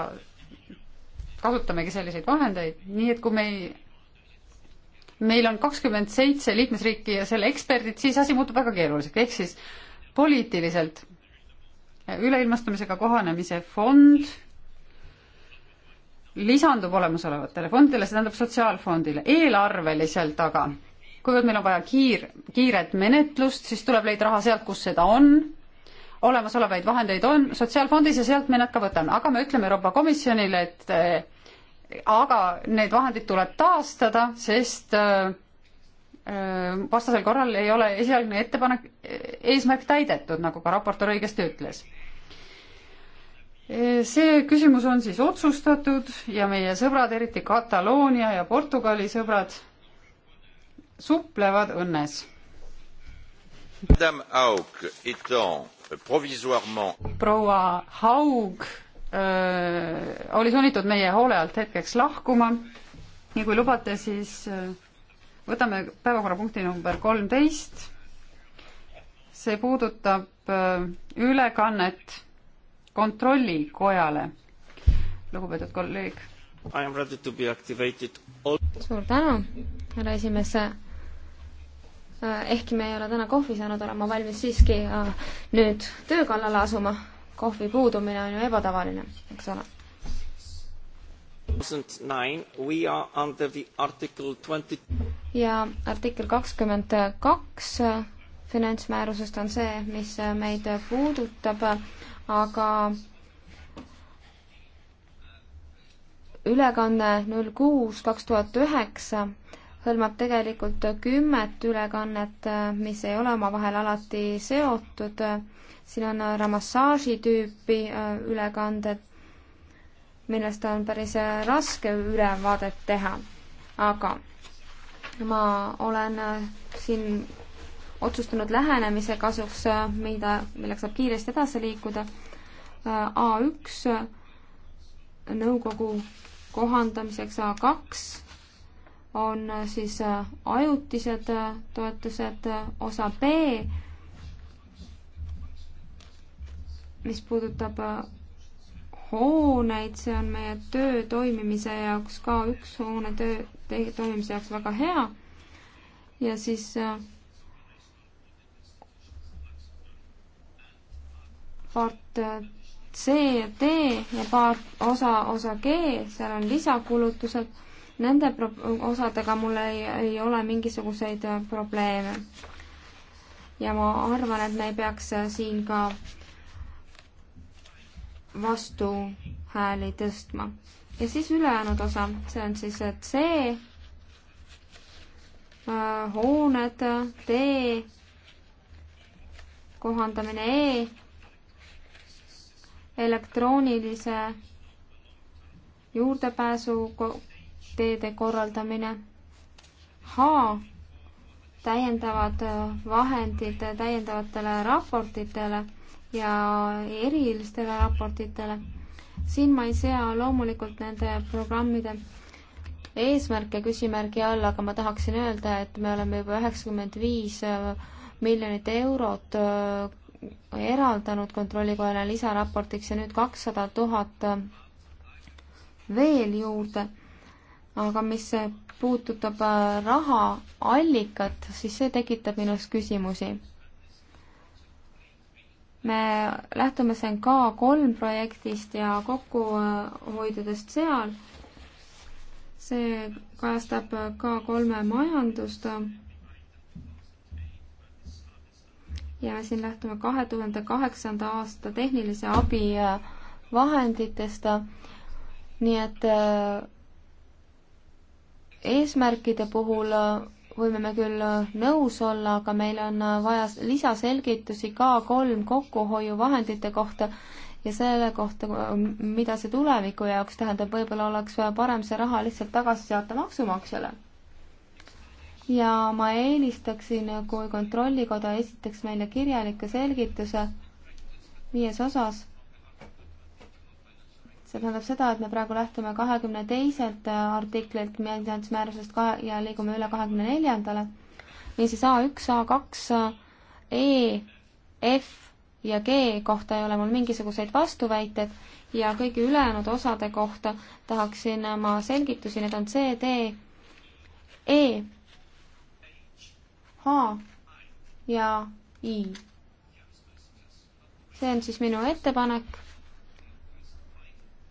kasutamegi selliseid vahendeid, nii et kui me ei meil on kakskümmend seitse liikmesriiki ja selle eksperdid, siis asi muutub väga keeruliseks, ehk siis poliitiliselt üleilmastumisega kohanemise fond, lisandub olemasolevatele fondidele, see tähendab sotsiaalfondile, eelarveliselt aga, kuivõrd meil on vaja kiir, kiiret menetlust, siis tuleb leida raha sealt, kus seda on, olemasolevaid vahendeid on sotsiaalfondis ja sealt me nad ka võtame, aga me ütleme Euroopa Komisjonile, et äh, aga need vahendid tuleb taastada, sest äh, vastasel korral ei ole esialgne ettepanek, eesmärk täidetud, nagu ka raportöör õigesti ütles see küsimus on siis otsustatud ja meie sõbrad, eriti Kataloonia ja Portugali sõbrad, suplevad õnnes.
Euh,
proua Haug öö, äh, oli sunnitud meie hoole alt hetkeks lahkuma ja kui lubate, siis öö, äh, võtame päevakorrapunkti number kolmteist. see puudutab öö, äh, ülekannet kontrollikojale. lugupeetud kolleeg.
suur tänu, härra esimees. Äh, ehkki me ei ole täna kohvi saanud, olen ma valmis siiski äh, nüüd töö kallale asuma. kohvi puudumine on ju ebatavaline, eks ole.
2009 we are under the article 20
ja artikkel kakskümmend kaks äh, finantsmäärusest on see, mis meid puudutab aga ülekanne null kuus kaks tuhat üheksa hõlmab tegelikult kümmet ülekannet, mis ei ole omavahel alati seotud. siin on ramassaaži tüüpi äh, ülekanded, millest on päris äh, raske ülevaadet teha, aga ma olen äh, siin otsustanud lähenemise kasuks, äh, mida, millega saab kiiresti edasi liikuda. Äh, A1 äh, nõukogu kohandamiseks A2 on siis ajutised toetused, osa B, mis puudutab hooneid, see on meie töö toimimise jaoks ka üks hoone töö toimimise jaoks väga hea. ja siis part äh, C ja D ja paar osa, osa G, seal on lisakulutused, nende pro-, osadega mul ei, ei ole mingisuguseid äh, probleeme. ja ma arvan, et me ei peaks äh, siin ka vastuhääli tõstma. ja siis ülejäänud osa, see on siis C, hooned, D, kohandamine E elektroonilise juurdepääsu teede korraldamine. H täiendavad äh, vahendid täiendavatele raportitele ja erilistele raportitele. siin ma ei sea loomulikult nende programmide eesmärke küsimärgi all, aga ma tahaksin öelda, et me oleme juba üheksakümmend viis äh, miljonit eurot äh, eraldanud Kontrollikojale lisaraportiks ja nüüd kakssada tuhat veel juurde, aga mis puudutab äh, rahaallikat, siis see tekitab minus küsimusi. me lähtume siin ka kolm projektist ja kokkuhoidudest seal. see kajastab ka kolme majandust ja siin lähtume kahe tuhande kaheksanda aasta tehnilise abi äh, vahenditest. nii et äh, eesmärkide puhul äh, võime me küll nõus olla, aga meil on vaja lisaselgitusi ka kolm kokkuhoiuvahendite kohta ja selle kohta, mida see tuleviku jaoks tähendab, võib-olla oleks parem see raha lihtsalt tagasi saata maksumaksjale ja ma eelistaksin, kui Kontrollikoda esitaks meile kirjaliku selgituse viies osas. see tähendab seda, et me praegu lähtume kahekümne teiselt artiklilt finantsmäärusest ja liigume üle kahekümne neljandale. niisiis A üks, A kaks, E, F ja G kohta ei ole mul mingisuguseid vastuväiteid ja kõigi ülejäänud osade kohta tahaksin ma selgitusi, need on C, D, E H ja I. see on siis minu ettepanek.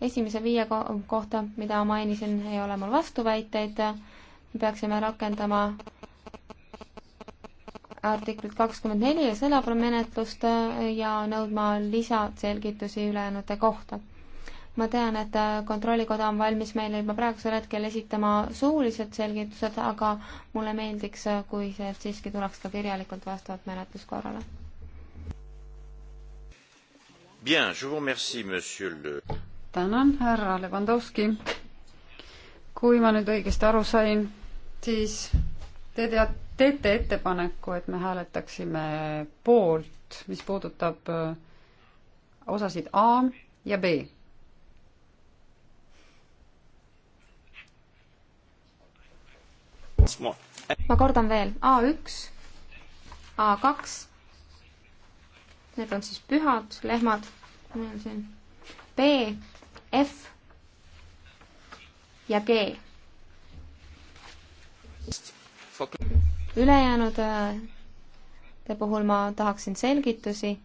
esimese viie ko kohta, mida mainisin, ei ole mul vastuväiteid. me peaksime rakendama artiklit kakskümmend neli ja sõnavara menetlust ja nõudma lisaselgitusi ülejäänute kohta ma tean, et äh, Kontrollikoda on valmis meile juba praegusel hetkel esitama suulised selgitused, aga mulle meeldiks, äh, kui see siiski tuleks ka kirjalikult vastavalt menetluskorrale.
Le...
tänan, härra Levandovski. kui ma nüüd õigesti aru sain, siis te teate, teete ettepaneku, et me hääletaksime poolt, mis puudutab äh, osasid A ja B
ma kordan veel, A1, A2, need on siis pühad lehmad, mul on siin B, F ja G. ülejäänude äh, puhul ma tahaksin selgitusi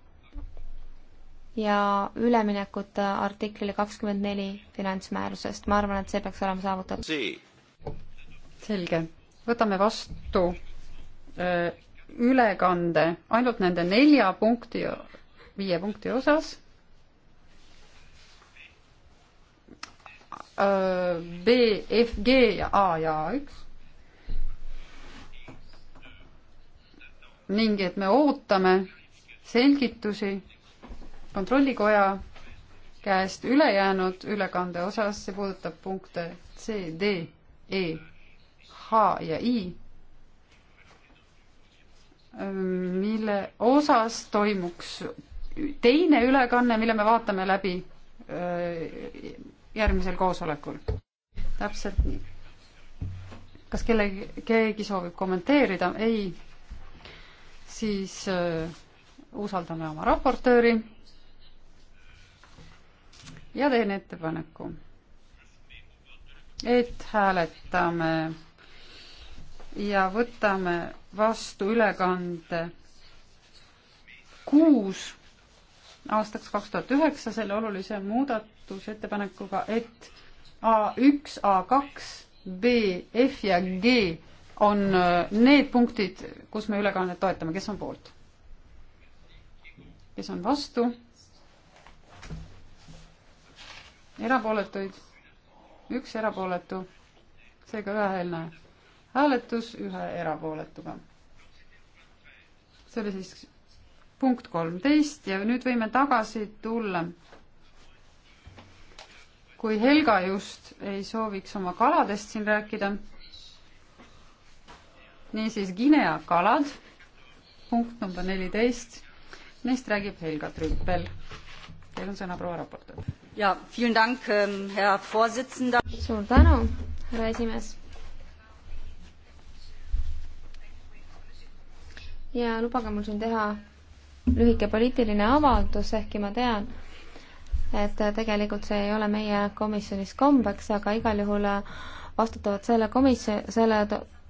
ja üleminekut äh, artiklile kakskümmend neli finantsmäärusest, ma arvan, et see peaks olema saavutatud.
selge võtame vastu ülekande ainult nende nelja punkti, viie punkti osas. B, F, G ja A ja A üks. ning et me ootame selgitusi kontrollikoja käest ülejäänud ülekande osas, see puudutab punkte C, D, E H ja I, mille osas toimuks teine ülekanne, mille me vaatame läbi äh, järgmisel koosolekul. täpselt nii. kas kellegi, keegi soovib kommenteerida? ei. siis öö, äh, usaldame oma raportööri. ja teen ettepaneku, et hääletame ja võtame vastu ülekande kuus aastaks kaks tuhat üheksa selle olulise muudatusettepanekuga, et A üks, A kaks, B, F ja G on äh, need punktid, kus me ülekannet toetame, kes on poolt? kes on vastu? erapooletuid? üks erapooletu, seega ühehäälne hääletus ühe erapooletuga. see oli siis punkt kolmteist ja nüüd võime tagasi tulla. kui Helga just ei sooviks oma kaladest siin rääkida, niisiis Guinea kalad, punkt number neliteist, neist räägib Helga Trüppel. Teil on sõna, proua raportöör.
jaa, vielen dank, härra ähm, Vorsitzender. suur tänu, härra esimees ja lubage mul siin teha lühike poliitiline avaldus, ehkki ma tean, et tegelikult see ei ole meie komisjonis kombeks, aga igal juhul vastutavad selle komisjon, selle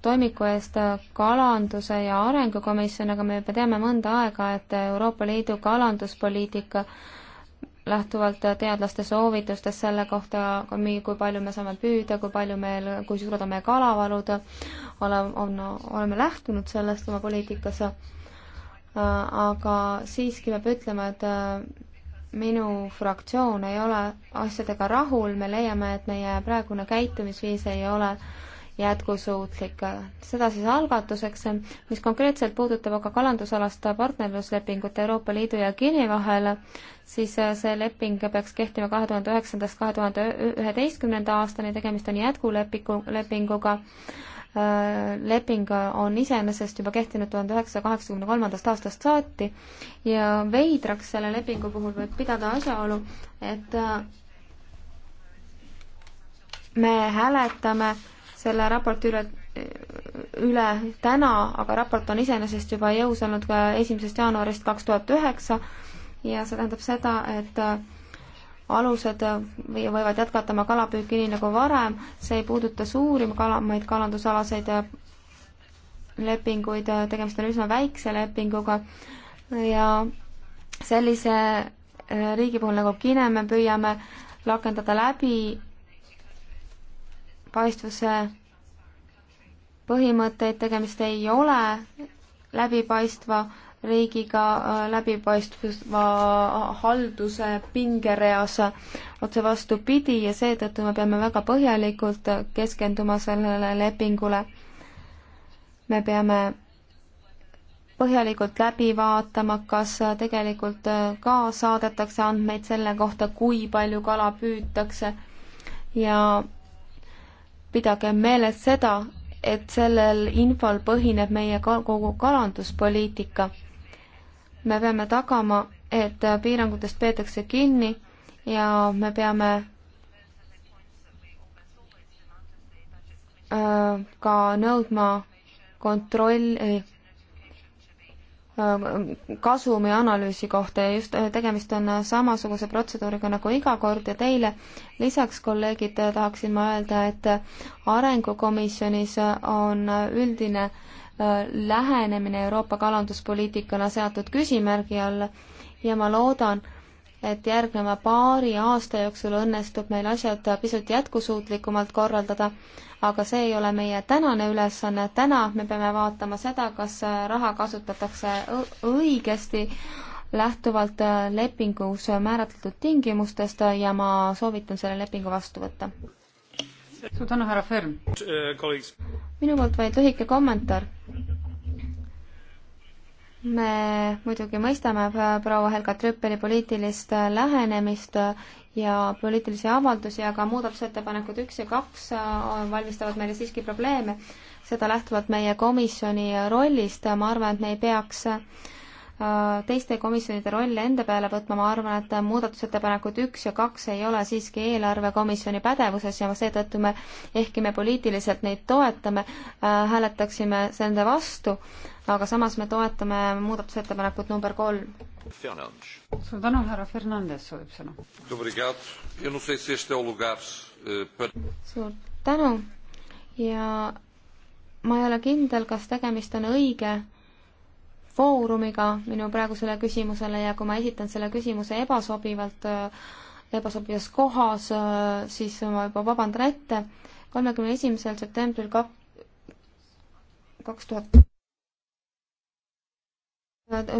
toimiku eest kalanduse ja arengukomisjon, aga me juba teame mõnda aega, et Euroopa Liidu kalanduspoliitika ka lähtuvalt teadlaste soovitustest selle kohta, kui palju me saame püüda, kui palju meil, kui suured on meie kalavarud, ole, on, oleme lähtunud sellest oma poliitikas. aga siiski peab ütlema, et minu fraktsioon ei ole asjadega rahul, me leiame, et meie praegune käitumisviis ei ole äh, jätkusuutlik. seda siis algatuseks, mis konkreetselt puudutab aga kalandusalast partnerluslepingut Euroopa Liidu ja Guinea vahel, siis see leping peaks kehtima kahe tuhande üheksandast kahe tuhande üheteistkümnenda aastani, tegemist on jätkulepiku, lepinguga leping on iseenesest juba kehtinud tuhande üheksasaja kaheksakümne kolmandast aastast saati ja veidraks selle lepingu puhul võib pidada asjaolu, et me hääletame selle raporti üle, üle täna, aga raport on iseenesest juba jõus olnud ka esimesest jaanuarist kaks tuhat üheksa ja see tähendab seda, et alused või võivad jätkata oma kalapüüki nii nagu varem, see ei puuduta suuri kalamaid kalandusalaseid lepinguid, tegemist on üsna väikse lepinguga ja sellise riigi puhul nagu Kine me püüame rakendada läbi läbipaistvuse põhimõtteid, tegemist ei ole läbipaistva riigiga äh, läbipaistvusva halduse pingereas otse vastupidi ja seetõttu me peame väga põhjalikult keskenduma sellele lepingule. me peame põhjalikult läbi vaatama, kas tegelikult äh, ka saadetakse andmeid selle kohta, kui palju kala püütakse ja pidage meeles seda, et sellel infol põhineb meie kogu kalanduspoliitika. me peame tagama, et piirangutest peetakse kinni ja me peame äh, ka nõudma kontrolli, Ähm, kasumi analüüsi kohta ja just äh, tegemist on äh, samasuguse protseduuriga nagu iga kord ja teile lisaks, kolleegid, äh, tahaksin ma öelda, et arengukomisjonis on üldine lähenemine Euroopa kalanduspoliitikale seatud küsimärgi alla ja ma loodan, et järgneva paari aasta jooksul õnnestub meil asjad pisut jätkusuutlikumalt korraldada, aga see ei ole meie tänane ülesanne, täna me peame vaatama seda, kas raha kasutatakse õigesti, lähtuvalt äh, lepingus määratletud tingimustest ja ma soovitan selle lepingu vastu võtta.
suur tänu, härra Ferm! Äh,
minu poolt vaid lühike kommentaar me muidugi mõistame äh, proua Helga Trüppeli poliitilist äh, lähenemist äh, ja poliitilisi avaldusi, aga muudatusettepanekud üks ja kaks valmistavad meile siiski probleeme. seda lähtuvalt meie komisjoni rollist, ma arvan, et me ei peaks teiste komisjonide rolli enda peale võtma, ma arvan, et muudatusettepanekud üks ja kaks ei ole siiski eelarvekomisjoni pädevuses ja seetõttu me, ehkki me poliitiliselt neid toetame, hääletaksime nende vastu aga samas me toetame muudatusettepanekut
number kolm. suur tänu, härra Fernandes soovib sõna. Eh, suur tänu ja
ma ei ole kindel, kas tegemist on õige foorumiga minu praegusele küsimusele ja kui ma esitan selle küsimuse ebasobivalt, eh, ebasobivas kohas, eh, siis ma juba vabandan ette. kolmekümne esimesel septembril kak-, kaks tuhat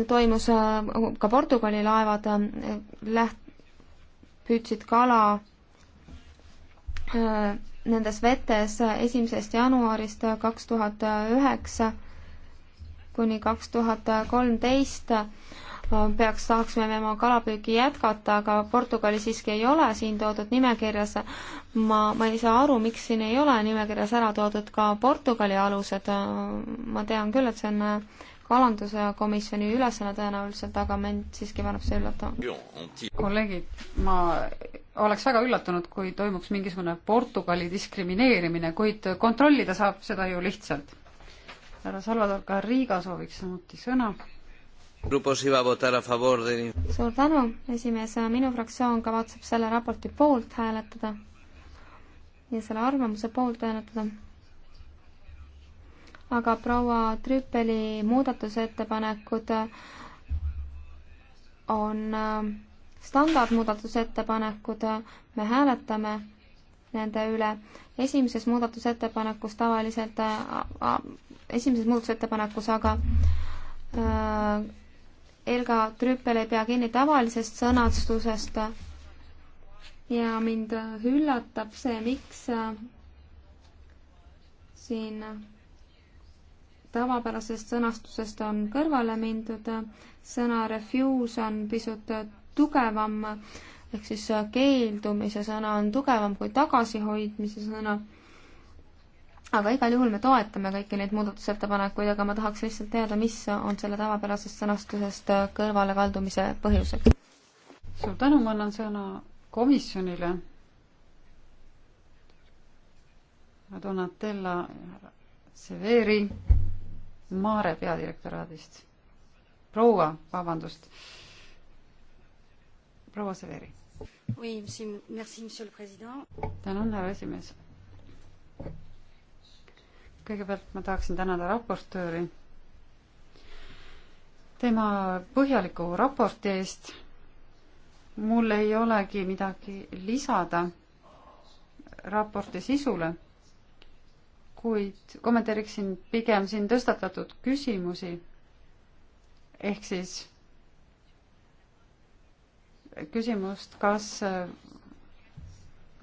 toimus äh, ka Portugali laevad äh, läht-, püüdsid kala äh, nendes vetes esimesest jaanuarist kaks tuhat üheksa kuni kaks tuhat kolmteist peaks, saaksime me oma kalapüüki jätkata, aga Portugali siiski ei ole siin toodud nimekirjas. ma, ma ei saa aru, miks siin ei ole nimekirjas ära toodud ka Portugali alused. ma tean küll, et see on kalanduse komisjoni ülesanne tõenäoliselt, aga mind siiski paneb see üllatama.
kolleegid, ma oleks väga üllatunud, kui toimuks mingisugune Portugali diskrimineerimine, kuid kontrollida saab seda ju lihtsalt. härra Salvador Garriga sooviks samuti sõna. suur tänu, esimees, minu fraktsioon kavatseb selle raporti
poolt hääletada ja selle arvamuse poolt hääletada aga proua Trüppeli muudatusettepanekud on äh, standardmuudatusettepanekud, me hääletame nende üle. esimeses muudatusettepanekus tavaliselt, äh, äh, esimeses muudatusettepanekus aga äh, Elga Trüppel ei pea kinni tavalisest sõnastusest ja mind üllatab see, miks siin tavapärasest sõnastusest on kõrvale mindud, sõna refuse on pisut tugevam, ehk siis keeldumise sõna on tugevam kui tagasihoidmise sõna. aga igal juhul me toetame kõiki neid muudatusettepanekuid, aga ma tahaks lihtsalt teada, mis on selle tavapärasest sõnastusest kõrvalekaldumise põhjuseks.
suur tänu, ma annan sõna komisjonile. Donatella Severi Maare peadirektoraadist. proua, vabandust. proua Severi. tänan, härra esimees. kõigepealt ma tahaksin tänada raportööri tema põhjaliku raporti eest. mul ei olegi midagi lisada raporti sisule kuid kommenteeriksin pigem siin tõstatatud küsimusi. ehk siis küsimust, kas äh,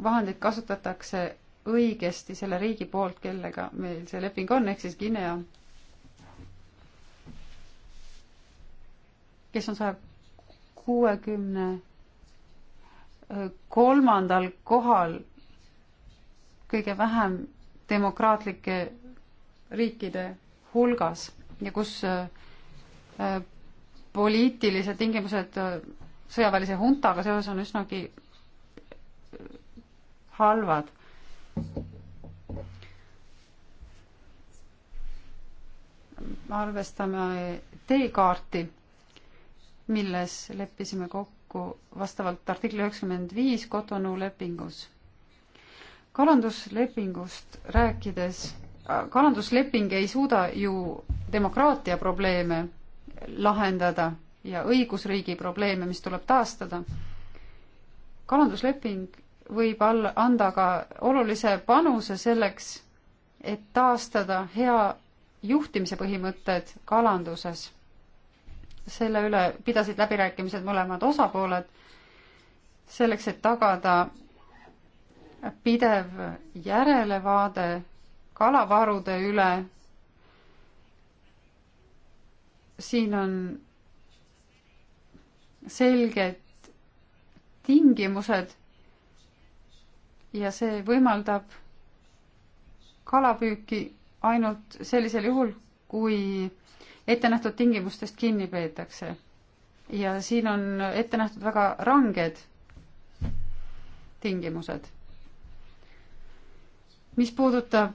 vahendeid kasutatakse õigesti selle riigi poolt, kellega meil see leping on, ehk siis Guinea, kes on saja kuuekümne äh, kolmandal kohal kõige vähem demokraatlike riikide hulgas ja kus äh, äh, poliitilised tingimused äh, sõjaväelise huntaga seoses on üsnagi halvad. arvestame teekaarti, milles leppisime kokku vastavalt artikli üheksakümmend viis Cotonou lepingus kalanduslepingust rääkides, kalandusleping ei suuda ju demokraatia probleeme lahendada ja õigusriigi probleeme, mis tuleb taastada. kalandusleping võib all-, anda ka olulise panuse selleks, et taastada hea juhtimise põhimõtted kalanduses. selle üle pidasid läbirääkimised mõlemad osapooled, selleks et tagada pidev järelevaade kalavarude üle. siin on selged tingimused ja see võimaldab kalapüüki ainult sellisel juhul, kui ettenähtud tingimustest kinni peetakse. ja siin on ette nähtud väga ranged tingimused mis puudutab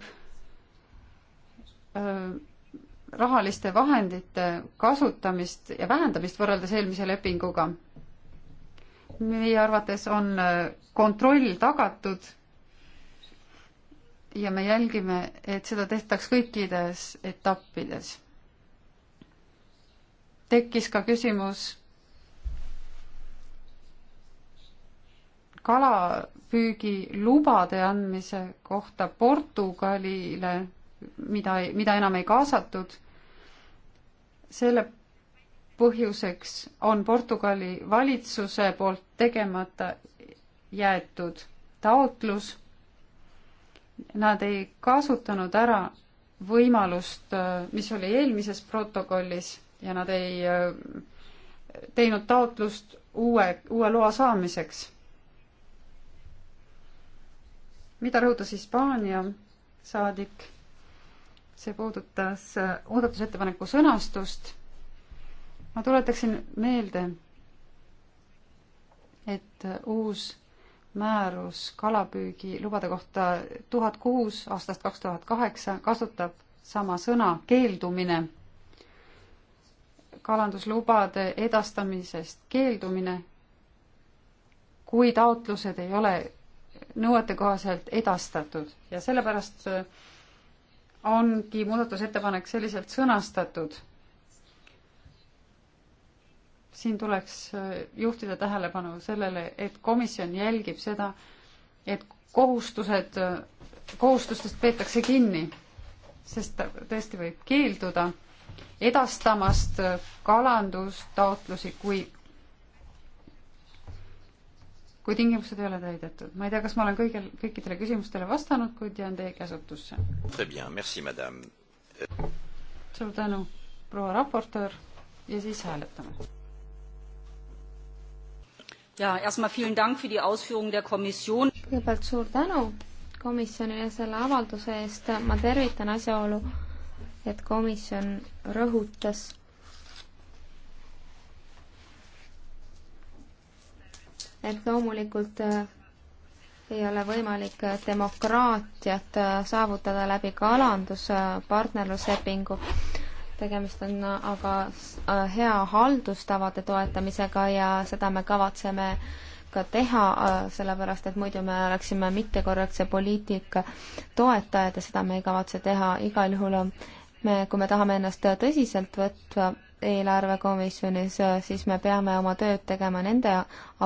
rahaliste vahendite kasutamist ja vähendamist võrreldes eelmise lepinguga, meie arvates on kontroll tagatud ja me jälgime, et seda tehtaks kõikides etappides. tekkis ka küsimus kala püügilubade andmise kohta Portugalile, mida, mida enam ei kaasatud. selle põhjuseks on Portugali valitsuse poolt tegemata jäetud taotlus. Nad ei kasutanud ära võimalust, mis oli eelmises protokollis ja nad ei äh, teinud taotlust uue, uue loa saamiseks mida rõhutas Hispaania saadik, see puudutas äh, muudatusettepaneku sõnastust. ma tuletaksin meelde, et äh, uus määrus kalapüügilubade kohta tuhat kuus aastast kaks tuhat kaheksa kasutab sama sõna keeldumine kalanduslubade edastamisest keeldumine, kui taotlused ei ole nõuete kohaselt edastatud ja sellepärast äh, ongi muudatusettepanek selliselt sõnastatud. siin tuleks äh, juhtida tähelepanu sellele, et komisjon jälgib seda, et kohustused, äh, kohustustest peetakse kinni, sest ta tõesti võib keelduda edastamast kalandustaotlusi, kui kui tingimused ei ole täidetud. ma ei tea, kas ma olen kõigil, kõikidele küsimustele vastanud, kuid jään teie käsutusse. suur tänu, proua raportöör ja siis hääletame. ja, esmalt vielen dank für die ausführung der
komisjon.
kõigepealt suur tänu komisjonile selle avalduse eest, ma tervitan asjaolu, et komisjon rõhutas et loomulikult äh, ei ole võimalik äh, demokraatiat äh, saavutada läbi kalanduspartnerluslepingu. tegemist on aga hea haldustavade toetamisega ja seda me kavatseme ka teha, sellepärast et muidu me oleksime mittekorrektse poliitika toetajad ja seda me ei kavatse teha. igal juhul me, kui me tahame ennast tõsiselt võtta, eelarvekomisjonis, siis me peame oma tööd tegema nende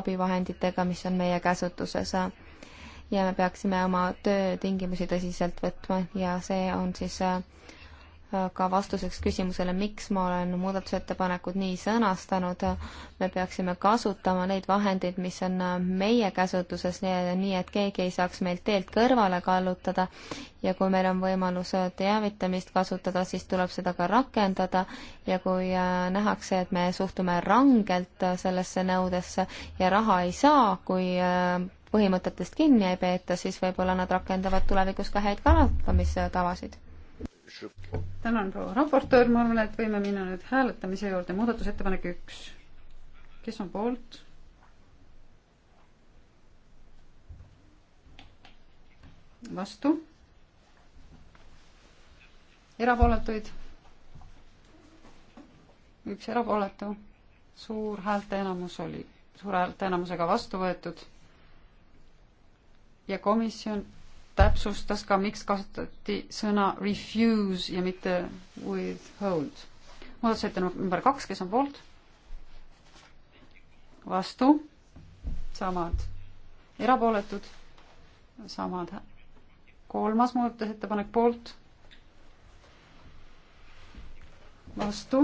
abivahenditega, mis on meie käsutuses. ja me peaksime oma töötingimusi tõsiselt võtma ja see on siis äh, ka vastuseks küsimusele, miks ma olen muudatusettepanekud nii sõnastanud, me peaksime kasutama neid vahendeid, mis on meie käsutuses, nii et keegi ei saaks meilt teelt kõrvale kallutada ja kui meil on võimalus teavitamist kasutada, siis tuleb seda ka rakendada ja kui nähakse, et me suhtume rangelt sellesse nõudesse ja raha ei saa, kui põhimõtetest kinni ei peeta, siis võib-olla nad rakendavad tulevikus ka häid kalatamistavasid
tänan, proua raportöör, ma arvan, et võime minna nüüd hääletamise juurde, muudatusettepanek üks. kes on poolt? vastu? erapooletuid? üks erapooletu, suur häälteenamus oli, suure häälteenamusega vastu võetud ja komisjon täpsustas ka, miks kasutati sõna refuse ja mitte withhold. muudatusettepanek number kaks, kes on poolt? vastu, samad erapooletud, samad. kolmas muudatusettepanek poolt, vastu,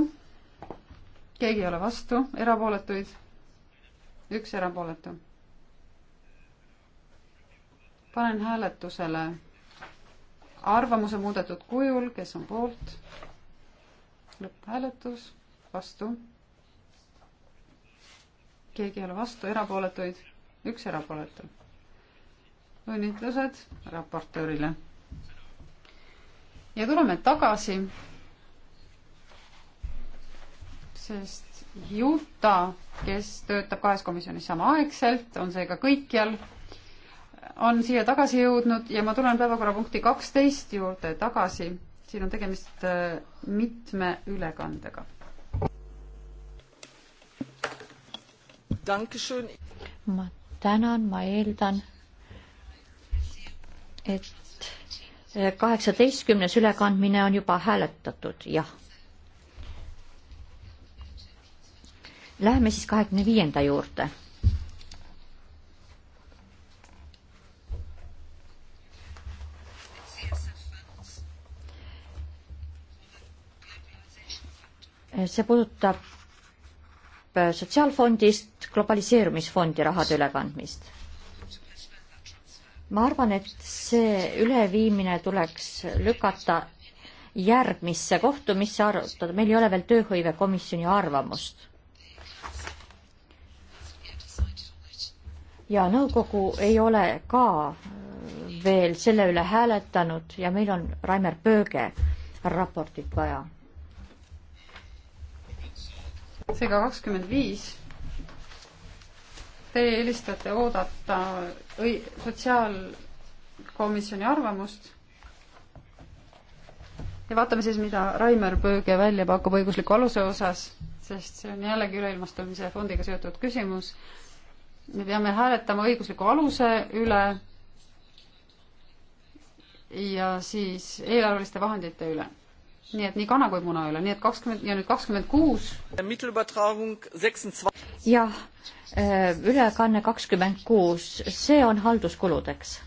keegi ei ole vastu, erapooletuid, üks erapooletu panen hääletusele arvamuse muudetud kujul, kes on poolt. lõpphääletus, vastu. keegi ei ole vastu, erapooletuid, üks erapooletu. õnnitlused raportöörile. ja tuleme tagasi, sest Juta, kes töötab kahes komisjonis samaaegselt, on seega kõikjal on siia tagasi jõudnud ja ma tulen päevakorrapunkti kaksteist juurde tagasi. siin on tegemist äh, mitme ülekandega.
ma tänan, ma eeldan, et kaheksateistkümnes ülekandmine on juba hääletatud, jah. Läheme siis kahekümne viienda juurde see puudutab äh, sotsiaalfondist globaliseerumisfondi rahade ülekandmist. ma arvan, et see üleviimine tuleks lükata järgmisse kohtumisse arutada, meil ei ole veel tööhõivekomisjoni arvamust. ja nõukogu ei ole ka äh, veel selle üle hääletanud ja meil on Raimer Pööge
raportit vaja seega kakskümmend viis. Te eelistate oodata õi-, sotsiaalkomisjoni arvamust ja vaatame siis, mida Raimar Pööge välja pakub õigusliku aluse osas, sest see on jällegi üleilmastumise fondiga seotud küsimus. me peame hääletama õigusliku aluse üle ja siis eelarveliste vahendite üle nii et nii kana kui muna ei ole, nii et kakskümmend ja nüüd kakskümmend kuus.
jah, äh, ülekanne kakskümmend kuus, see on halduskuludeks.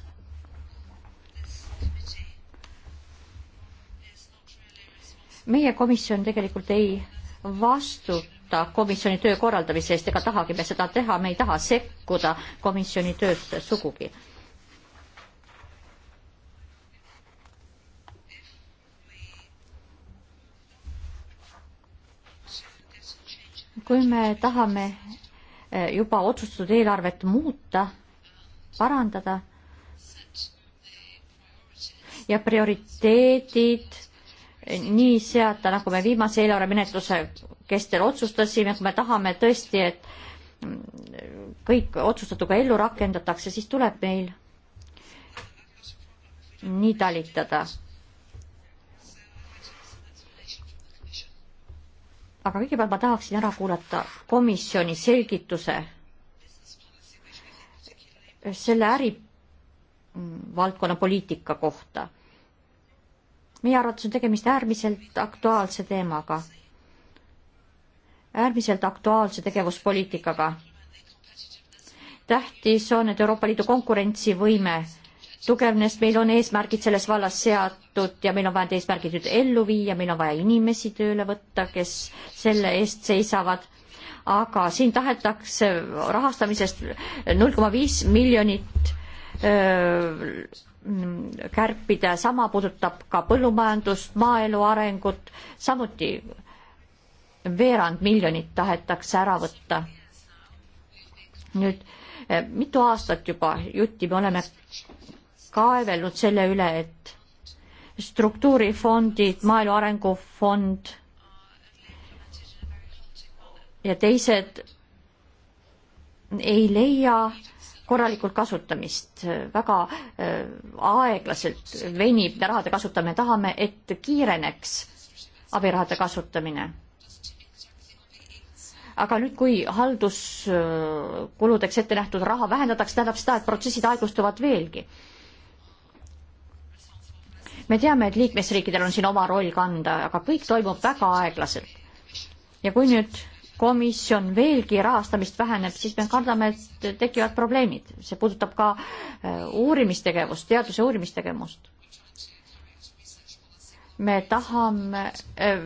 meie komisjon tegelikult ei vastuta komisjoni töö korraldamise eest ega tahagi me seda teha, me ei taha sekkuda komisjoni töösse sugugi kui me tahame eh, juba otsustatud eelarvet muuta, parandada ja prioriteedid nii seada, nagu me viimase eelarvemenetluse kestel otsustasime, kui me tahame tõesti, et kõik otsustatuga ellu rakendatakse, siis tuleb meil nii talitada aga kõigepealt ma tahaksin ära kuulata komisjoni selgituse selle ärivaldkonna poliitika kohta. meie arvates on tegemist äärmiselt aktuaalse teemaga, äärmiselt aktuaalse tegevuspoliitikaga. tähtis on, et Euroopa Liidu konkurentsivõime tugevnes, meil on eesmärgid selles vallas seatud ja meil on vaja need eesmärgid nüüd ellu viia, meil on vaja inimesi tööle võtta, kes selle eest seisavad. aga siin tahetakse rahastamisest null koma viis miljonit öö, kärpida, sama puudutab ka põllumajandust, maaelu arengut, samuti veerand miljonit tahetakse ära võtta. nüüd mitu aastat juba jutti me oleme kaevelnud selle üle, et struktuurifondid, Maaelu Arengufond ja teised ei leia korralikult kasutamist, väga äh, aeglaselt venib rahade kasutamine, tahame, et kiireneks abirahade kasutamine. aga nüüd, kui halduskuludeks ette nähtud raha vähendatakse, tähendab seda, et protsessid aeglustuvad veelgi me teame, et liikmesriikidel on siin oma roll kanda, aga kõik toimub väga aeglaselt. ja kui nüüd komisjon veelgi rahastamist väheneb, siis me kardame, et tekivad probleemid. see puudutab ka äh, uurimistegevust, teaduse uurimistegevust. me tahame äh,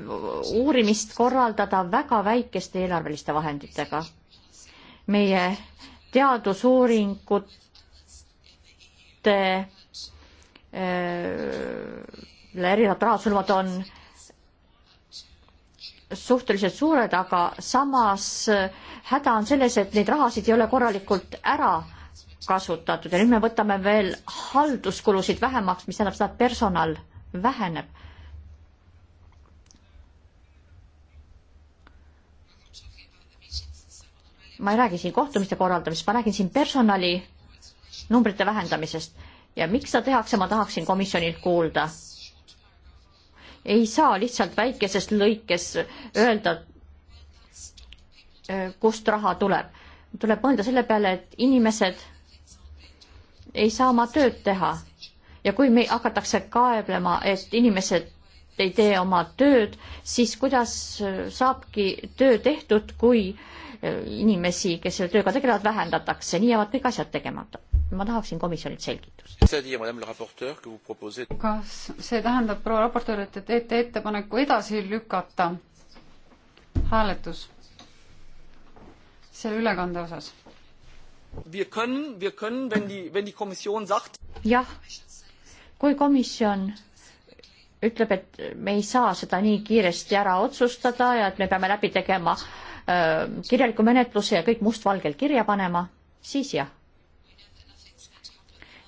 uurimist korraldada väga väikeste eelarveliste vahenditega. meie teadusuuringute Äh, erinevad rahasummad on suhteliselt suured, aga samas äh, häda on selles, et neid rahasid ei ole korralikult ära kasutatud ja nüüd me võtame veel halduskulusid vähemaks, mis tähendab seda, et personal väheneb. ma ei räägi siin kohtumiste korraldamisest, ma räägin siin personali numbrite vähendamisest ja miks seda tehakse, ma tahaksin komisjonilt kuulda. ei saa lihtsalt väikeses lõikes öelda, äh, kust raha tuleb. tuleb mõelda selle peale, et inimesed ei saa oma tööd teha ja kui me hakatakse kaeblema, et inimesed ei tee oma tööd, siis kuidas saabki töö tehtud, kui äh, inimesi, kes selle tööga tegelevad, vähendatakse, nii jäävad kõik asjad tegemata. ma tahaksin
komisjonilt selgitust. kas see tähendab, proua raportöör, et te teete ettepaneku edasi lükata hääletus selle ülekande osas?
jah,
kui komisjon
ütleb, et me ei saa seda nii kiiresti ära otsustada ja et me peame läbi tegema äh, kirjaliku menetluse ja kõik mustvalgelt kirja panema, siis jah.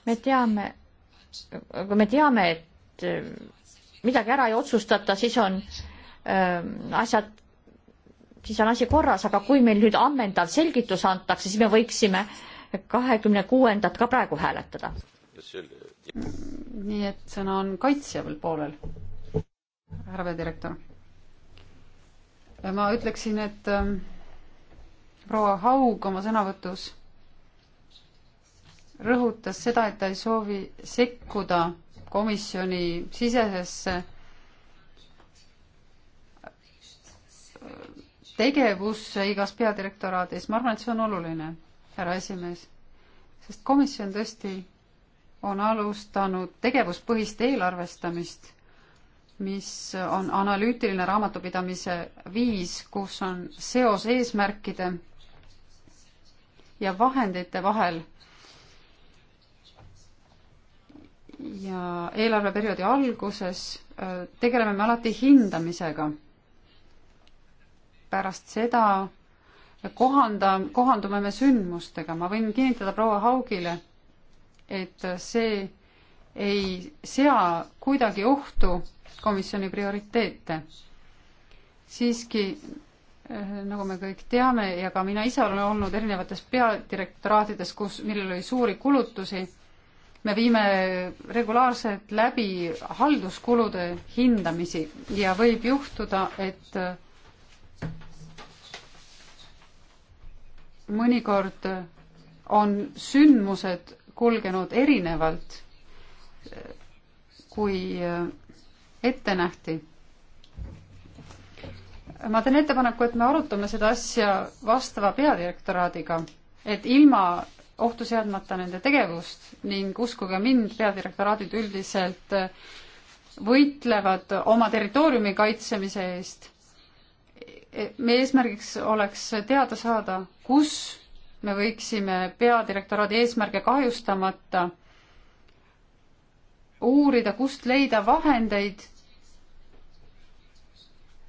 me teame, kui me teame, et äh, midagi ära ei otsustata, siis on äh, asjad, siis on asi korras, aga kui meil nüüd ammendav selgitus antakse, siis me võiksime kahekümne kuuendat ka praegu hääletada
nii et sõna on kaitsjavel poolel, härra peadirektor. ma ütleksin, et ähm, proua Haug oma sõnavõtus rõhutas seda, et ta ei soovi sekkuda komisjoni sisesesse äh, tegevusse igas peadirektoraadis, ma arvan, et see on oluline, härra esimees, sest komisjon tõesti on alustanud tegevuspõhist eelarvestamist, mis on analüütiline raamatupidamise viis, kus on seos eesmärkide ja vahendite vahel ja eelarveperioodi alguses äh, tegeleme me alati hindamisega. pärast seda kohanda, kohandume me sündmustega, ma võin kinnitada proua Haugile, et see ei sea kuidagi ohtu komisjoni prioriteete. siiski, eh, nagu me kõik teame ja ka mina ise olen olnud erinevates peadirektoraatides, kus, millel oli suuri kulutusi, me viime regulaarselt läbi halduskulude hindamisi ja võib juhtuda, et eh, mõnikord on sündmused kulgenud erinevalt, kui äh, ette nähti. ma teen ettepaneku, et me arutame seda asja vastava peadirektoraadiga, et ilma ohtu seadmata nende tegevust ning uskuge mind, peadirektoraadid üldiselt äh, võitlevad oma territooriumi kaitsemise eest. E, meie eesmärgiks oleks teada saada, kus me võiksime peadirektoraadi eesmärge kahjustamata uurida, kust leida vahendeid,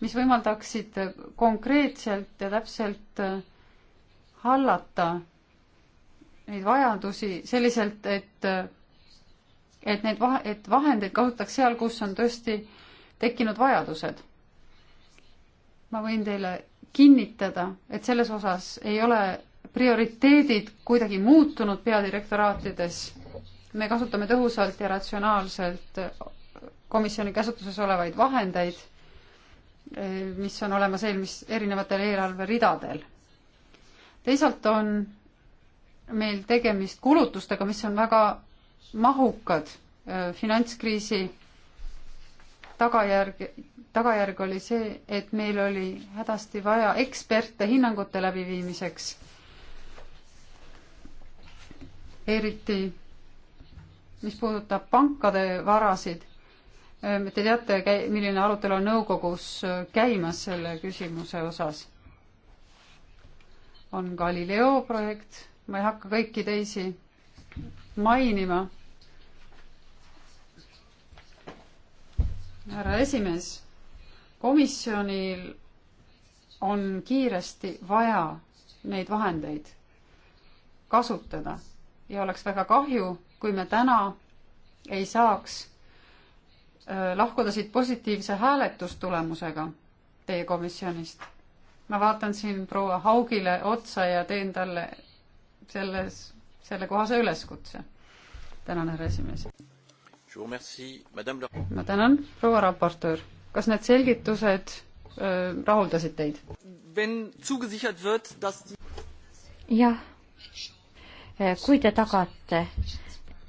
mis võimaldaksid konkreetselt ja täpselt äh, hallata neid vajadusi selliselt, et, äh, et neid vahe, et vahendeid kasutaks seal, kus on tõesti tekkinud vajadused. ma võin teile kinnitada, et selles osas ei ole prioriteedid kuidagi muutunud peadirektoraatides? me kasutame tõhusalt ja ratsionaalselt komisjoni käsutuses olevaid vahendeid, eh, mis on olemas eelmis, erinevatel eelarveridadel. teisalt on meil tegemist kulutustega, mis on väga mahukad eh, finantskriisi tagajärg, tagajärg oli see, et meil oli hädasti vaja eksperte hinnangute läbiviimiseks eriti mis puudutab pankade varasid. Äh, te teate, milline arutelu on nõukogus äh, käimas selle küsimuse osas. on Galileo projekt, ma ei hakka kõiki teisi mainima.
härra esimees,
komisjonil on kiiresti vaja neid vahendeid kasutada ja oleks väga kahju, kui me täna ei saaks lahkuda siit positiivse hääletustulemusega teie komisjonist. ma vaatan siin proua Haugile otsa ja teen talle selles, sellekohase üleskutse. tänan, härra esimees. ma tänan, proua raportöör. kas need selgitused öö, rahuldasid teid?
jah Eh, kui te tagate,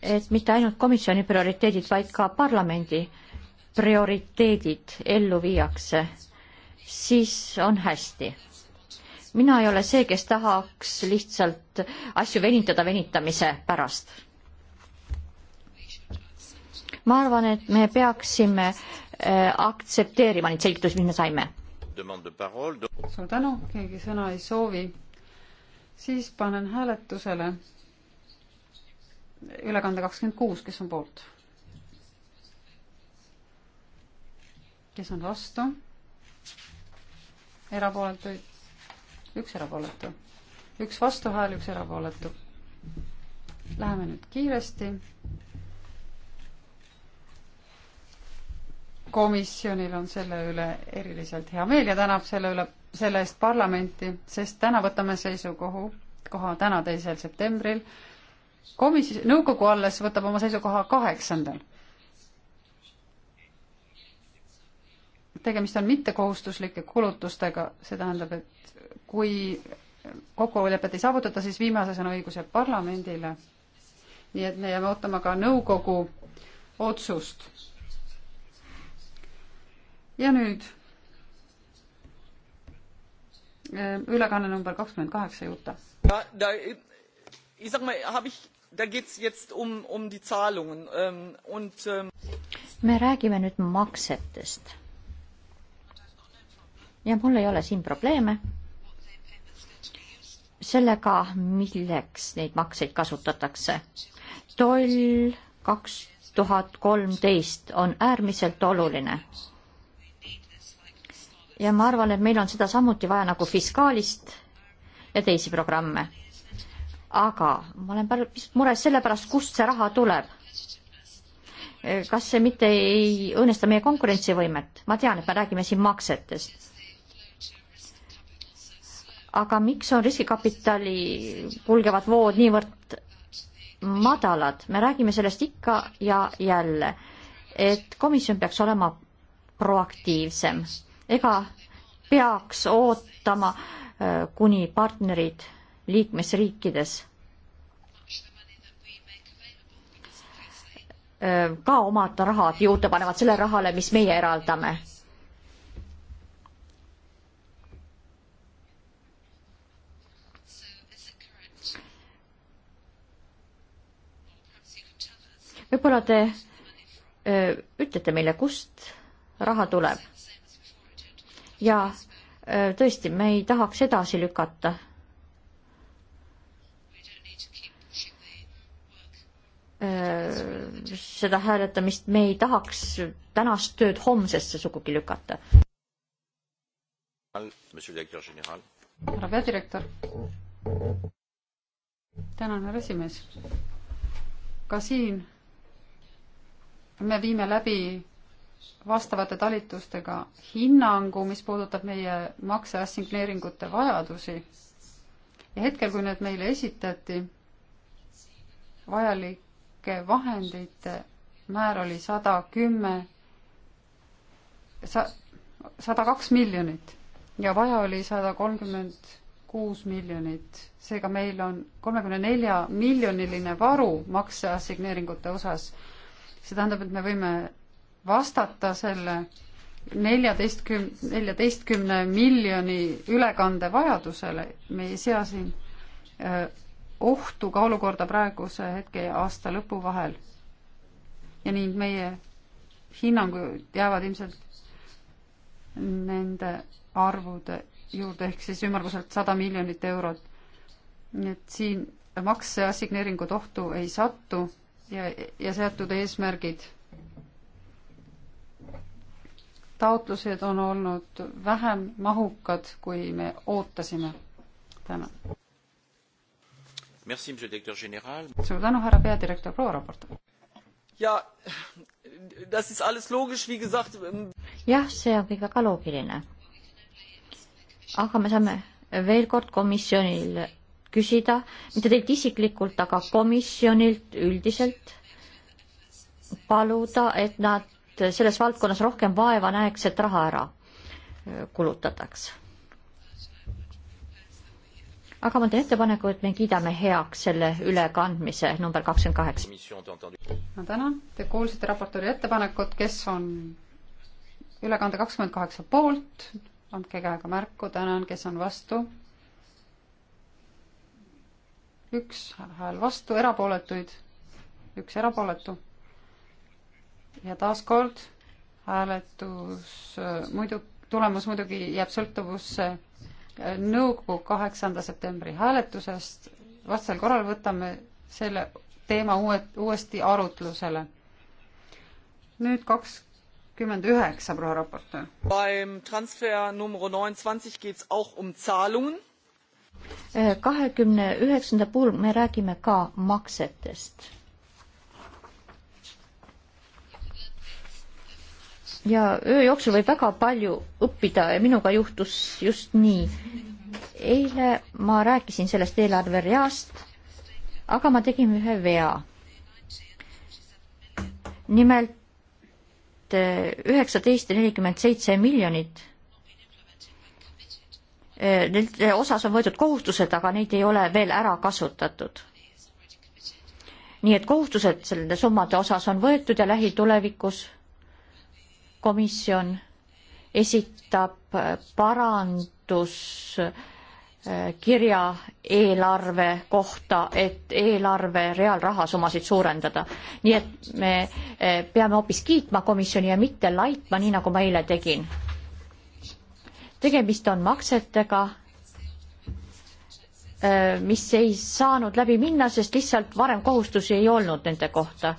et mitte ainult komisjoni prioriteedid, vaid ka parlamendi prioriteedid ellu viiakse, siis on hästi. mina ei ole see, kes tahaks lihtsalt asju venitada venitamise pärast. ma arvan, et me peaksime eh,
aktsepteerima neid selgitusi, mis me saime. suur tänu, keegi sõna ei soovi. siis panen hääletusele üle kanda kakskümmend kuus, kes on poolt? kes on vastu? erapooletuid? üks erapooletu. üks vastuhääl, üks erapooletu. Läheme nüüd kiiresti. komisjonil on selle üle eriliselt hea meel ja tänab selle üle, selle eest parlamenti, sest täna võtame seisukohu, koha täna, teisel septembril komisjon, nõukogu alles võtab oma seisukoha kaheksandal. tegemist on mittekohustuslike kulutustega, see tähendab, et kui kokkulepet ei saavutata, siis viimases on õigus jääb parlamendile. nii et me jääme ootama ka nõukogu otsust. ja nüüd eh, ülekanne number kakskümmend kaheksa juurde
da geht's jetzt um, um die Zahlungen ähm, und ähm
me räägime nüüd maksetest. ja mul ei ole siin probleeme sellega, milleks neid makseid kasutatakse. toll kaks tuhat kolmteist on äärmiselt oluline. ja ma arvan, et meil on seda samuti vaja nagu fiskaalist ja teisi programme aga ma olen päris mures selle pärast, kust see raha tuleb. kas see mitte ei õõnesta meie konkurentsivõimet? ma tean, et me räägime siin maksetest. aga miks on riskikapitali kulgevad vood niivõrd madalad, me räägime sellest ikka ja jälle, et komisjon peaks olema proaktiivsem ega peaks ootama, äh, kuni partnerid liikmesriikides äh, ka omad rahad juurde panevad selle rahale, mis meie eraldame. võib-olla te öö, äh, ütlete meile, kust raha tuleb? ja öö, äh, tõesti, me ei tahaks edasi lükata Äh, seda hääletamist me ei tahaks tänast tööd homsesse sugugi
lükata.
härra
peadirektor. tänan, härra esimees. ka siin me viime läbi vastavate talitustega hinnangu, mis puudutab meie makseassigneeringute vajadusi. ja hetkel, kui need meile esitati, vajalik avalike vahendite määr oli sada kümme, sa-, sada kaks miljonit ja vaja oli sada kolmkümmend kuus miljonit, seega meil on kolmekümne nelja miljoniline varu makseassigneeringute osas. see tähendab, et me võime vastata selle neljateistküm-, neljateistkümne miljoni ülekandevajadusele, me ei sea siin äh, ohtu ka olukorda praeguse hetke ja aasta lõpu vahel. ja nii meie hinnangud jäävad ilmselt nende arvude juurde ehk siis ümmarguselt sada miljonit eurot. nii et siin makse assigneeringud ohtu ei satu ja, ja seatud eesmärgid. taotlused on olnud vähem mahukad, kui me ootasime. tänan suur tänu, härra peadirektor, proua raportöör.
jah, see
on kõik väga loogiline. aga me saame veel kord komisjonil küsida, mitte teilt isiklikult, aga komisjonilt üldiselt paluda, et nad selles valdkonnas rohkem vaeva näeks, et raha ära kulutataks aga ma teen ettepaneku, et me kiidame heaks selle ülekandmise number kakskümmend kaheksa.
ma tänan, te kuulsite raportööri ettepanekut, kes on ülekande kakskümmend kaheksa poolt, andke käega märku, tänan, kes on vastu. üks hääl vastu, erapooletuid, üks erapooletu. ja taaskord hääletus äh, muidu, tulemus muidugi jääb sõltuvusse nõukogu kaheksanda septembri hääletusest, vastasel korral võtame selle teema uue, uuesti arutlusele. nüüd kakskümmend üheksa, proua raportöör.
Beim transfer numero neunzwanzig geht's auch um zahlungen.
Äh, kahekümne üheksanda puhul me räägime ka maksetest ja öö jooksul võib väga palju õppida ja minuga juhtus just nii. eile ma rääkisin sellest eelarvereast, aga ma tegin ühe vea. nimelt üheksateist ja nelikümmend seitse miljonit. Nende osas on võetud kohustused, aga neid ei ole veel ära kasutatud. nii et kohustused selle summade osas on võetud ja lähitulevikus komisjon esitab parandus-kirja eelarve kohta, et eelarve reaalrahasummasid suurendada. nii et me eh, peame hoopis kiitma komisjoni ja mitte laitma, nii nagu ma eile tegin. tegemist on maksetega, eh, mis ei saanud läbi minna, sest lihtsalt varem kohustusi ei olnud nende kohta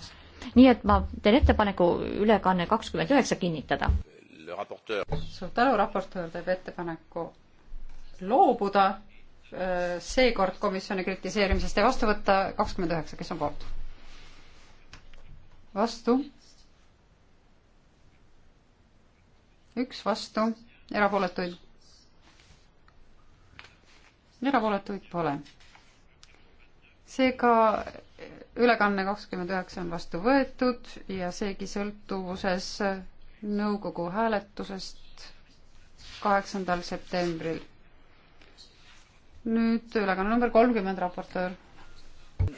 nii et ma teen ettepaneku ülekanne kakskümmend üheksa kinnitada.
suur tänu, raportöör teeb ettepaneku loobuda seekord komisjoni kritiseerimisest ja vastu võtta kakskümmend üheksa, kes on poolt? vastu? üks vastu, erapooletuid? erapooletuid pole. seega ülekanne kakskümmend üheksa on vastu võetud ja seegi sõltuvuses nõukogu hääletusest kaheksandal septembril. nüüd ülekanne number kolmkümmend, raportöör.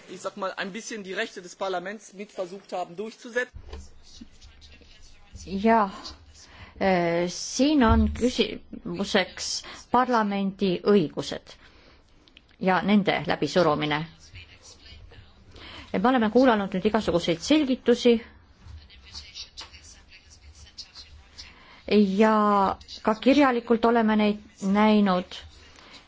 Ich sag mal, ein bisschen die Rechte des Parlaments mit versucht haben durchzusetzen.
jah, äh,
siin on küsimuseks parlamendi õigused ja nende läbisurumine me oleme kuulanud nüüd igasuguseid selgitusi ja ka kirjalikult oleme neid näinud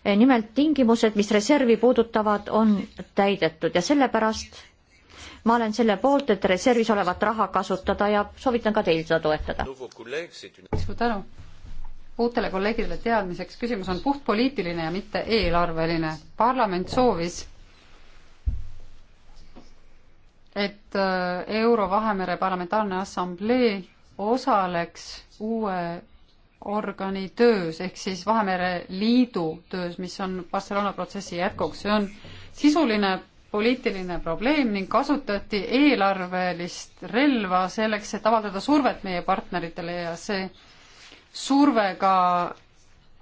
eh, nimelt tingimused, mis reservi puudutavad, on täidetud ja sellepärast ma olen selle
poolt, et reservis olevat raha kasutada ja soovitan ka teil seda toetada. suur tänu. uutele kolleegidele teadmiseks, küsimus on puhtpoliitiline ja mitte eelarveline. parlament soovis et äh, Euro Vahemere Parlamentaarne Assamblee osaleks uue organi töös ehk siis Vahemere Liidu töös, mis on Barcelona protsessi jätkuks. see on sisuline poliitiline probleem ning kasutati eelarvelist relva selleks, et avaldada survet meie partneritele ja see surve ka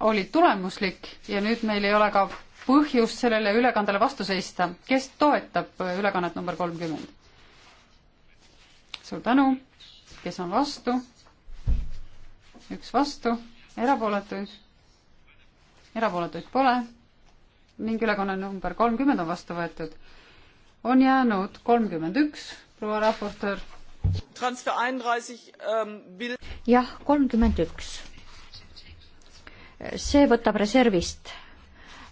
oli tulemuslik ja nüüd meil ei ole ka põhjust sellele ülekandele vastu seista. kes toetab ülekannet number kolmkümmend? suur tänu, kes on vastu? üks vastu, erapooletuid, erapooletuid pole ning ülekonna number kolmkümmend on vastu võetud. on jäänud kolmkümmend üks, proua raportöör.
Ähm,
jah, kolmkümmend
üks. see võtab reservist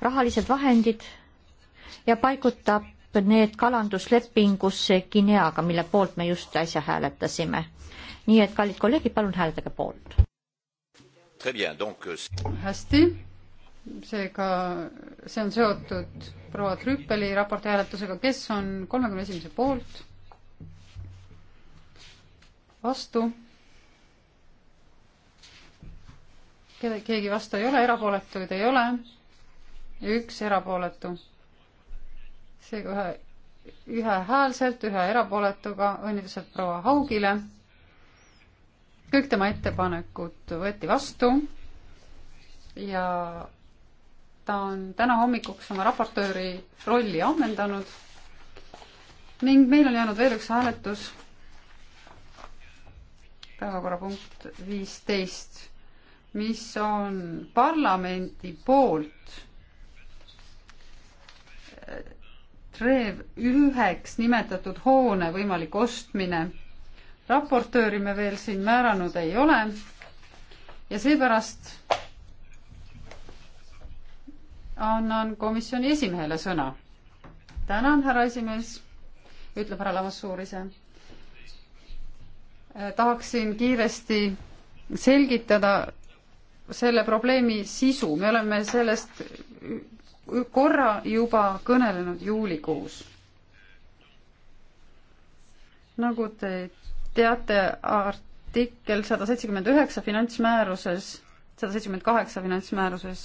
rahalised vahendid ja paigutab need kalanduslepingusse Guineaga, mille poolt me just äsja hääletasime. nii et, kallid kolleegid, palun hääletage poolt.
Euh,
hästi, seega see on seotud proua Trüppeli raporti hääletusega, kes on kolmekümne esimese poolt? vastu? keegi vastu ei ole, erapooletuid ei ole ja üks erapooletu seega ühe, ühehäälselt, ühe erapooletuga õnnitlused proua Haugile. kõik tema ettepanekud võeti vastu ja ta on täna hommikuks oma raportööri rolli ammendanud ning meil on jäänud veel üks hääletus, päevakorrapunkt viisteist, mis on parlamendi poolt Trev üheks nimetatud hoone võimalik ostmine. raportööri me veel siin määranud ei ole ja seepärast annan komisjoni esimehele sõna. tänan, härra esimees, ütleb härra Lamassuur ise. tahaksin kiiresti selgitada selle probleemi sisu, me oleme sellest korra juba kõnelenud juulikuus. nagu te teate, artikkel sada seitsekümmend üheksa finantsmääruses, sada seitsekümmend kaheksa finantsmääruses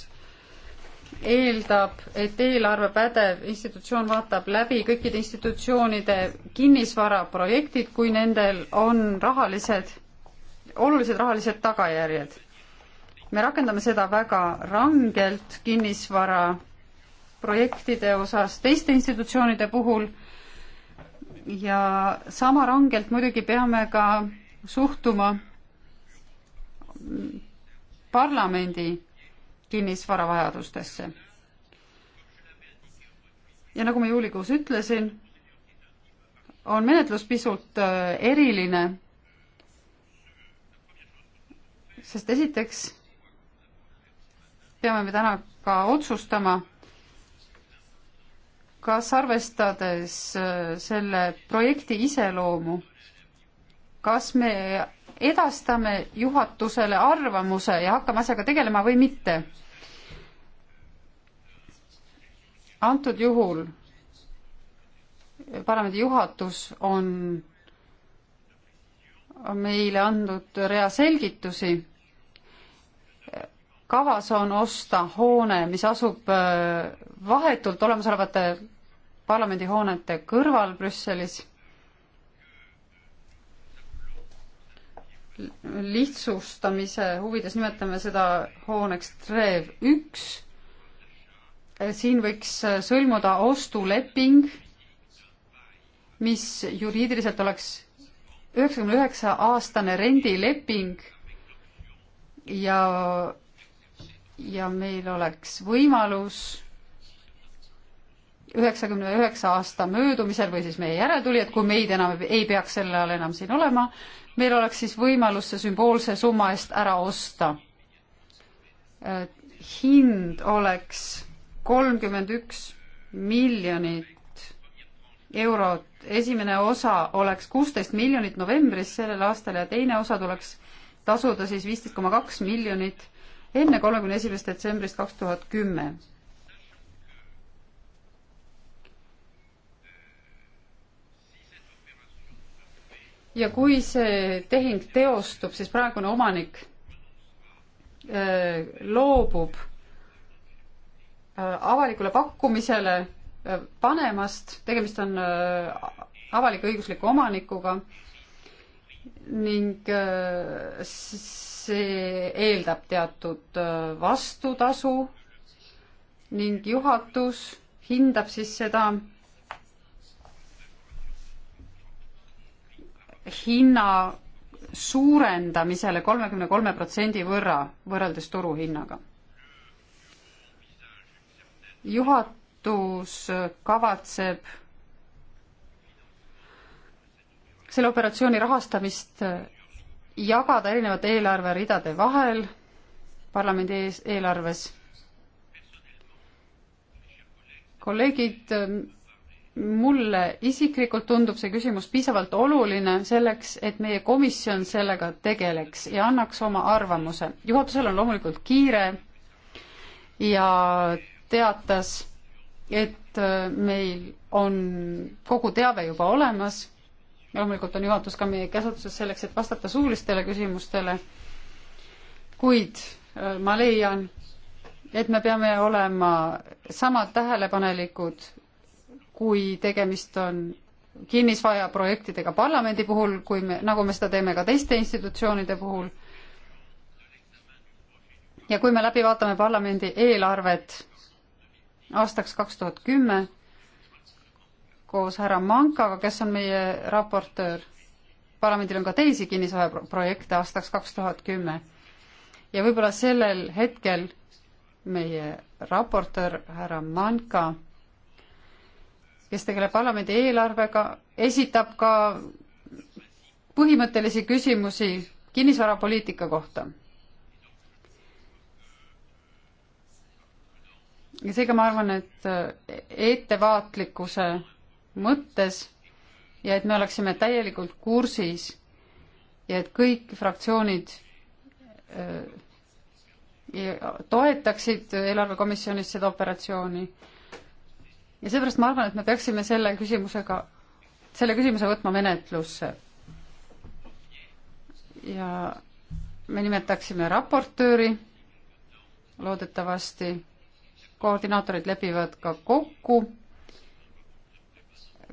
eeldab, et eelarvepädev institutsioon vaatab läbi kõikide institutsioonide kinnisvaraprojektid, kui nendel on rahalised, olulised rahalised tagajärjed. me rakendame seda väga rangelt kinnisvara projektide osas teiste institutsioonide puhul ja sama rangelt muidugi peame ka suhtuma parlamendi kinnisvaravajadustesse. ja nagu ma juulikuus ütlesin, on menetlus pisut äh, eriline, sest esiteks peame me täna ka otsustama kas arvestades äh, selle projekti iseloomu, kas me edastame juhatusele arvamuse ja hakkame asjaga tegelema või mitte? antud juhul parlamendi juhatus on meile andnud rea selgitusi. kavas on osta hoone, mis asub äh, vahetult olemasolevate parlamendihoonete kõrval Brüsselis. lihtsustamise huvides nimetame seda hooneks Trev üks. siin võiks sõlmuda ostuleping, mis juriidiliselt oleks üheksakümne üheksa aastane rendileping ja, ja meil oleks võimalus üheksakümne üheksa aasta möödumisel või siis meie järeltulijad, kui meid enam ei peaks sel ajal enam siin olema, meil oleks siis võimalus see sümboolse summa eest ära osta. Äh, hind oleks kolmkümmend üks miljonit eurot, esimene osa oleks kuusteist miljonit novembris sellel aastal ja teine osa tuleks tasuda siis viisteist koma kaks miljonit enne kolmekümne esimest detsembrist kaks tuhat kümme ja kui see tehing teostub, siis praegune omanik äh, loobub äh, avalikule pakkumisele äh, panemast, tegemist on avalik-õigusliku omanikuga ning see eeldab teatud vastutasu ning juhatus hindab siis seda hinna suurendamisele kolmekümne kolme protsendi võrra võrreldes turuhinnaga. juhatus kavatseb selle operatsiooni rahastamist jagada erinevate eelarveridade vahel parlamendi ees, eelarves. kolleegid, mulle isiklikult tundub see küsimus piisavalt oluline selleks, et meie komisjon sellega tegeleks ja annaks oma arvamuse. juhatusel on loomulikult kiire ja teatas, et äh, meil on kogu teave juba olemas. loomulikult on juhatus ka meie käsutuses selleks, et vastata suulistele küsimustele. kuid äh, ma leian, et me peame olema sama tähelepanelikud kui tegemist on kinnisvaja projektidega parlamendi puhul, kui me, nagu me seda teeme ka teiste institutsioonide puhul. ja kui me läbi vaatame parlamendi eelarvet aastaks kaks tuhat kümme koos härra Mankaga, kes on meie raportöör, parlamendil on ka teisi kinnisvajaprojekte aastaks kaks tuhat kümme. ja võib-olla sellel hetkel meie raportöör härra Manka kes tegeleb parlamendi eelarvega, esitab ka põhimõttelisi küsimusi kinnisvarapoliitika kohta. ja seega ma arvan, et ettevaatlikkuse mõttes ja et me oleksime täielikult kursis ja et kõik fraktsioonid äh, toetaksid eelarvekomisjonis seda operatsiooni ja seepärast ma arvan, et me peaksime selle küsimusega, selle küsimuse võtma menetlusse. ja me nimetaksime raportööri, loodetavasti koordinaatorid lepivad ka kokku,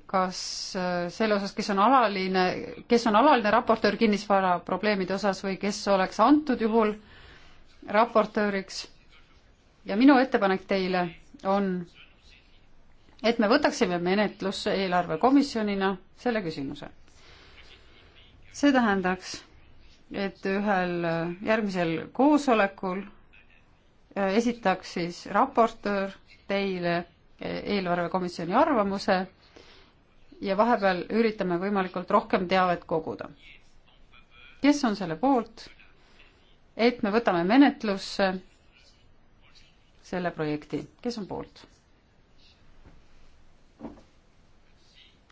kas äh, selle osas, kes on alaline, kes on alaline raportöör kinnisvara probleemide osas või kes oleks antud juhul raportööriks. ja minu ettepanek teile on et me võtaksime menetlusse eelarvekomisjonina selle küsimuse. see tähendaks, et ühel äh, järgmisel koosolekul äh, esitaks siis raportöör teile äh, eelarvekomisjoni arvamuse ja vahepeal üritame võimalikult rohkem teavet koguda. kes on selle poolt, et me võtame menetlusse selle projekti, kes on poolt?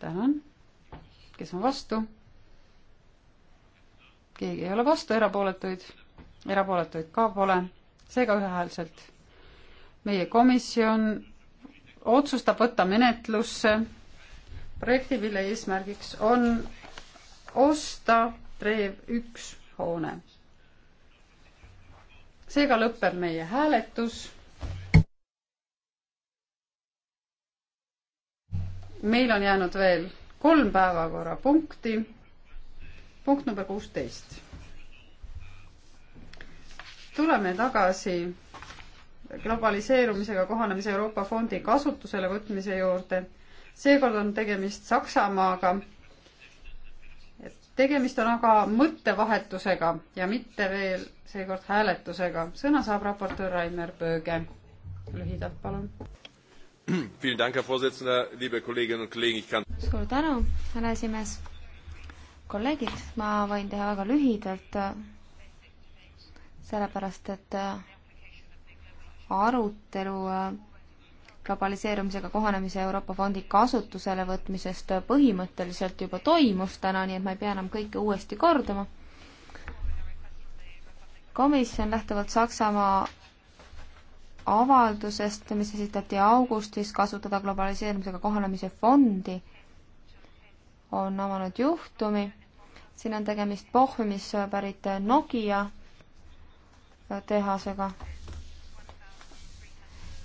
tänan. kes on vastu? keegi ei ole vastu, erapooletuid, erapooletuid ka pole, seega ühehäälselt. meie komisjon otsustab võtta menetlusse projekti, mille eesmärgiks on osta Trev üks hoone. seega lõpeb meie hääletus meil on jäänud veel kolm päevakorrapunkti. punkt number kuusteist. tuleme tagasi globaliseerumisega kohanemise Euroopa Fondi kasutusele võtmise juurde. seekord on tegemist Saksamaaga. tegemist on aga mõttevahetusega ja mitte veel seekord hääletusega. sõna saab raportöör Rainer Pööge. lühidalt, palun
suur
tänu, härra esimees.
kolleegid, ma võin teha väga lühidalt, sellepärast et äh, arutelu äh, globaliseerumisega kohanemise Euroopa Fondi kasutusele võtmisest äh, põhimõtteliselt juba toimus täna, nii et ma ei pea enam kõike uuesti kordama komisjon lähtuvalt Saksamaa avaldusest, mis esitati augustis, kasutada globaliseerimisega kohanemise fondi, on avanud juhtumi. siin on tegemist Pohjumis pärit Nokia tehasega.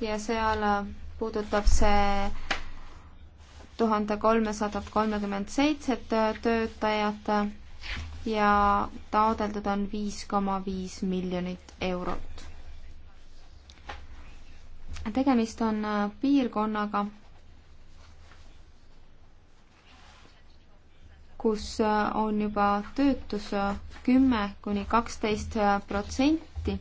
ja seal puudutab see tuhande kolmesadat kolmekümmend seitset töötajat ja taodeldud on viis koma viis miljonit eurot tegemist on äh, piirkonnaga, kus äh, on juba töötus äh, kümme kuni kaksteist protsenti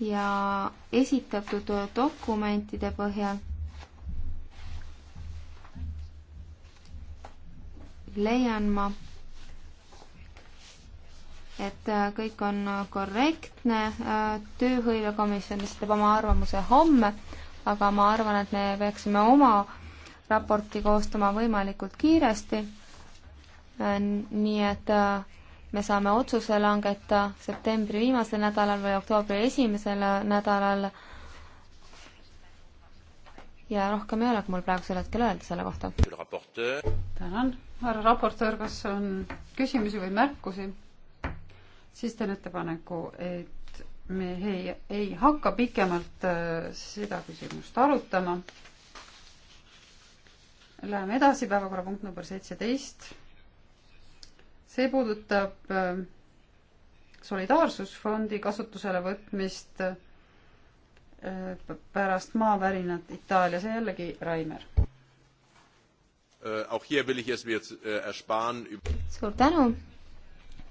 ja esitatud dokumentide põhjal leian ma et äh, kõik on korrektne, äh, tööhõivekomisjon esitab oma arvamuse homme, aga ma arvan, et me peaksime oma raporti koostama võimalikult kiiresti, äh, nii et me saame otsuse langeta septembri viimasel nädalal või oktoobri esimesel nädalal ja rohkem ei olegi mul praegusel hetkel öelda selle kohta.
tänan, härra raportöör, kas on küsimusi või märkusi? siis teen ettepaneku, et me ei, ei hakka pikemalt äh, seda küsimust arutama. Läheme edasi, päevakorrapunkt number seitseteist. see puudutab äh, solidaarsusfondi kasutusele võtmist äh, pärast maavärinat Itaalias ja jällegi Rainer. suur tänu,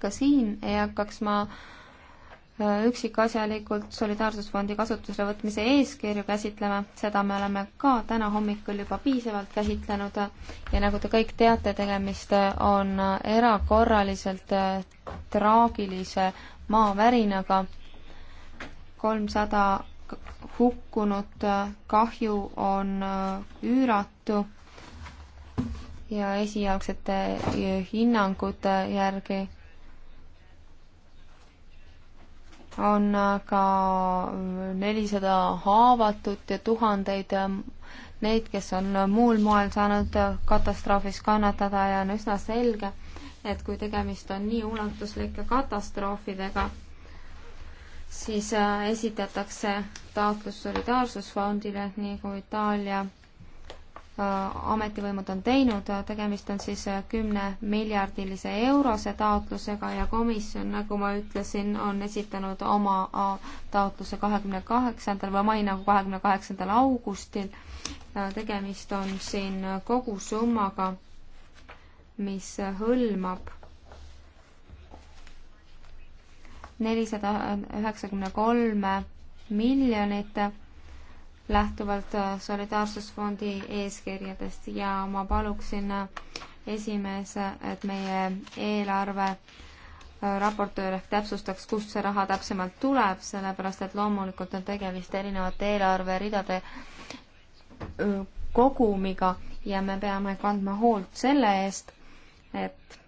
ka siin ei hakkaks ma äh, üksikasjalikult Solidaarsusfondi kasutusele võtmise eeskirju käsitlema, seda me oleme ka täna hommikul juba piisavalt käsitlenud ja nagu te kõik teate, tegemist äh, on äh, erakorraliselt traagilise maavärinaga. kolmsada hukkunut kahju on üüratu ja esialgsete hinnangute järgi on ka nelisada haavatut ja tuhandeid ähm, neid, kes on muul moel saanud katastroofis kannatada ja on üsna selge, et kui tegemist on nii ulatuslike katastroofidega, siis äh, esitatakse taotlus solidaarsusfondile, nii kui Itaalia Äh, ametivõimud on teinud, äh, tegemist on siis äh, kümne miljardilise eurose taotlusega ja komisjon, nagu ma ütlesin, on esitanud oma taotluse kahekümne kaheksandal või mai nagu kahekümne kaheksandal augustil. tegemist on siin kogusummaga, mis hõlmab nelisada üheksakümne kolme miljonit lähtuvalt äh, Solidaarsusfondi eeskirjadest ja ma paluksin äh, esimees, et meie eelarve äh, raportöör ehk täpsustaks, kust see raha täpsemalt tuleb, sellepärast et loomulikult on tegemist erinevate eelarveridade kogumiga ja me peame kandma hoolt selle eest, et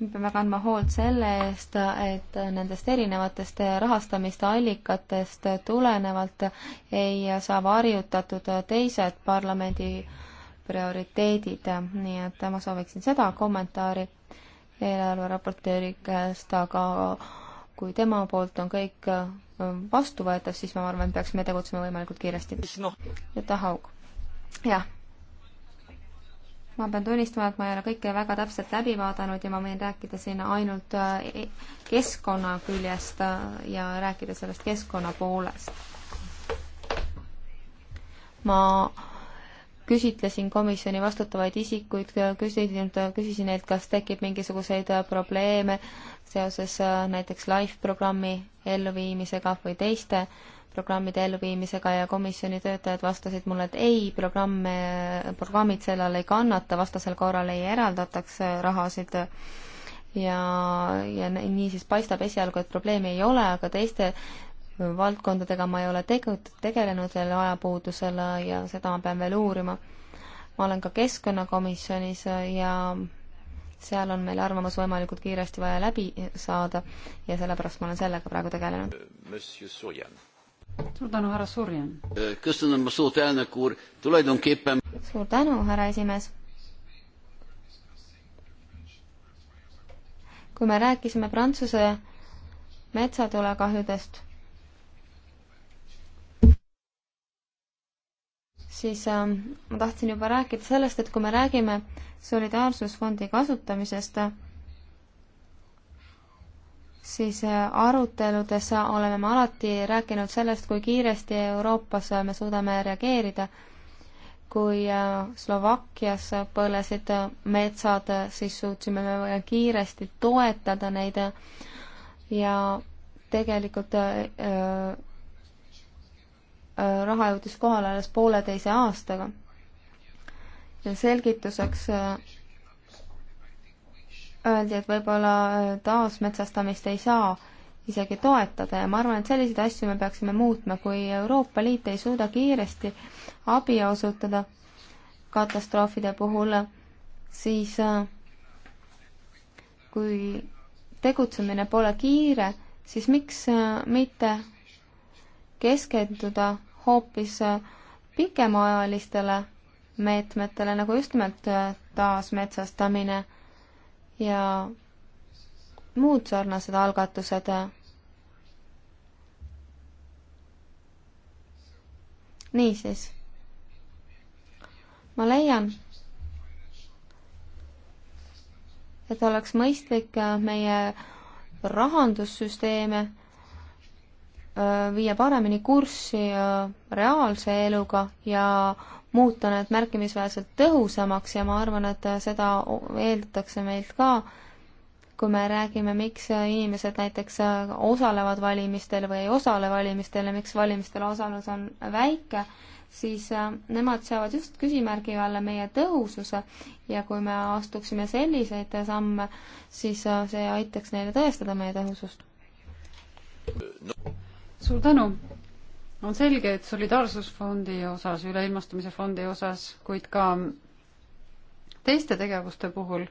me peame kandma hoolt selle eest, et nendest erinevatest rahastamiste allikatest tulenevalt ei saa varjutatud teised parlamendi prioriteedid, nii et ma sooviksin seda kommentaari eelarveraportööri käest, aga kui tema poolt on kõik vastuvõetav, siis ma arvan, peaksime tegutsema võimalikult kiiresti. Noh. Jutta Haug. jah ma pean tunnistama, et ma ei ole kõike väga täpselt läbi vaadanud ja ma võin rääkida siin ainult eh, keskkonna küljest eh, ja rääkida sellest keskkonna poolest. ma küsitlesin komisjoni vastutavaid isikuid, küsisin, küsisin neilt, kas tekib mingisuguseid probleeme seoses eh, näiteks live programmi elluviimisega või teiste äh, programmide elluviimisega ja komisjoni töötajad vastasid mulle, et ei, programme, programmid sellele ei kannata, vastasel korral ei eraldataks äh, rahasid ja, ja niisiis paistab esialgu, et probleemi ei ole, aga teiste valdkondadega ma ei ole tegu-, tegelenud veel ajapuudusel ja seda ma pean veel uurima. ma olen ka keskkonnakomisjonis ja seal on meil arvamus võimalikult kiiresti vaja läbi saada ja sellepärast ma olen sellega praegu tegelenud.
Äh,
suur tänu, härra Surjan. suur tänu, härra esimees. kui me rääkisime Prantsuse metsatulekahjudest, siis äh, ma tahtsin juba rääkida sellest, et kui me räägime solidaarsusfondi kasutamisest äh,, siis äh, aruteludes oleme me alati rääkinud sellest, kui kiiresti Euroopas äh, me suudame reageerida. kui äh, Slovakkias põlesid metsad, siis suutsime me väga kiiresti toetada neid ja tegelikult äh, raha jõudis kohale alles pooleteise aastaga. ja selgituseks äh, öeldi, et võib-olla äh, taasmetsastamist ei saa isegi toetada ja ma arvan, et selliseid asju me peaksime muutma, kui Euroopa Liit ei suuda kiiresti abi osutada katastroofide puhul, siis äh, kui tegutsemine pole kiire, siis miks äh, mitte keskenduda hoopis pikemaajalistele meetmetele, nagu just nimelt taasmetsastamine ja muud sarnased algatused. niisiis, ma leian, et oleks mõistlik meie rahandussüsteeme äh, viia paremini kurssi äh, reaalse eluga ja muuta need märkimisväärselt tõhusamaks ja ma arvan, et seda eeldatakse meilt ka, kui me räägime, miks inimesed näiteks osalevad valimistel või ei osale valimistel ja miks valimistel osalus on väike, siis äh, nemad seavad just küsimärgi alla meie tõhususe ja kui me astuksime selliseid samme, siis äh, see aitaks neile tõestada meie tõhusust.
suur tänu! on selge, et solidaarsusfondi osas, üleilmastumise fondi osas, kuid ka teiste tegevuste puhul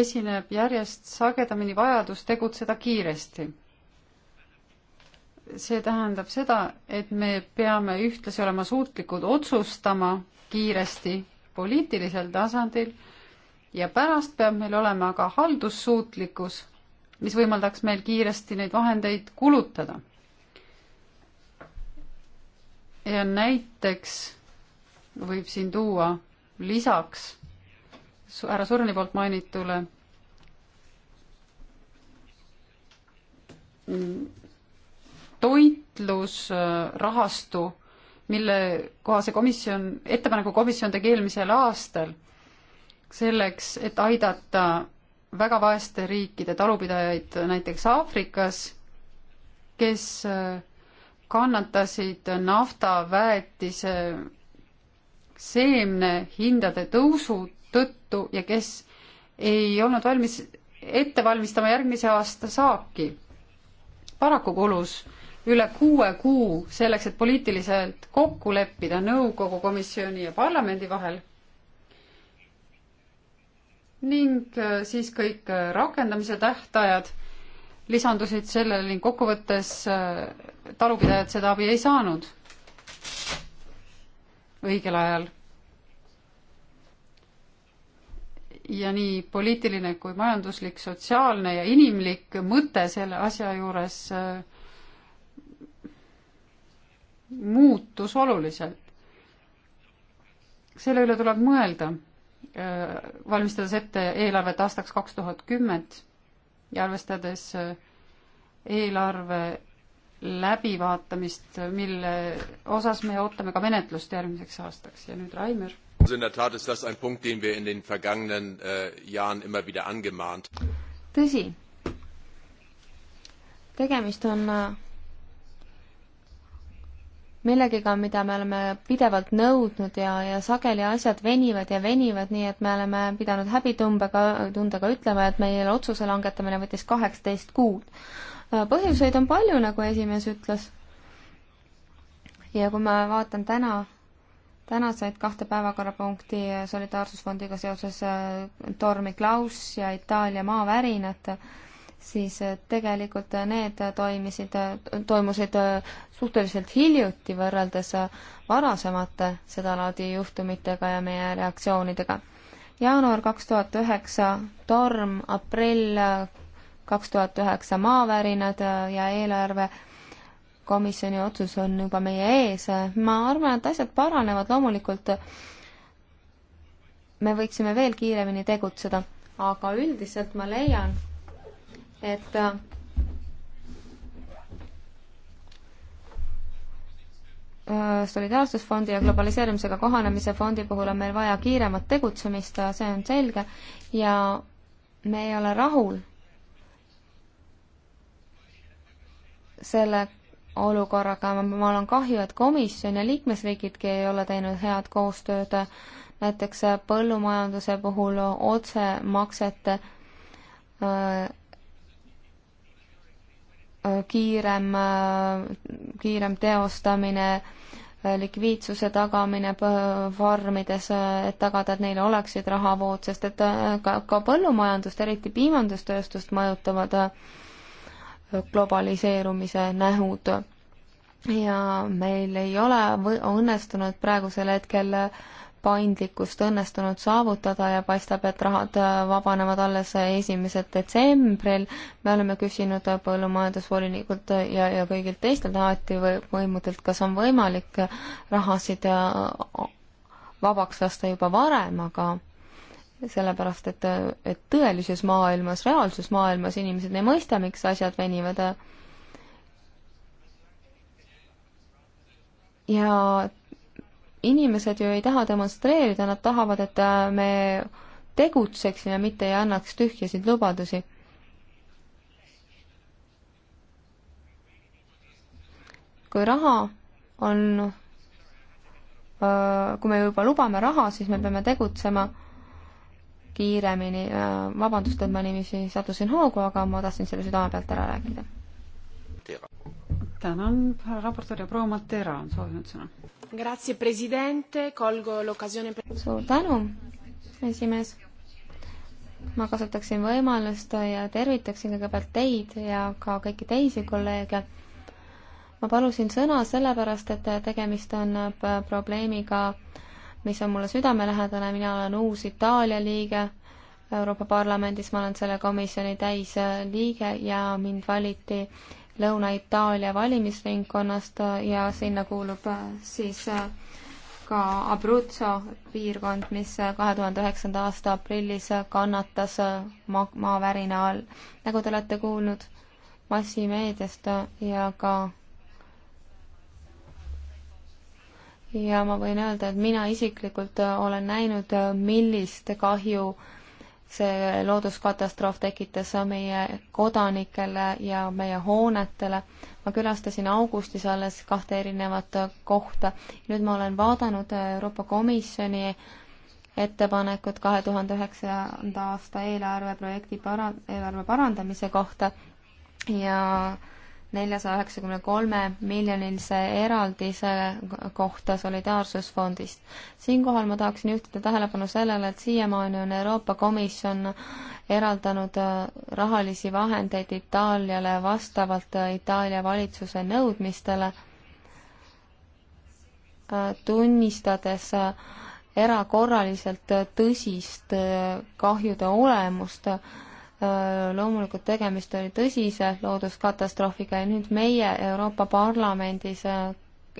esineb järjest sagedamini vajadus tegutseda kiiresti. see tähendab seda, et me peame ühtlasi olema suutlikud otsustama kiiresti poliitilisel tasandil ja pärast peab meil olema ka haldussuutlikkus, mis võimaldaks meil kiiresti neid vahendeid kulutada ja näiteks võib siin tuua lisaks härra Surni poolt mainitule toitlusrahastu, mille kohase komisjon, ettepaneku komisjon tegi eelmisel aastal selleks, et aidata väga vaeste riikide talupidajaid näiteks Aafrikas, kes kannatasid nafta, väetise, seemne hindade tõusu tõttu ja kes ei olnud valmis ette valmistama järgmise aasta saaki. paraku kulus üle kuue kuu selleks, et poliitiliselt kokku leppida nõukogu komisjoni ja parlamendi vahel. ning äh, siis kõik äh, rakendamise tähtajad lisandusid sellele ning kokkuvõttes äh, talupidajad seda abi ei saanud õigel ajal. ja nii poliitiline kui majanduslik, sotsiaalne ja inimlik mõte selle asja juures äh, muutus oluliselt. selle üle tuleb mõelda, äh, valmistades ette eelarvet aastaks kaks tuhat kümmet ja arvestades äh, eelarve läbivaatamist, mille osas me ootame ka menetlust järgmiseks aastaks ja nüüd Raimar.
Also in der Tat ist das ein Punkt, den wir in den vergangenen äh, Jahren immer wieder angemahnt.
tõsi, tegemist on äh, millegiga, mida me oleme pidevalt nõudnud ja, ja sageli asjad venivad ja venivad, nii et me oleme pidanud häbitumbega, tundega ütlema, et meil otsuse langetamine võttis kaheksateist kuud. põhjuseid on palju, nagu esimees ütles. ja kui ma vaatan täna, tänaseid kahte päevakorrapunkti Solidaarsusfondiga seoses äh, Tormi Klaus ja Itaalia maavärinad, et siis eh, tegelikult eh, need eh, toimisid, toimusid suhteliselt hiljuti võrreldes varasemate sedalaadi juhtumitega ja meie reaktsioonidega. jaanuar kaks tuhat üheksa torm, aprill kaks tuhat üheksa maavärinad ja eelarve komisjoni otsus on juba meie ees. ma arvan, et asjad paranevad, loomulikult me võiksime veel kiiremini tegutseda, aga üldiselt ma leian, et äh, solidaarsusfondi ja globaliseerimisega kohanemise fondi puhul on meil vaja kiiremat tegutsemist, see on selge, ja me ei ole rahul selle olukorraga, mul on kahju, et komisjon ja liikmesriigidki ei ole teinud head koostööd näiteks põllumajanduse puhul otsemaksete äh, kiirem, kiirem teostamine, likviidsuse tagamine farmides, et tagada, et neil oleksid rahavood, sest et äh, ka, ka põllumajandust, eriti piimandustööstust mõjutavad äh, globaliseerumise nähud. ja meil ei ole õnnestunud praegusel hetkel äh, paindlikkust õnnestunud saavutada ja paistab, et rahad äh, vabanevad alles esimesel detsembril. me oleme küsinud äh, põllumajandusvolinikult äh, ja, ja kõigilt teistelt alati võimudelt, kas on võimalik rahasid vabaks lasta juba varem, aga sellepärast, et, et tõelises maailmas, reaalses maailmas inimesed ei mõista, miks asjad venivad. ja inimesed ju ei taha demonstreerida, nad tahavad, et äh, me tegutseksime, mitte ei annaks tühjasid lubadusi. kui raha on, äh, kui me juba lubame raha, siis me peame tegutsema kiiremini, äh, vabandust, et ma niiviisi sattusin hoogu, aga ma tahtsin selle südame pealt ära rääkida
tänan, raportöör ja proua Matera on soovinud sõna.
suur tänu, esimees. ma kasutaksin võimalust ja tervitaksin kõigepealt teid ja ka kõiki teisi kolleege. ma palusin sõna sellepärast, et tegemist on probleemiga, mis on mulle südamelähedane, mina olen uus Itaalia liige Euroopa Parlamendis, ma olen selle komisjoni täisliige ja mind valiti Lõuna-Itaalia valimisringkonnast ja sinna kuulub äh, siis äh, ka Abruzzo piirkond, mis äh, kahe tuhande üheksanda aasta aprillis kannatas ma-, maavärina all. nagu te olete kuulnud massimeediast ja ka ja ma võin öelda, et mina isiklikult olen näinud, millist kahju äh, see looduskatastroof tekitas meie kodanikele ja meie hoonetele. ma külastasin augustis alles kahte erinevat kohta. nüüd ma olen vaadanud Euroopa Komisjoni ettepanekut kahe tuhande üheksanda aasta eelarve projekti para-, eelarve parandamise kohta ja neljasaja üheksakümne kolme miljonilise eraldise kohta Solidaarsusfondist. siinkohal ma tahaksin juhtida tähelepanu sellele, et siiamaani on Euroopa Komisjon eraldanud äh, rahalisi vahendeid Itaaliale vastavalt äh, Itaalia valitsuse nõudmistele, äh, tunnistades erakorraliselt tõsist kahjude olemust Äh, loomulikult tegemist oli tõsise looduskatastroofiga ja nüüd meie Euroopa Parlamendis, äh,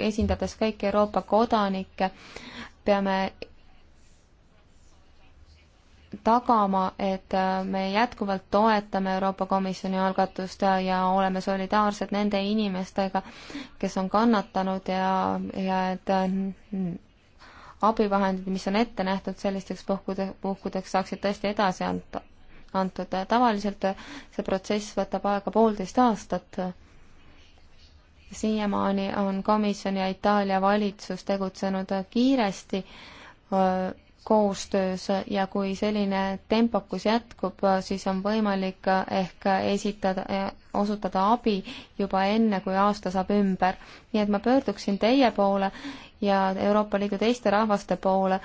esindades kõiki Euroopa kodanikke, peame tagama, et äh, me jätkuvalt toetame Euroopa Komisjoni algatust ja oleme solidaarsed nende inimestega, kes on kannatanud ja, ja et abivahendid, mis on ette nähtud sellisteks puhkude, puhkudeks, saaksid tõesti edasi anta antud. tavaliselt see protsess võtab aega poolteist aastat. siiamaani on komisjon ja Itaalia valitsus tegutsenud kiiresti koostöös ja kui selline tempokus jätkub, siis on võimalik ehk esitada, osutada abi juba enne, kui aasta saab ümber. nii et ma pöörduksin teie poole ja Euroopa Liidu teiste rahvaste poole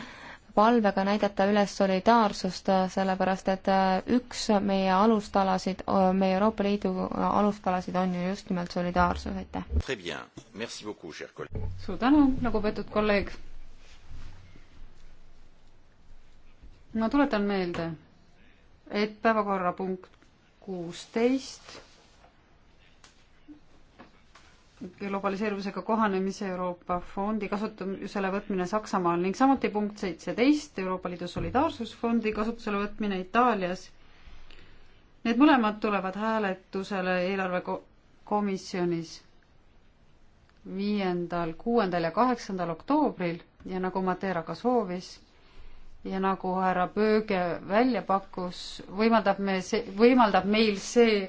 palvega näidata üles solidaarsust, sellepärast et äh, üks meie alustalasid, äh, meie Euroopa Liidu alustalasid on ju just nimelt solidaarsus, aitäh!
suur tänu, lugupeetud kolleeg! ma tuletan meelde, et päevakorrapunkt kuusteist 16 globaliseerumisega kohanemise Euroopa Fondi kasutusele võtmine Saksamaal ning samuti punkt seitseteist, Euroopa Liidu Solidaarsusfondi kasutusele võtmine Itaalias. Need mõlemad tulevad hääletusele eelarvekomisjonis viiendal, kuuendal ja kaheksandal oktoobril ja nagu Matera ka soovis ja nagu härra Pööge välja pakkus, võimaldab me see, võimaldab meil see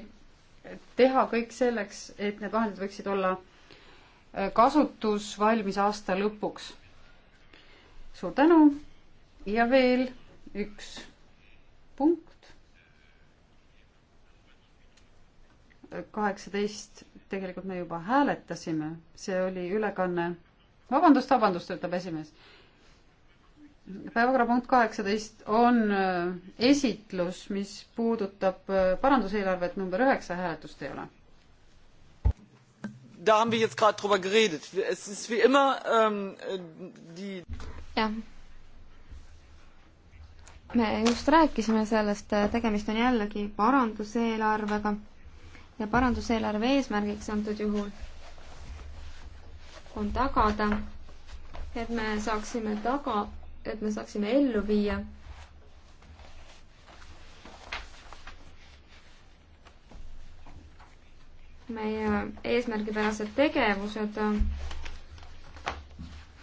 teha kõik selleks, et need vahendid võiksid olla äh, kasutusvalmis aasta lõpuks. suur tänu ja veel üks punkt. kaheksateist, tegelikult me juba hääletasime, see oli ülekanne, vabandust, vabandust, ütleb esimees päevakorrapunkt kaheksateist on äh, esitlus, mis puudutab äh, paranduseelarvet number üheksa, hääletust ei ole.
Da haben wir jetzt gerade drüber geredet. Es ist wie immer ähm, die.
Ja.
me just rääkisime sellest, äh, tegemist on jällegi paranduseelarvega ja paranduseelarve eesmärgiks antud juhul on tagada, et me saaksime taga et me saaksime ellu viia meie eesmärgipärased tegevused.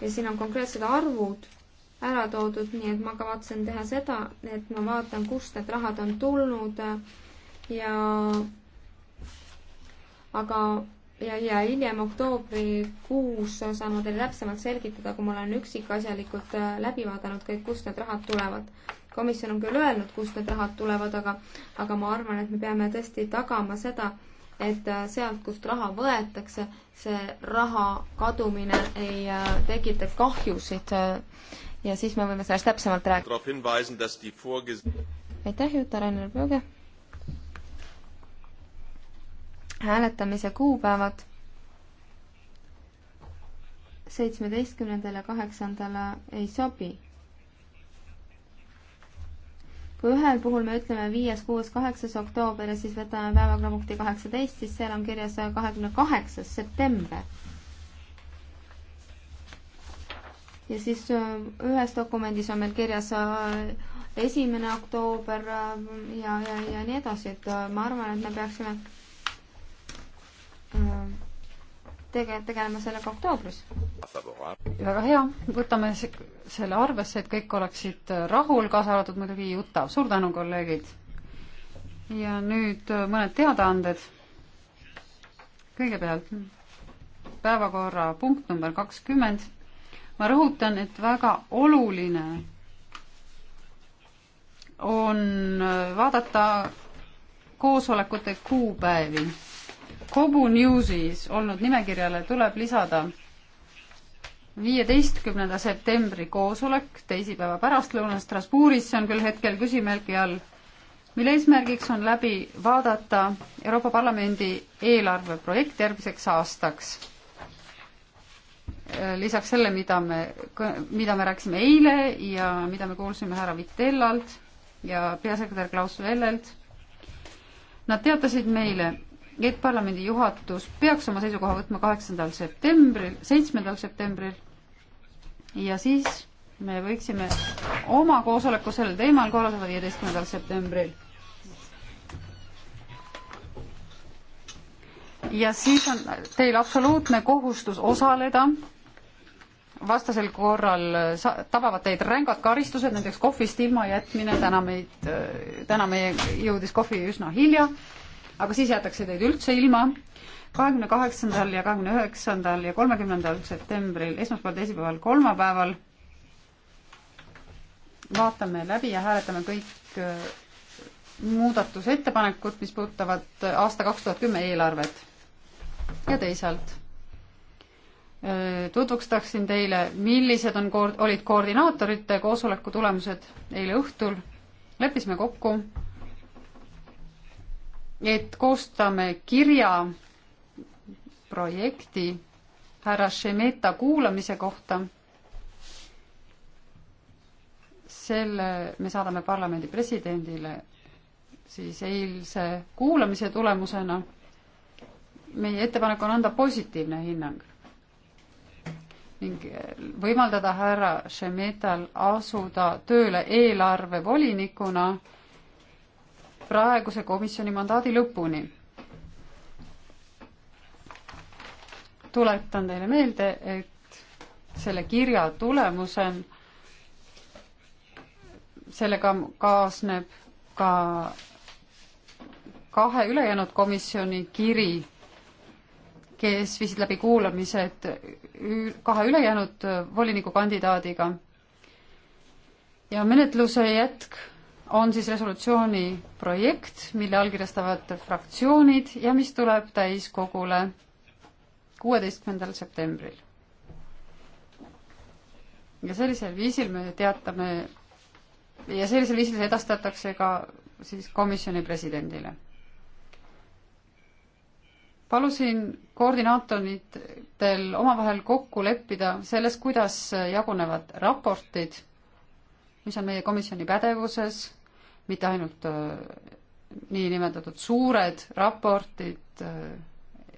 ja siin on konkreetsed arvud ära toodud, nii et ma kavatsen teha seda, et ma vaatan, kust need rahad on tulnud ja aga ja, ja hiljem oktoobrikuus saan ma teile täpsemalt selgitada, kui ma olen üksikasjalikult äh, läbi vaadanud kõik, kust need rahad tulevad. komisjon on küll öelnud, kust need rahad tulevad, aga, aga ma arvan, et me peame tõesti tagama seda, et äh, sealt, kust raha võetakse, see raha kadumine ei äh, tekita kahjusid. ja siis me võime sellest täpsemalt
rääkida.
aitäh, Juta Rainer Pööge! hääletamise kuupäevad seitsmeteistkümnendale kaheksandale ei sobi. kui ühel puhul me ütleme viies, kuues, kaheksas oktoober ja siis võtame päevakorrapunkti kaheksateist, siis seal on kirjas kahekümne kaheksas september. ja siis äh, ühes dokumendis on meil kirjas äh, esimene oktoober äh, ja, ja, ja nii edasi, et
ma arvan, et me peaksime Äh, tege-, tegeleme sellega oktoobris. väga hea, võtame selle arvesse, et kõik oleksid rahul, kaasa arvatud muidugi Utah. suur tänu, kolleegid! ja nüüd äh, mõned teadaanded. kõigepealt päevakorra punkt number kakskümmend. ma rõhutan, et väga oluline on äh, vaadata koosolekute kuupäevi kogu Newsis olnud nimekirjale tuleb lisada viieteistkümnenda septembri koosolek teisipäeva pärastlõunal Strasbourgis, see on küll hetkel küsimärgi all, mille eesmärgiks on läbi vaadata Euroopa Parlamendi eelarveprojekt järgmiseks aastaks. lisaks selle, mida me, mida me rääkisime eile ja mida me kuulsime härra Vitellalt ja peasekretär Klaus Vellelt, nad teatasid meile, et parlamendi juhatus peaks oma seisukoha võtma kaheksandal septembril, seitsmendal septembril ja siis me võiksime oma koosoleku sellel teemal korraldada viieteistkümnendal septembril. ja siis on teil absoluutne kohustus osaleda, vastasel korral sa-, tabavad teid rängad karistused, näiteks kohvist ilmajätmine, täna meid, täna meie jõudis kohvi üsna hilja äh,, aga siis jäetakse teid üldse ilma. kahekümne kaheksandal ja kahekümne üheksandal ja kolmekümnendal septembril, esmaspäeval, teisipäeval, kolmapäeval vaatame läbi ja hääletame kõik äh, muudatusettepanekud, mis puudutavad aasta kaks tuhat kümme eelarvet. ja teisalt äh, tutvustaksin teile, millised on, olid koordinaatorite koosoleku tulemused eile õhtul. leppisime kokku et koostame kirja projekti härra Šemeta kuulamise kohta. selle me saadame parlamendi presidendile siis eilse kuulamise tulemusena. meie ettepanek on anda positiivne hinnang ning võimaldada härra Šemetal asuda tööle eelarvevolinikuna praeguse komisjoni mandaadi lõpuni. tuletan teile meelde, et selle kirja tulemusel sellega kaasneb ka kahe ülejäänud komisjoni kiri, kes viisid läbi kuulamised kahe ülejäänud volinikukandidaadiga. ja menetluse jätk on siis resolutsiooni projekt, mille allkirjastavad fraktsioonid ja mis tuleb täiskogule kuueteistkümnendal septembril. ja sellisel viisil me teatame ja sellisel viisil see edastatakse ka siis komisjoni presidendile. palusin koordinaatoritel omavahel kokku leppida selles, kuidas jagunevad raportid, mis on meie komisjoni pädevuses mitte ainult äh, niinimetatud suured raportid, äh,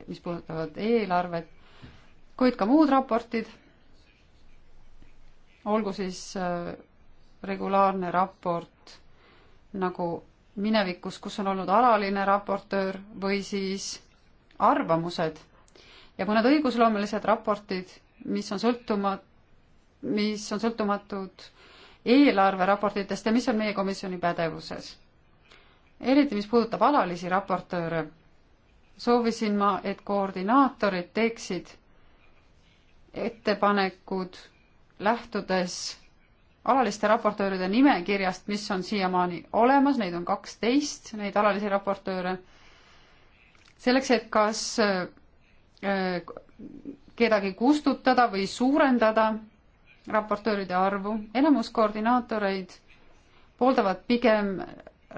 mis puudutavad eelarvet, kuid ka muud raportid, olgu siis äh, regulaarne raport nagu minevikus, kus on olnud alaline raportöör või siis arvamused ja mõned õigusloomelised raportid, mis on sõltuma-, mis on sõltumatud eelarveraportitest ja mis on meie komisjoni pädevuses. eriti, mis puudutab alalisi raportööre, soovisin ma, et koordinaatorid teeksid ettepanekud lähtudes alaliste raportööride nimekirjast, mis on siiamaani olemas, neid on kaksteist, neid alalisi raportööre, selleks, et kas äh, kedagi kustutada või suurendada raportööride arvu, enamus koordinaatoreid pooldavad pigem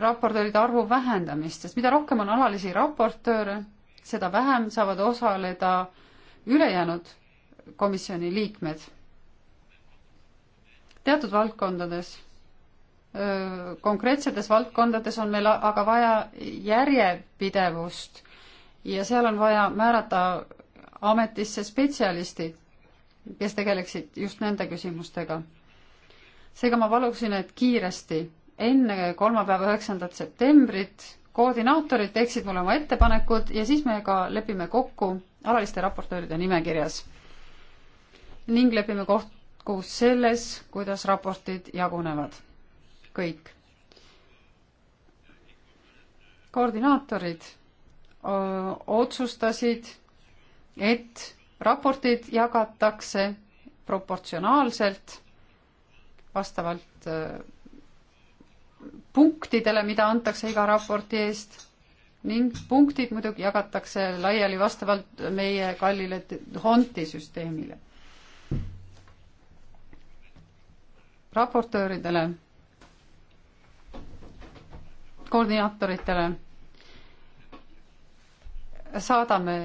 raportööride arvu vähendamist, sest mida rohkem on alalisi raportööre, seda vähem saavad osaleda ülejäänud komisjoni liikmed. teatud valdkondades, konkreetsetes valdkondades on meil aga vaja järjepidevust ja seal on vaja määrata ametisse spetsialistid kes tegeleksid just nende küsimustega. seega ma paluksin, et kiiresti enne kolmapäeva, üheksandat septembrit koordinaatorid teeksid mulle oma ettepanekud ja siis me ka lepime kokku alaliste raportööride nimekirjas. ning lepime kokku selles, kuidas raportid jagunevad. kõik. koordinaatorid öö, otsustasid, et raportid jagatakse proportsionaalselt vastavalt äh, punktidele, mida antakse iga raporti eest ning punktid muidugi jagatakse laiali vastavalt meie kallile Honti süsteemile. raportööridele, koordinaatoritele saadame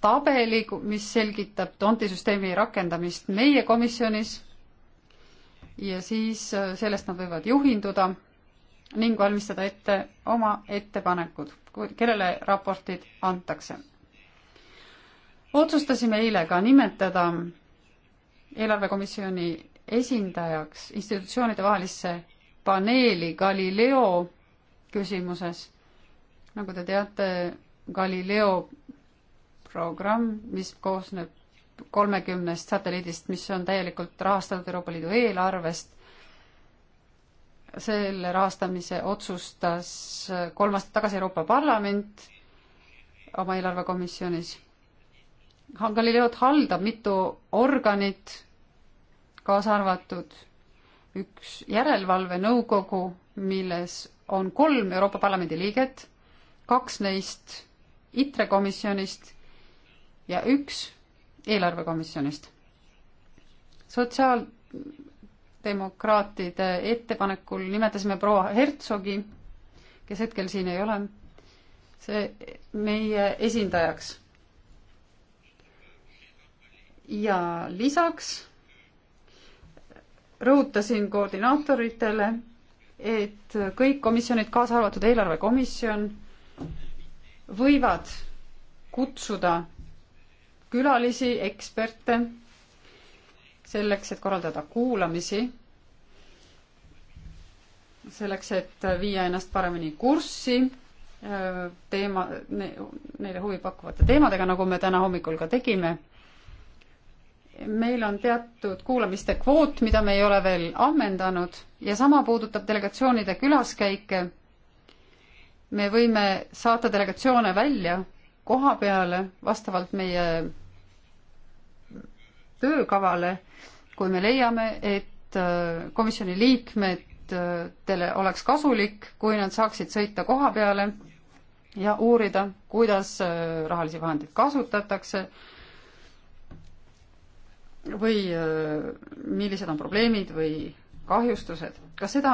tabeli, mis selgitab Tonti süsteemi rakendamist meie komisjonis ja siis äh, sellest nad võivad juhinduda ning valmistada ette oma ettepanekud, kellele raportid antakse. otsustasime eile ka nimetada eelarvekomisjoni esindajaks institutsioonide vahelisse paneeli Galileo küsimuses. nagu te teate, Galileo programm, mis koosneb kolmekümnest satelliidist, mis on täielikult rahastatud Euroopa Liidu eelarvest. selle rahastamise otsustas kolm aastat tagasi Euroopa Parlament oma eelarvekomisjonis. Galileod haldab mitu organit, kaasa arvatud üks järelevalvenõukogu, milles on kolm Euroopa Parlamendi liiget, kaks neist ITRE komisjonist ja üks eelarvekomisjonist. sotsiaaldemokraatide ettepanekul nimetasime proua Hertsogi, kes hetkel siin ei ole, see meie esindajaks. ja lisaks rõhutasin koordinaatoritele, et kõik komisjonid, kaasa arvatud eelarvekomisjon, võivad kutsuda külalisi, eksperte, selleks, et korraldada kuulamisi, selleks, et viia ennast paremini kurssi äh, teema ne,, neile huvi pakkuvate teemadega, nagu me täna hommikul ka tegime. meil on teatud kuulamiste kvoot, mida me ei ole veel ammendanud ja sama puudutab delegatsioonide külaskäike. me võime saata delegatsioone välja koha peale vastavalt meie töökavale, kui me leiame, et äh, komisjoni liikmetele äh, oleks kasulik, kui nad saaksid sõita koha peale ja uurida, kuidas äh, rahalisi vahendeid kasutatakse või millised on probleemid või kahjustused. kas seda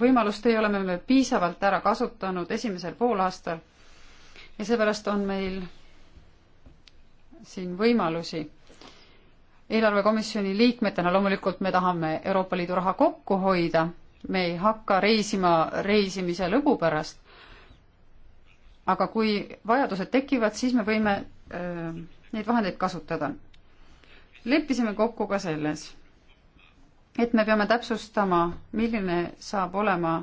võimalust ei ole me piisavalt ära kasutanud esimesel poolaastal? ja seepärast on meil siin võimalusi. eelarvekomisjoni liikmetena loomulikult me tahame Euroopa Liidu raha kokku hoida, me ei hakka reisima reisimise lõbu pärast, aga kui vajadused tekivad, siis me võime öö, neid vahendeid kasutada. leppisime kokku ka selles, et me peame täpsustama, milline saab olema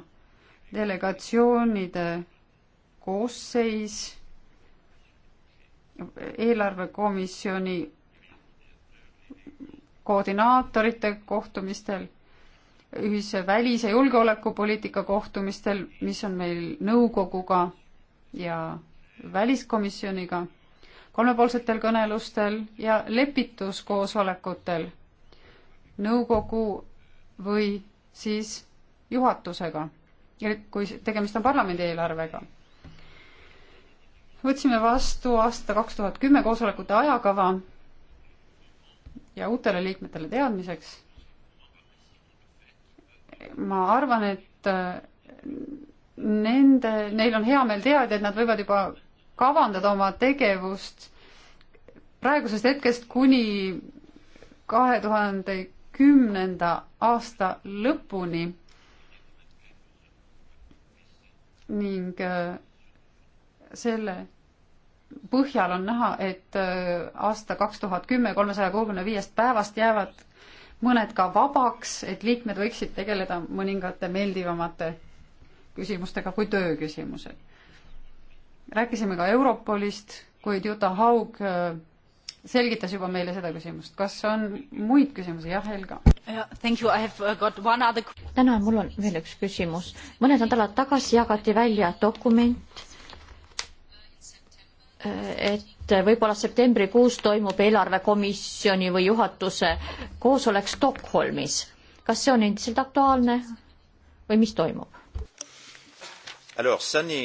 delegatsioonide koosseis eelarvekomisjoni koordinaatorite kohtumistel, ühise välis- ja julgeolekupoliitika kohtumistel, mis on meil nõukoguga ja väliskomisjoniga, kolmepoolsetel kõnelustel ja lepituskoosolekutel nõukogu või siis juhatusega, kui tegemist on parlamendi eelarvega võtsime vastu aasta kaks tuhat kümme koosolekute ajakava ja uutele liikmetele teadmiseks. ma arvan, et äh, nende, neil on hea meel teada, et nad võivad juba kavandada oma tegevust praegusest hetkest kuni kahe tuhande kümnenda aasta lõpuni ning äh, selle põhjal on näha, et äh, aasta kaks tuhat kümme kolmesaja kuuekümne viiest päevast jäävad mõned ka vabaks, et liikmed võiksid tegeleda mõningate meeldivamate küsimustega kui tööküsimused. rääkisime ka Europolist, kuid Juta Haug äh, selgitas juba meile seda küsimust. kas on muid küsimusi? jah, Helga yeah,. Uh, other...
tänan, mul on veel üks küsimus. mõned nädalad tagasi jagati välja dokument et võib-olla septembrikuus toimub eelarvekomisjoni või juhatuse koosolek Stockholmis. kas see on endiselt aktuaalne
või mis toimub?
Euh,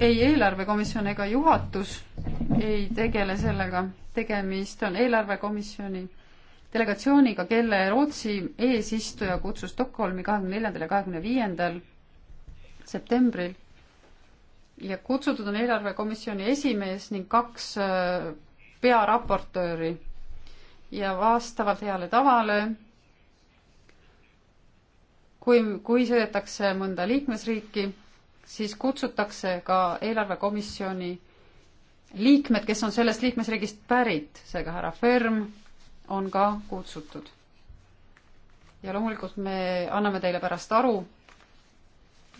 ei, eelarvekomisjon ega juhatus ei tegele sellega. tegemist on eelarvekomisjoni delegatsiooniga, kelle Rootsi eesistuja kutsus Stockholmi kahekümne neljandal ja kahekümne viiendal septembril ja kutsutud on eelarvekomisjoni esimees ning kaks äh, pearaportööri ja vastavalt heale tavale kui, kui sõidetakse mõnda liikmesriiki, siis kutsutakse ka eelarvekomisjoni liikmed, kes on sellest liikmesriigist pärit, seega härra Ferm on ka kutsutud. ja loomulikult me anname teile pärast aru,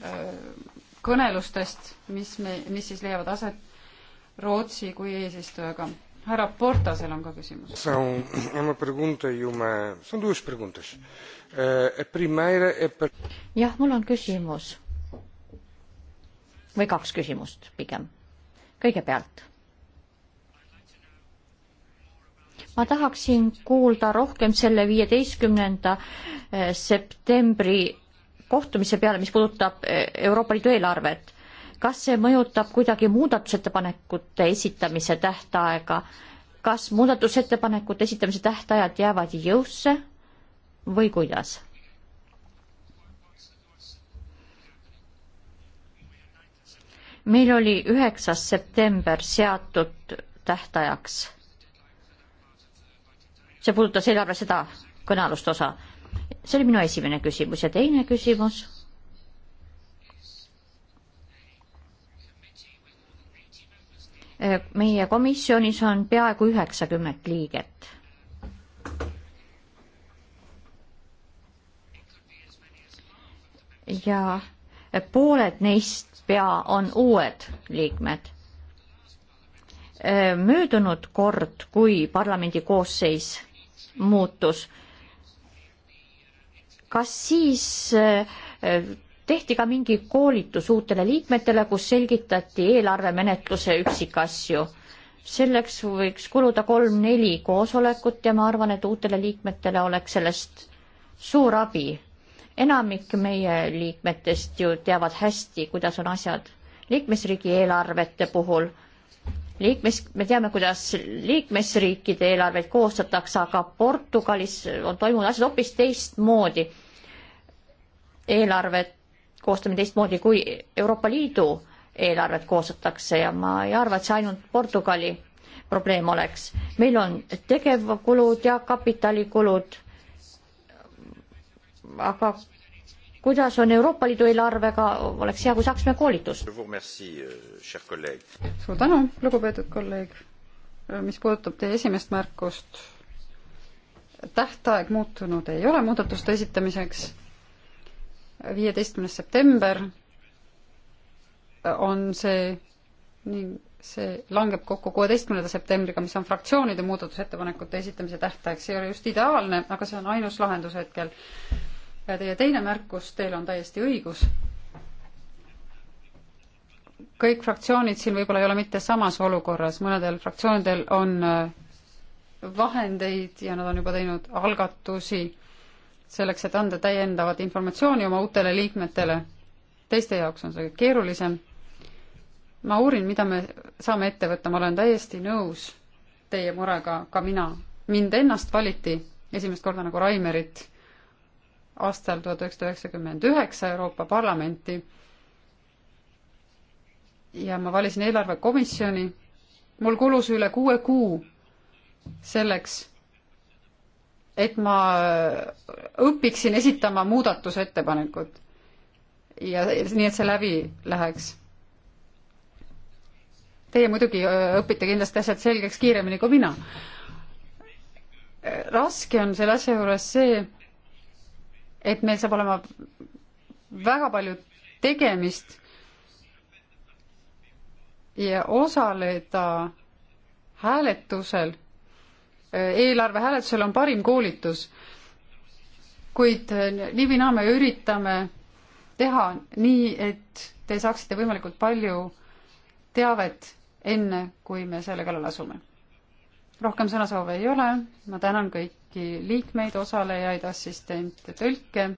äh, kõnelustest, mis me, mis siis leiavad aset Rootsi kui eesistujaga. härra Portasel on ka küsimus. Eh,
eh, eh,
jah, mul on
küsimus või kaks küsimust pigem. kõigepealt ma tahaksin kuulda rohkem selle viieteistkümnenda septembri kohtumise peale, mis puudutab eh, Euroopa Liidu eelarvet. kas see mõjutab kuidagi muudatusettepanekute esitamise tähtaega? kas muudatusettepanekute esitamise tähtajad jäävad jõusse või kuidas? meil oli üheksas september seatud tähtajaks. see puudutas eelarve seda kõnealust osa see oli minu esimene küsimus ja teine küsimus. meie komisjonis on peaaegu üheksakümmend liiget. ja pooled neist pea on uued liikmed. möödunud kord, kui parlamendi koosseis muutus, kas siis eh, tehti ka mingi koolitus uutele liikmetele, kus selgitati eelarvemenetluse üksikasju? selleks võiks kuluda kolm-neli koosolekut ja ma arvan, et uutele liikmetele oleks sellest suur abi. enamik meie liikmetest ju teavad hästi, kuidas on asjad liikmesriigi eelarvete puhul liikmes, me teame, kuidas liikmesriikide eelarveid koostatakse, aga Portugalis on toimunud asjad hoopis teistmoodi eelarvet koostame teistmoodi, kui Euroopa Liidu eelarvet koostatakse ja ma ei arva, et see ainult Portugali probleem oleks. meil on tegevkulud ja kapitalikulud. aga kuidas on Euroopa Liidu eelarvega, oleks hea, kui saaksime koolitust.
Euh,
suur
tänu, lugupeetud kolleeg. Äh, mis puudutab teie esimest märkust, tähtaeg muutunud ei ole muudatuste esitamiseks viieteistkümnes september on see ning see langeb kokku kuueteistkümnenda septembriga, mis on fraktsioonide muudatusettepanekute esitamise tähtaeg, see ei ole just ideaalne, aga see on ainus lahendus hetkel. ja teie teine märkus, teil on täiesti õigus. kõik fraktsioonid siin võib-olla ei ole mitte samas olukorras, mõnedel fraktsioonidel on äh, vahendeid ja nad on juba teinud algatusi selleks, et anda täiendavat informatsiooni oma uutele liikmetele. teiste jaoks on see keerulisem. ma uurin, mida me saame ette võtta, ma olen täiesti nõus teie murega, ka mina. mind ennast valiti esimest korda nagu Raimerit aastal tuhat üheksasada üheksakümmend üheksa Euroopa Parlamenti. ja ma valisin eelarvekomisjoni. mul kulus üle kuue kuu selleks et ma õpiksin esitama muudatusettepanekud. ja nii, et see läbi läheks. Teie muidugi äh, õpite kindlasti asjad selgeks kiiremini kui mina. raske on selle asja juures see, et meil saab olema väga palju tegemist ja osaleda hääletusel eelarve hääletusel on parim koolitus. kuid nii või naa me üritame teha nii, et te saaksite võimalikult palju teavet enne, kui me selle kallal asume. rohkem sõnasoove ei ole, ma tänan kõiki liikmeid, osalejaid, assistente, tõlke.